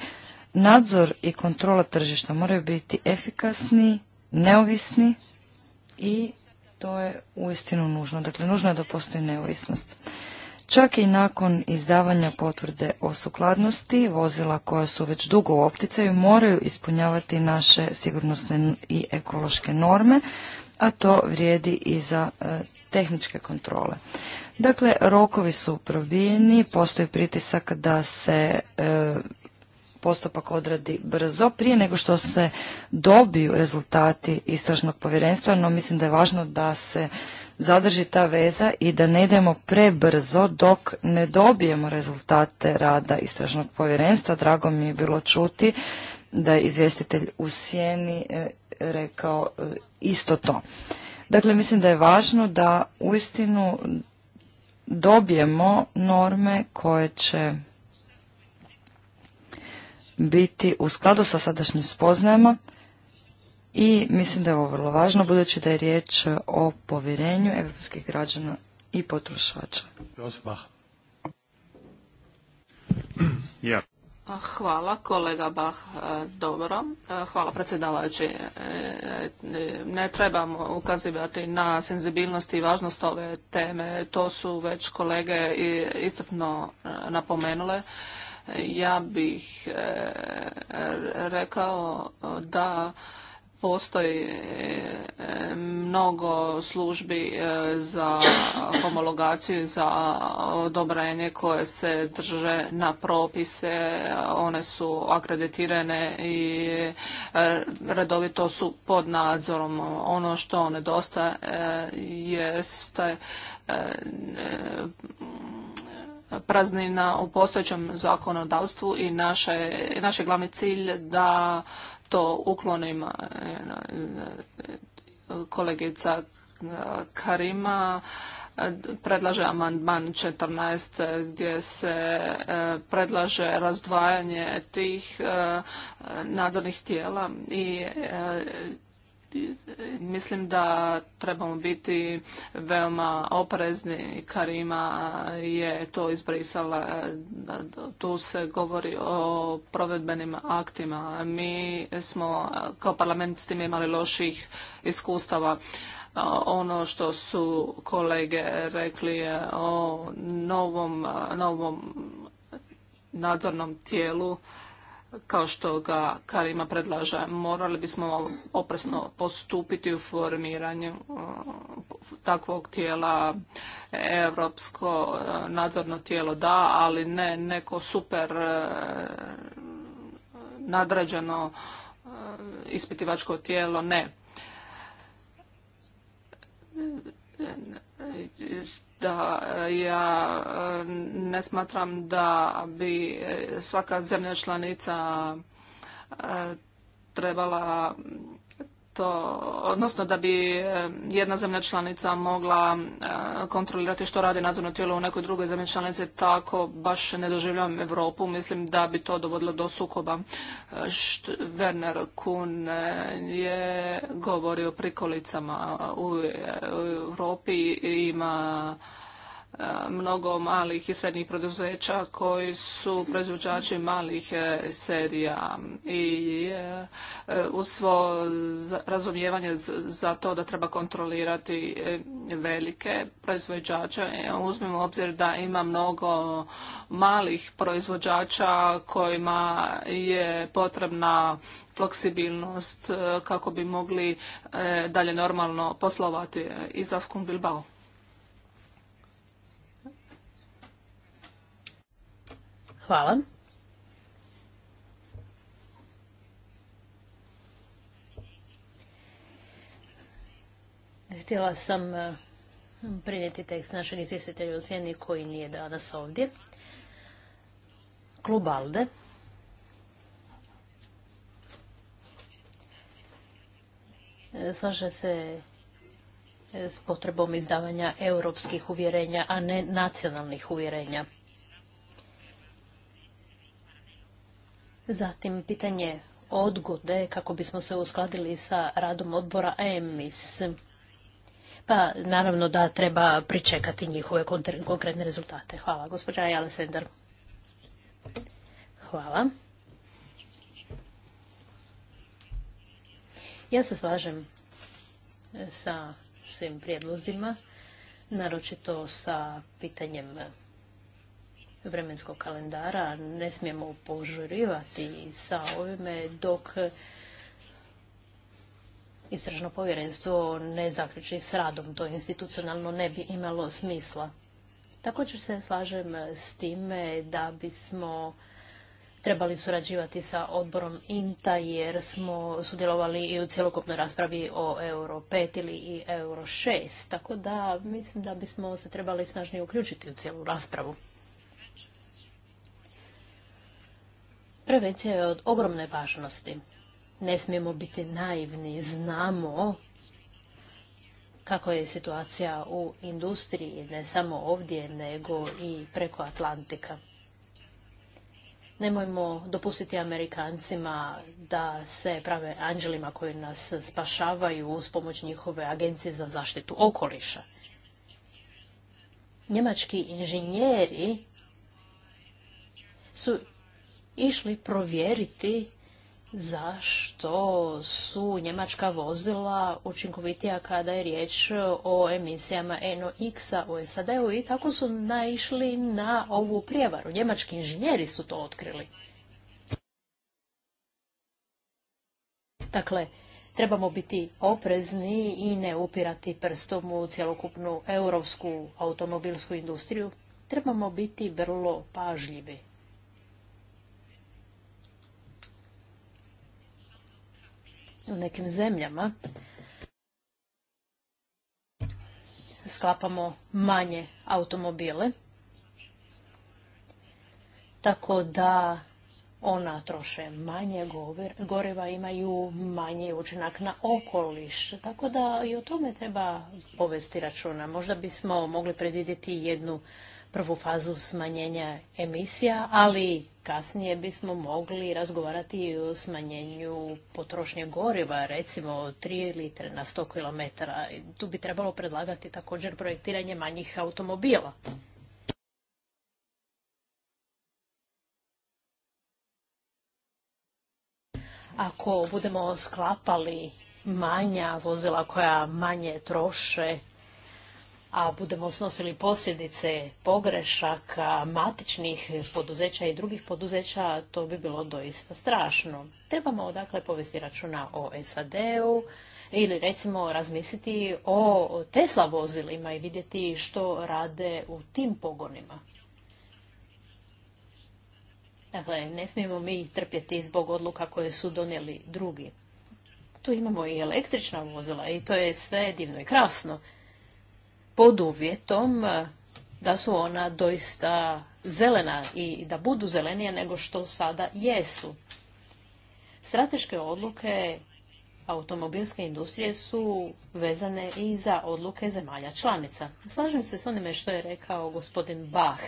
Nadzor i kontrola tržišta moraju biti efikasni, neovisni i to je uistinu nužno. Dakle, nužno je da postoji neovisnost. Čak i nakon izdavanja potvrde o sukladnosti, vozila koja su već dugo u opticaju moraju ispunjavati naše sigurnosne i ekološke norme, a to vrijedi i za e, tehničke kontrole. Dakle, rokovi su probijeni, postoji pritisak da se e, postupak odradi brzo prije nego što se dobiju rezultati istražnog povjerenstva, no mislim da je važno da se zadrži ta veza i da ne idemo prebrzo dok ne dobijemo rezultate rada istražnog povjerenstva. Drago mi je bilo čuti da je izvjestitelj u sjeni e, rekao e, isto to. Dakle, mislim da je važno da uistinu dobijemo norme koje će biti u skladu sa sadašnjim spoznajama i mislim da je ovo vrlo važno budući da je riječ o povjerenju europskih građana i potrošača. Hvala kolega Bah, e, dobro. E, hvala predsjedavajući. E, ne trebamo ukazivati na senzibilnost i važnost ove teme. To su već kolege iscrpno napomenule. Ja bih e, rekao da postoji e, mnogo službi e, za homologaciju za odobrenje koje se drže na propise. One su akreditirane i redovito su pod nadzorom. Ono što nedostaje jeste praznina u postojećem zakonodavstvu i naš je glavni cilj da to uklonimo. E, e, kolegica e, Karima predlaže amandman 14 gdje se predlaže razdvajanje tih nadzornih tijela i Mislim da trebamo biti veoma oprezni. Karima je to izbrisala. Tu se govori o provedbenim aktima. Mi smo kao parlament s tim imali loših iskustava ono što su kolege rekli o novom nadzornom tijelu kao što ga Karima predlaže, morali bismo opresno postupiti u formiranju uh, takvog tijela. Europsko uh, nadzorno tijelo da, ali ne neko super uh, nadređeno ispitivačko tijelo ne da e, ja e, ne smatram da bi e, svaka zemlja članica trebala to, odnosno da bi eh, jedna zemlja članica mogla eh, kontrolirati što radi nadzorno tijelo u nekoj drugoj zemlji članici, tako baš ne doživljavam Europu. Mislim da bi to dovodilo do sukoba. Eh, št Werner Kuhn je govorio o prikolicama u Europi ima E, mnogo malih i srednjih poduzeća koji su proizvođači malih e, serija i e, uz svo razumijevanje za to da treba kontrolirati velike proizvođače uzmemo u obzir da ima mnogo malih proizvođača kojima je potrebna fleksibilnost kako bi mogli dalje normalno poslovati i Bilbao. Hvala. Htjela sam e, prinijeti tekst našeg izvjestitelja u sjeni koji nije danas ovdje. Klub Alde. E, slaže se e, s potrebom izdavanja europskih uvjerenja, a ne nacionalnih uvjerenja. Zatim pitanje odgode kako bismo se uskladili sa radom odbora EMIS. Pa naravno da treba pričekati njihove konkretne rezultate. Hvala. Gospođa Jalesender. Hvala. Ja se slažem sa svim prijedlozima, naročito sa pitanjem vremenskog kalendara. Ne smijemo požurivati sa ovime dok istražno povjerenstvo ne zaključi s radom. To institucionalno ne bi imalo smisla. Također se slažem s time da bismo trebali surađivati sa odborom INTA jer smo sudjelovali i u cjelokupnoj raspravi o Euro 5 ili i Euro 6. Tako da mislim da bismo se trebali snažnije uključiti u cijelu raspravu. Prevencija je od ogromne važnosti. Ne smijemo biti naivni, znamo kako je situacija u industriji, ne samo ovdje, nego i preko Atlantika. Nemojmo dopustiti Amerikancima da se prave anđelima koji nas spašavaju uz pomoć njihove agencije za zaštitu okoliša. Njemački inženjeri su išli provjeriti zašto su njemačka vozila učinkovitija kada je riječ o emisijama NOx-a u SAD-u i tako su naišli na ovu prijevaru. Njemački inženjeri su to otkrili. Dakle, trebamo biti oprezni i ne upirati prstom u cjelokupnu europsku automobilsku industriju. Trebamo biti vrlo pažljivi. u nekim zemljama sklapamo manje automobile, tako da ona troše manje goriva, imaju manji učinak na okoliš. Tako da i o tome treba povesti računa. Možda bismo mogli predvidjeti jednu prvu fazu smanjenja emisija, ali kasnije bismo mogli razgovarati i o smanjenju potrošnje goriva, recimo 3 litre na 100 km. Tu bi trebalo predlagati također projektiranje manjih automobila. Ako budemo sklapali manja vozila koja manje troše a budemo snosili posljedice pogrešaka matičnih poduzeća i drugih poduzeća, to bi bilo doista strašno. Trebamo dakle povesti računa o SAD-u ili recimo razmisliti o Tesla vozilima i vidjeti što rade u tim pogonima. Dakle, ne smijemo mi trpjeti zbog odluka koje su donijeli drugi. Tu imamo i električna vozila i to je sve divno i krasno pod uvjetom e, da su ona doista zelena i da budu zelenija nego što sada jesu. Strateške odluke automobilske industrije su vezane i za odluke zemalja članica. Slažem se s onime što je rekao gospodin Bach.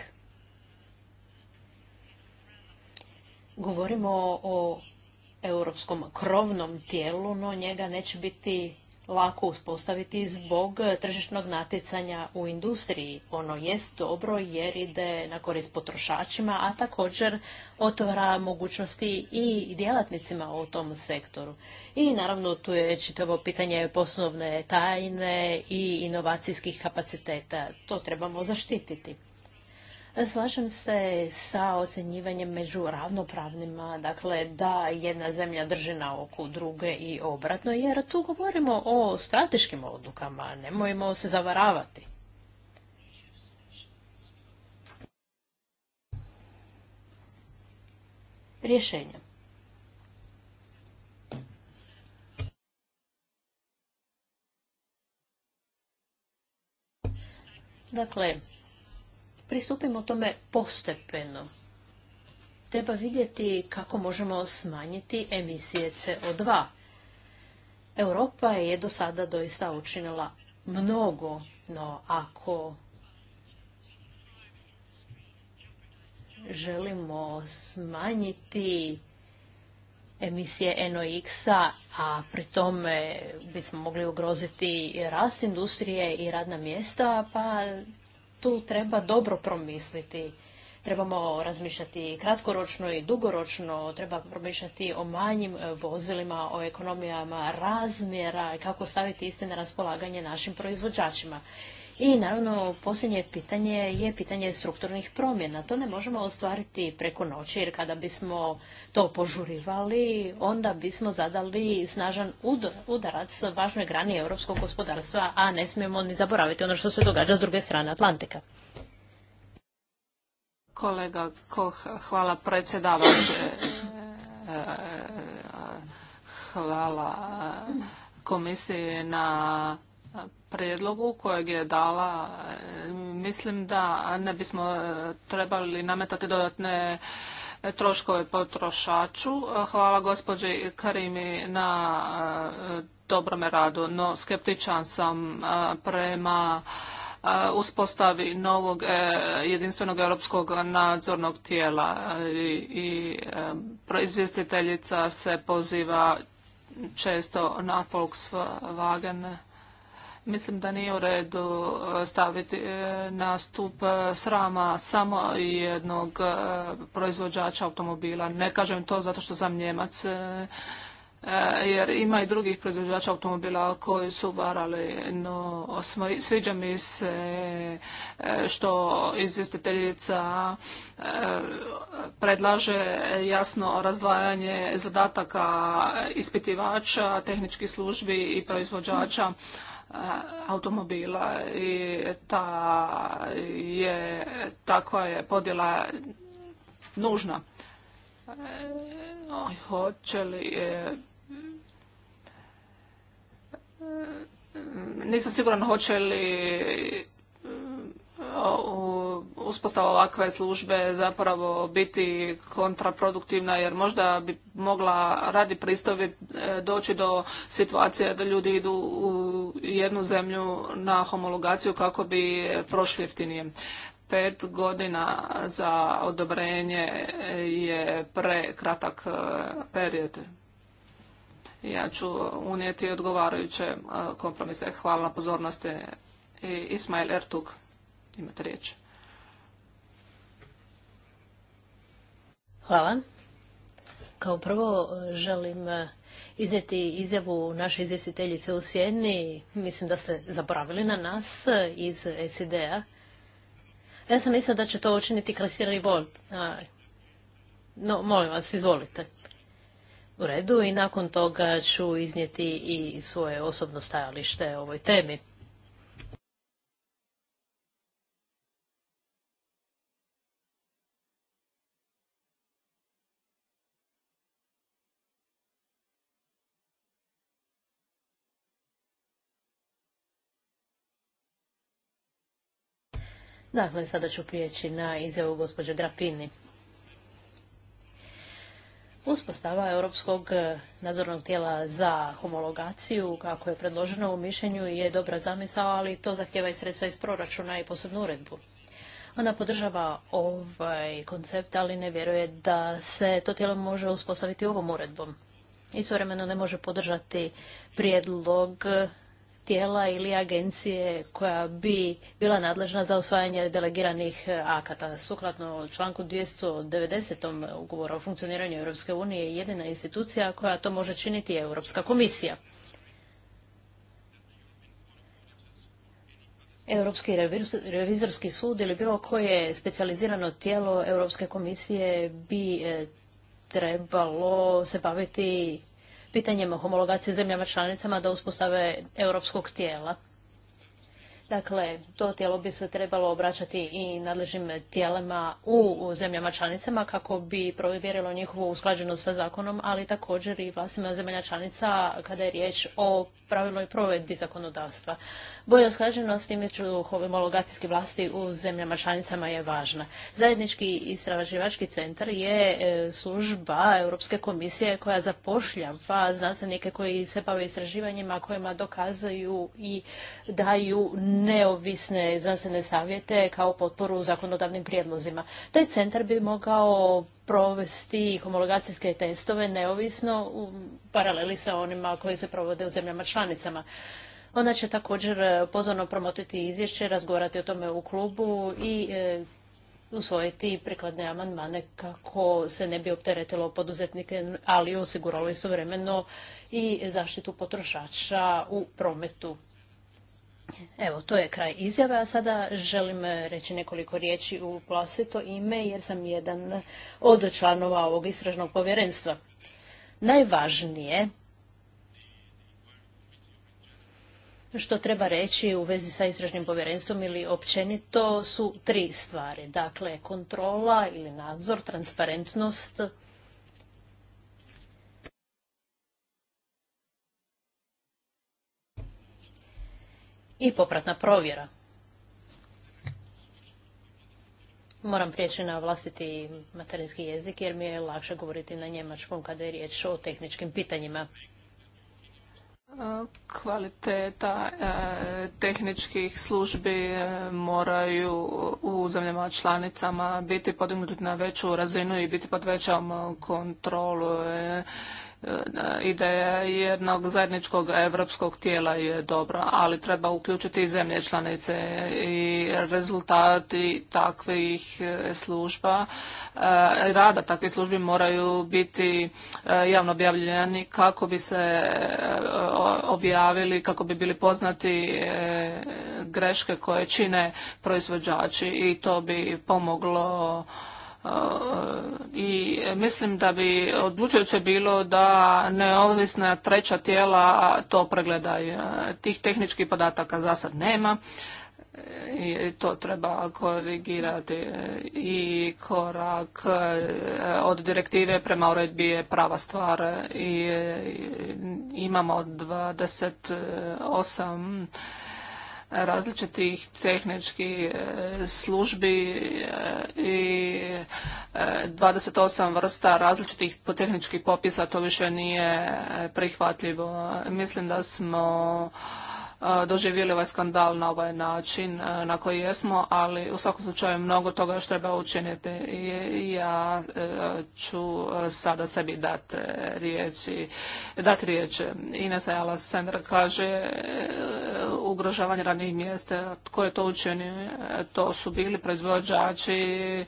Govorimo o europskom krovnom tijelu, no njega neće biti lako uspostaviti zbog tržišnog natjecanja u industriji. Ono jest dobro jer ide na korist potrošačima, a također otvara mogućnosti i djelatnicima u tom sektoru. I naravno tu je čitavo pitanje poslovne tajne i inovacijskih kapaciteta. To trebamo zaštititi. Slažem se sa ocjenjivanjem među ravnopravnima, dakle da jedna zemlja drži na oku druge i obratno, jer tu govorimo o strateškim odlukama, nemojmo se zavaravati. Rješenja. Dakle, pristupimo tome postepeno. Treba vidjeti kako možemo smanjiti emisije CO2. Europa je do sada doista učinila mnogo, no ako želimo smanjiti emisije NOx-a, a pri tome bismo mogli ugroziti rast industrije i radna mjesta, pa tu treba dobro promisliti. Trebamo razmišljati kratkoročno i dugoročno, treba promišljati o manjim e, vozilima, o ekonomijama razmjera, i kako staviti istine raspolaganje našim proizvođačima. I naravno, posljednje pitanje je pitanje strukturnih promjena. To ne možemo ostvariti preko noći, jer kada bismo to požurivali, onda bismo zadali snažan udarac važnoj grani europskog gospodarstva, a ne smijemo ni zaboraviti ono što se događa s druge strane Atlantika. Kolega Koh, hvala predsjedavajući. E, e, e, hvala komisiji na prijedlogu kojeg je dala, e, mislim da ne bismo e, trebali nametati dodatne e, troškove potrošaču. Hvala gospođi Karimi na dobrome radu, no skeptičan sam prema uspostavi novog jedinstvenog europskog nadzornog tijela i proizvjestiteljica se poziva često na Volkswagen Mislim da nije u redu e, staviti e, nastup e, srama samo jednog proizvođača automobila. Ne kažem to zato što sam Njemac, jer ima i drugih proizvođača automobila koji su varali, no sviđa mi se što izvjestiteljica predlaže jasno razdvajanje zadataka ispitivača, tehničkih službi i proizvođača automobila i ta je, takva je podjela nužna. E, hoće li e, e, nisam siguran hoće li uspostava ovakve službe zapravo biti kontraproduktivna jer možda bi mogla radi pristavi doći do situacije da ljudi idu u jednu zemlju na homologaciju kako bi prošli jeftinije. Pet godina za odobrenje je prekratak e, period. Ja ću unijeti odgovarajuće e, kompromise. Hvala na pozornosti. Ismail Ertug, imate riječ. Hvala. Kao prvo želim iznijeti izjavu naše izvjestiteljice u Sjeni. Mislim da ste zaboravili na nas iz SID-a. Ja sam mislila da će to učiniti Krasir Revolt. No, molim vas, izvolite. U redu i nakon toga ću iznijeti i svoje osobno stajalište o ovoj temi. Dakle, sada ću prijeći na izjavu gospođe Grapini. Uspostava Europskog nadzornog tijela za homologaciju, kako je predloženo u mišljenju, je dobra zamisao, ali to zahtjeva i sredstva iz proračuna i posebnu uredbu. Ona podržava ovaj koncept, ali ne vjeruje da se to tijelo može uspostaviti ovom uredbom. Istovremeno ne može podržati prijedlog tijela ili agencije koja bi bila nadležna za osvajanje delegiranih akata. Sukladno članku 290. ugovora o funkcioniranju Europske unije jedina institucija koja to može činiti je Europska komisija. Europski revizorski sud ili bilo koje specijalizirano tijelo Europske komisije bi eh, trebalo se baviti pitanjem homologacije zemljama članicama da uspostave europskog tijela. Dakle, to tijelo bi se trebalo obraćati i nadležnim tijelima u zemljama članicama kako bi provjerilo njihovu usklađenost sa zakonom, ali također i vlastima zemlja članica kada je riječ o pravilnoj provedbi zakonodavstva. Bolja usklađenost između homologacijske vlasti u zemljama članicama je važna. Zajednički istraživački centar je e, služba Europske komisije koja zapošljava znanstvenike koji se bave istraživanjima kojima dokazuju i daju neovisne znanstvene savjete kao potporu zakonodavnim prijedlozima. Taj centar bi mogao provesti homologacijske testove neovisno u paraleli sa onima koji se provode u zemljama članicama. Ona će također e, pozorno promotiti izvješće, razgovarati o tome u klubu i e, usvojiti prikladne amandmane kako se ne bi opteretilo poduzetnike, ali osiguralo istovremeno i zaštitu potrošača u prometu. Evo, to je kraj izjave, a sada želim e, reći nekoliko riječi u vlastito ime, jer sam jedan od članova ovog istražnog povjerenstva. Najvažnije što treba reći u vezi sa izražnim povjerenstvom ili općenito su tri stvari. Dakle, kontrola ili nadzor, transparentnost, i popratna provjera. Moram prijeći na vlastiti materinski jezik jer mi je lakše govoriti na njemačkom kada je riječ o tehničkim pitanjima. Kvaliteta e, tehničkih službi e, moraju u zemljama članicama biti podignuti na veću razinu i biti pod većom kontrolu. E, E, ideja jednog zajedničkog europskog tijela je dobra, ali treba uključiti i zemlje članice i rezultati takvih e, služba, e, rada takvih službi moraju biti javno objavljeni kako bi se objavili, kako bi bili poznati greške koje čine proizvođači i to bi pomoglo i mislim da bi odlučujuće bilo da neovisna treća tijela to pregledaju. Tih tehničkih podataka za sad nema i to treba korigirati i korak e, od direktive prema uredbi je prava stvar i e, imamo 28 različitih tehničkih e, službi e, i 28 e, vrsta različitih tehničkih popisa, to više nije prihvatljivo. Mislim da smo doživjeli ovaj skandal na ovaj način na koji jesmo, ali u svakom slučaju mnogo toga još treba učiniti. Ja ću sada sebi dati riječi, dati riječ. Ines Ayala Sender kaže ugrožavanje radnih mjesta. Tko je to učinio? To su bili proizvođači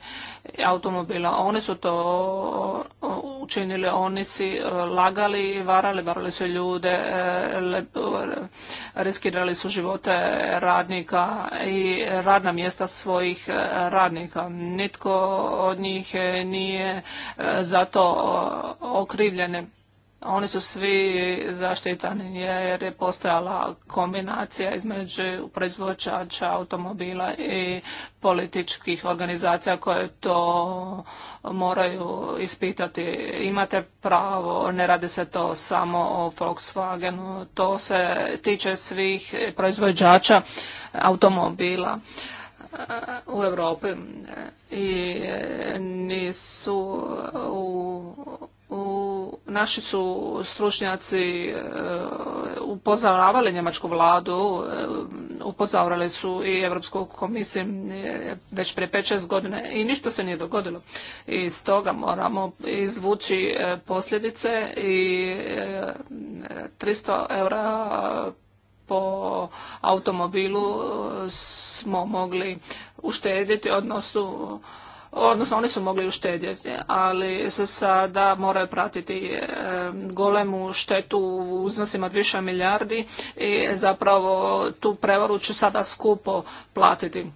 automobila. Oni su to učinili, oni si e, lagali varali, varali su ljude, e, riskirali su živote radnika i radna mjesta svojih e, radnika. Nitko od njih nije za to okrivljen oni su svi zaštitani jer je postojala kombinacija između proizvođača automobila i političkih organizacija koje to moraju ispitati. Imate pravo, ne radi se to samo o Volkswagenu, to se tiče svih proizvođača automobila uh, u Europi i e, nisu u u, naši su stručnjaci e, upozoravali njemačku vladu, e, upozorali su i Europsku komisiju e, već prije 5-6 godina i ništa se nije dogodilo. I stoga moramo izvući posljedice i 300 eura po automobilu smo mogli uštedjeti, odnosno odnosno oni su mogli uštedjeti, ali se sada moraju pratiti golemu štetu u uznosima od više milijardi i zapravo tu prevaru ću sada skupo platiti.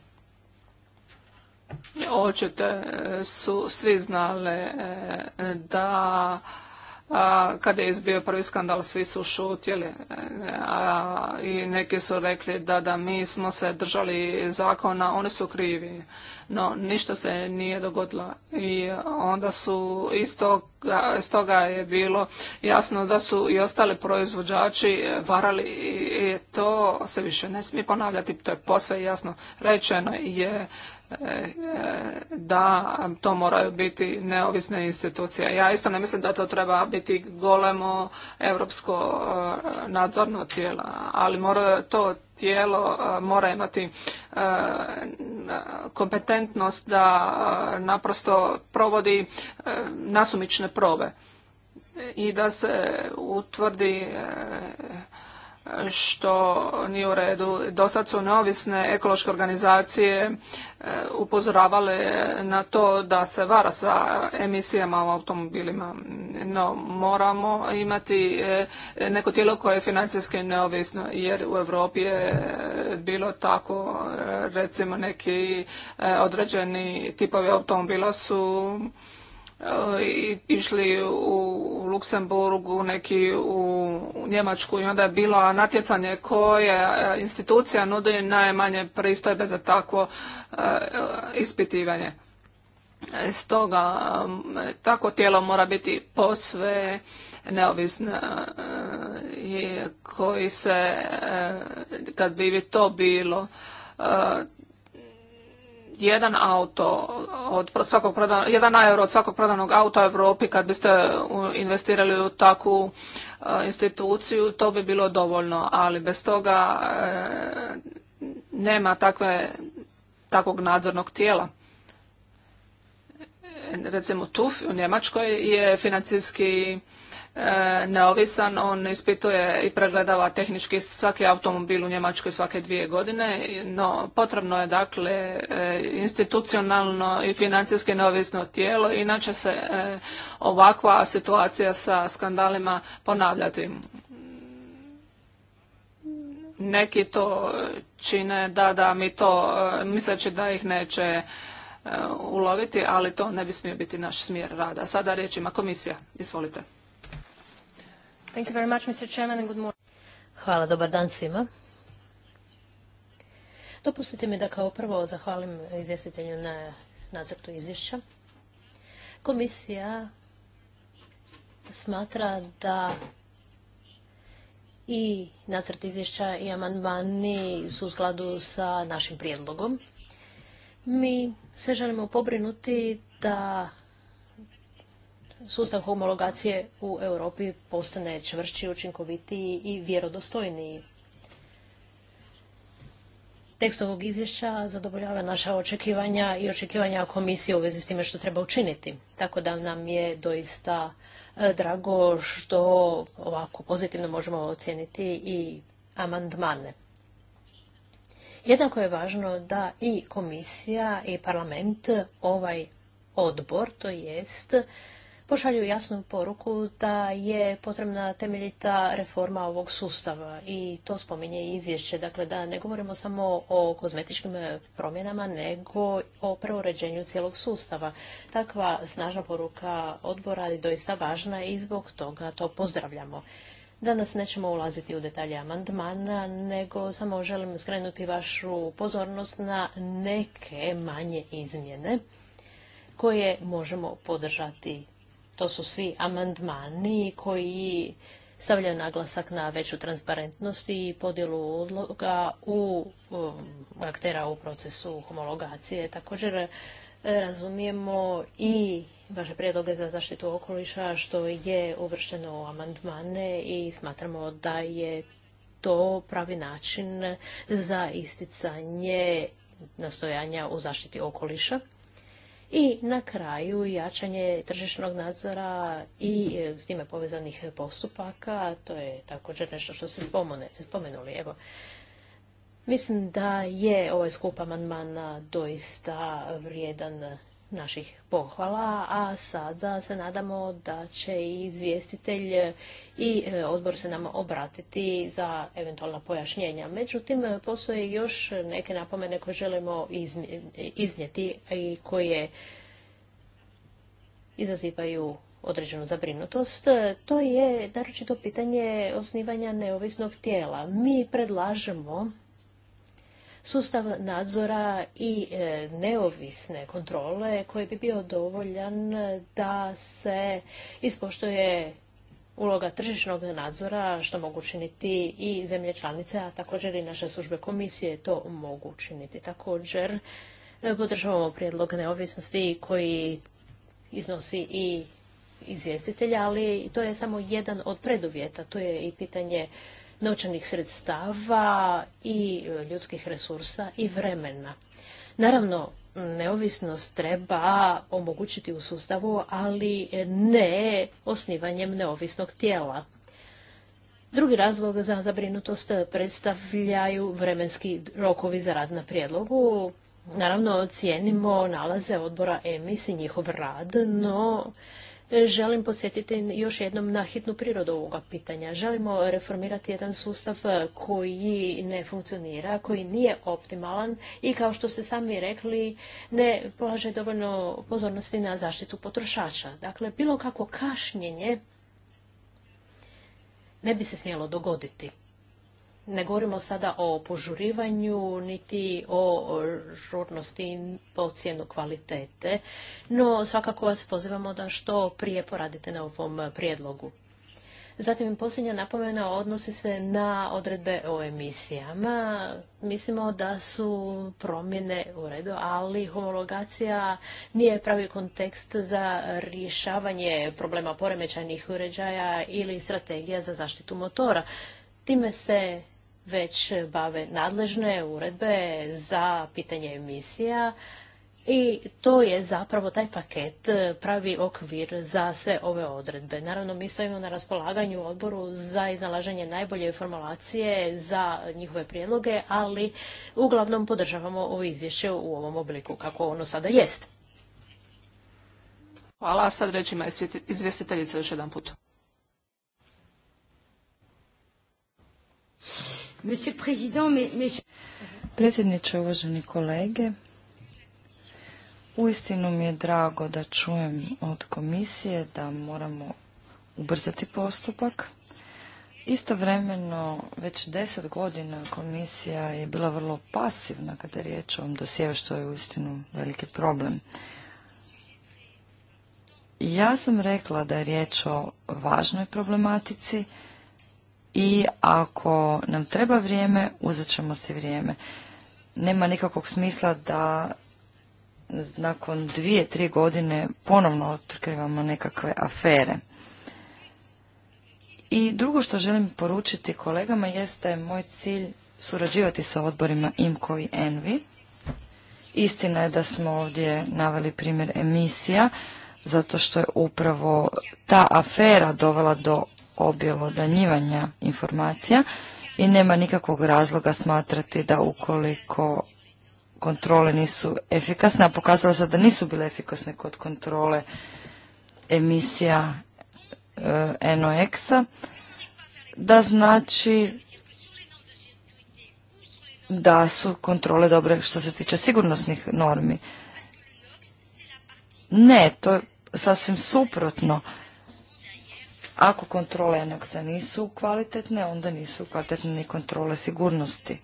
Očete su svi znali da a, kada je izbio prvi skandal svi su šutjeli e, a, i neki su rekli da da mi smo se držali zakona, oni su krivi. No ništa se nije dogodilo i onda su iz toga, je bilo jasno da su i ostali proizvođači varali i to se više ne smije ponavljati, to je posve jasno rečeno je da to moraju biti neovisne institucije. Ja isto ne mislim da to treba biti golemo europsko eh, nadzorno tijelo, ali mora to tijelo eh, mora imati eh, kompetentnost da naprosto provodi nasumične probe i da se utvrdi što nije u redu. Do su neovisne ekološke organizacije e, upozoravale na to da se vara sa emisijama u automobilima. No, moramo imati e, neko tijelo koje je financijski neovisno, jer u Evropi je bilo tako, e, recimo neki određeni tipovi automobila su išli u Luksemburgu, neki u Njemačku i onda je bilo natjecanje koje e, institucija nudi najmanje pristojbe za takvo e, ispitivanje. E, stoga tako tijelo mora biti posve neovisno koji se kad bi to bilo jedan auto od svakog prodan, jedan euro od svakog prodanog auta u Europi kad biste investirali u takvu e, instituciju, to bi bilo dovoljno, ali bez toga e, nema takve, takvog nadzornog tijela. E, recimo TUF u Njemačkoj je financijski E, neovisan. On ispituje i pregledava tehnički svaki automobil u Njemačkoj svake dvije godine, no potrebno je dakle e, institucionalno i financijski neovisno tijelo, inače se e, ovakva situacija sa skandalima ponavljati. Neki to čine, da, da, mi to, misleći da ih neće uloviti, ali to ne bi smio biti naš smjer rada. Sada riječ ima komisija. Izvolite. Thank you very Hvala, dobar dan svima. Dopustite mi da kao prvo zahvalim izvjestitelju na nacrtu izvješća. Komisija smatra da i nacrt izvješća i amandmani su u skladu sa našim prijedlogom. Mi se želimo pobrinuti da sustav homologacije u Europi postane čvršći, učinkovitiji i vjerodostojniji. Tekst ovog izvješća zadovoljava naša očekivanja i očekivanja komisije u vezi s time što treba učiniti. Tako da nam je doista e, drago što ovako pozitivno možemo ocijeniti i amandmane. Jednako je važno da i komisija i parlament ovaj odbor, to jest pošalju jasnu poruku da je potrebna temeljita reforma ovog sustava i to spominje izvješće. Dakle, da ne govorimo samo o kozmetičkim promjenama, nego o preuređenju cijelog sustava. Takva snažna poruka odbora je doista važna i zbog toga to pozdravljamo. Danas nećemo ulaziti u detalje amandmana, nego samo želim skrenuti vašu pozornost na neke manje izmjene koje možemo podržati to su svi amandmani koji stavljaju naglasak na veću transparentnost i podjelu odloga u um, aktera u procesu homologacije. Također e, razumijemo i vaše prijedloge za zaštitu okoliša što je uvršteno u amandmane i smatramo da je to pravi način za isticanje nastojanja u zaštiti okoliša. I na kraju jačanje tržišnog nadzora i e, s time povezanih postupaka, to je također nešto što ste spomenuli. Evo, mislim da je ovaj skup amandmana doista vrijedan naših pohvala, a sada se nadamo da će i izvjestitelj i e, odbor se nam obratiti za eventualna pojašnjenja. Međutim, postoje još neke napomene koje želimo iznijeti i koje izazivaju određenu zabrinutost, to je naročito pitanje osnivanja neovisnog tijela. Mi predlažemo sustav nadzora i e, neovisne kontrole koji bi bio dovoljan da se ispoštuje uloga tržišnog nadzora što mogu činiti i zemlje članice, a također i naše službe komisije to mogu učiniti. Također e, podržavamo prijedlog neovisnosti koji iznosi i izvjestitelja, ali to je samo jedan od preduvjeta. To je i pitanje novčanih sredstava i e, ljudskih resursa i vremena. Naravno, neovisnost treba omogućiti u sustavu, ali ne osnivanjem neovisnog tijela. Drugi razlog za zabrinutost predstavljaju vremenski rokovi za rad na prijedlogu. Naravno, cijenimo nalaze odbora EMIS i njihov rad, no želim podsjetiti još jednom na hitnu prirodu ovoga pitanja. Želimo reformirati jedan sustav e, koji ne funkcionira, koji nije optimalan i kao što ste sami rekli ne polaže dovoljno pozornosti na zaštitu potrošača. Dakle, bilo kako kašnjenje ne bi se smjelo dogoditi. Ne govorimo sada o požurivanju, niti o žurnosti po cijenu kvalitete, no svakako vas pozivamo da što prije poradite na ovom prijedlogu. Zatim posljednja napomena odnosi se na odredbe o emisijama. Mislimo da su promjene u redu, ali homologacija nije pravi kontekst za rješavanje problema poremećajnih uređaja ili strategija za zaštitu motora. Time se već bave nadležne uredbe za pitanje emisija i to je zapravo taj paket, e, pravi okvir za sve ove odredbe. Naravno, mi stojimo na raspolaganju odboru za iznalaženje najbolje formulacije za njihove prijedloge, ali uglavnom podržavamo ovo izvješće u ovom obliku kako ono sada jest. Hvala, a sad reći ima još jedan put. Predsjedniče, uvaženi kolege, uistinu mi je drago da čujem od komisije da moramo ubrzati postupak. Istovremeno, već deset godina komisija je bila vrlo pasivna kada je riječ o ovom što je uistinu veliki problem. Ja sam rekla da je riječ o važnoj problematici, i ako nam treba vrijeme, uzet ćemo si vrijeme. Nema nikakvog smisla da nakon dvije, tri godine ponovno otkrivamo nekakve afere. I drugo što želim poručiti kolegama jeste moj cilj surađivati sa odborima IMCO i ENVI. Istina je da smo ovdje naveli primjer emisija, zato što je upravo ta afera dovela do objelodanjivanja informacija i nema nikakvog razloga smatrati da ukoliko kontrole nisu efikasne, a pokazalo se da nisu bile efikasne kod kontrole emisija e, NOX-a, da znači da su kontrole dobre što se tiče sigurnosnih normi. Ne, to je sasvim suprotno. Ako kontrole aneksa nisu kvalitetne, onda nisu kvalitetne ni kontrole sigurnosti.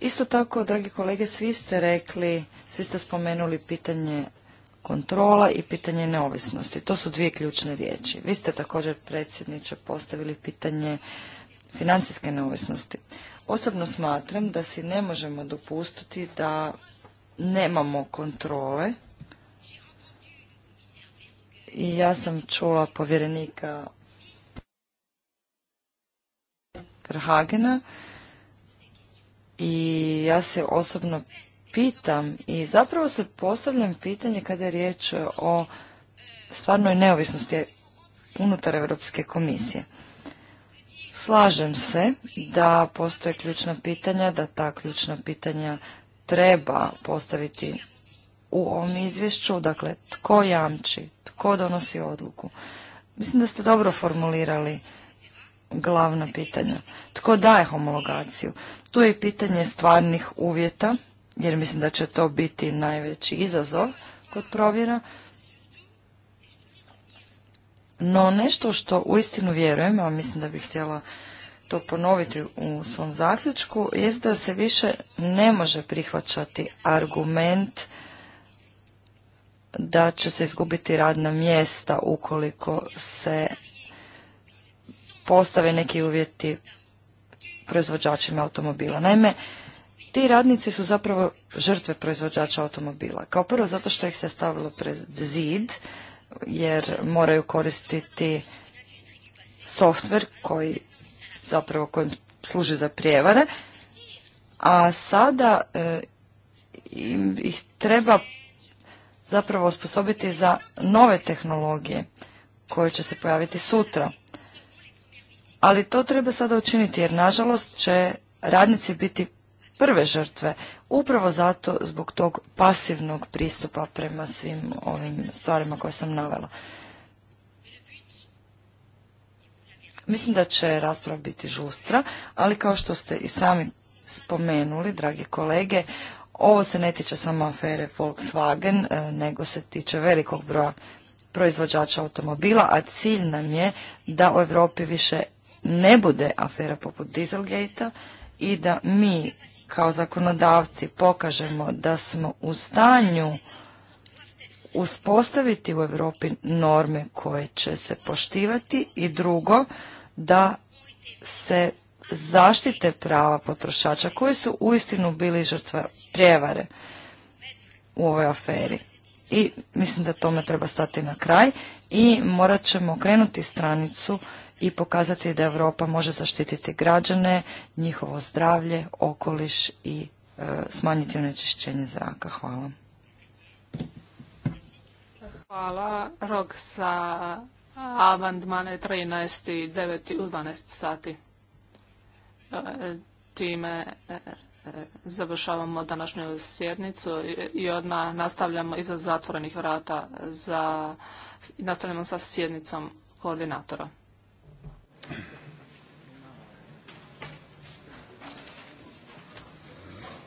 Isto tako, dragi kolege, svi ste rekli, svi ste spomenuli pitanje kontrola i pitanje neovisnosti. To su dvije ključne riječi. Vi ste također, predsjedniče, postavili pitanje financijske neovisnosti. Osobno smatram da si ne možemo dopustiti da nemamo kontrole i ja sam čula povjerenika Verhagena i ja se osobno pitam i zapravo se postavljam pitanje kada je riječ o stvarnoj neovisnosti unutar Europske komisije. Slažem se da postoje ključna pitanja, da ta ključna pitanja treba postaviti u ovom izvješću, dakle tko jamči, tko donosi odluku. Mislim da ste dobro formulirali glavna pitanja. Tko daje homologaciju? Tu je i pitanje stvarnih uvjeta, jer mislim da će to biti najveći izazov kod provjera. No nešto što uistinu vjerujem, a mislim da bih htjela to ponoviti u svom zaključku, je da se više ne može prihvaćati argument da će se izgubiti radna mjesta ukoliko se postave neki uvjeti proizvođačima automobila. Naime, ti radnici su zapravo žrtve proizvođača automobila. Kao prvo zato što ih se stavilo pred zid, jer moraju koristiti softver koji zapravo kojim služi za prijevare, a sada e, im, ih treba zapravo osposobiti za nove tehnologije koje će se pojaviti sutra. Ali to treba sada učiniti jer nažalost će radnici biti prve žrtve upravo zato zbog tog pasivnog pristupa prema svim ovim stvarima koje sam navela. Mislim da će rasprava biti žustra, ali kao što ste i sami spomenuli, dragi kolege, ovo se ne tiče samo afere Volkswagen, e, nego se tiče velikog broja proizvođača automobila, a cilj nam je da u Europi više ne bude afera poput dieselgate i da mi kao zakonodavci pokažemo da smo u stanju uspostaviti u Europi norme koje će se poštivati i drugo da se zaštite prava potrošača koji su uistinu bili žrtva prijevare u ovoj aferi. I mislim da tome treba stati na kraj i morat ćemo krenuti stranicu i pokazati da Europa može zaštititi građane, njihovo zdravlje, okoliš i e, smanjiti onečišćenje zraka. Hvala. Hvala. Rok sa amandmane 13. u 12. sati time e, e, završavamo današnju sjednicu i odmah nastavljamo iza zatvorenih vrata za nastavljamo sa sjednicom koordinatora.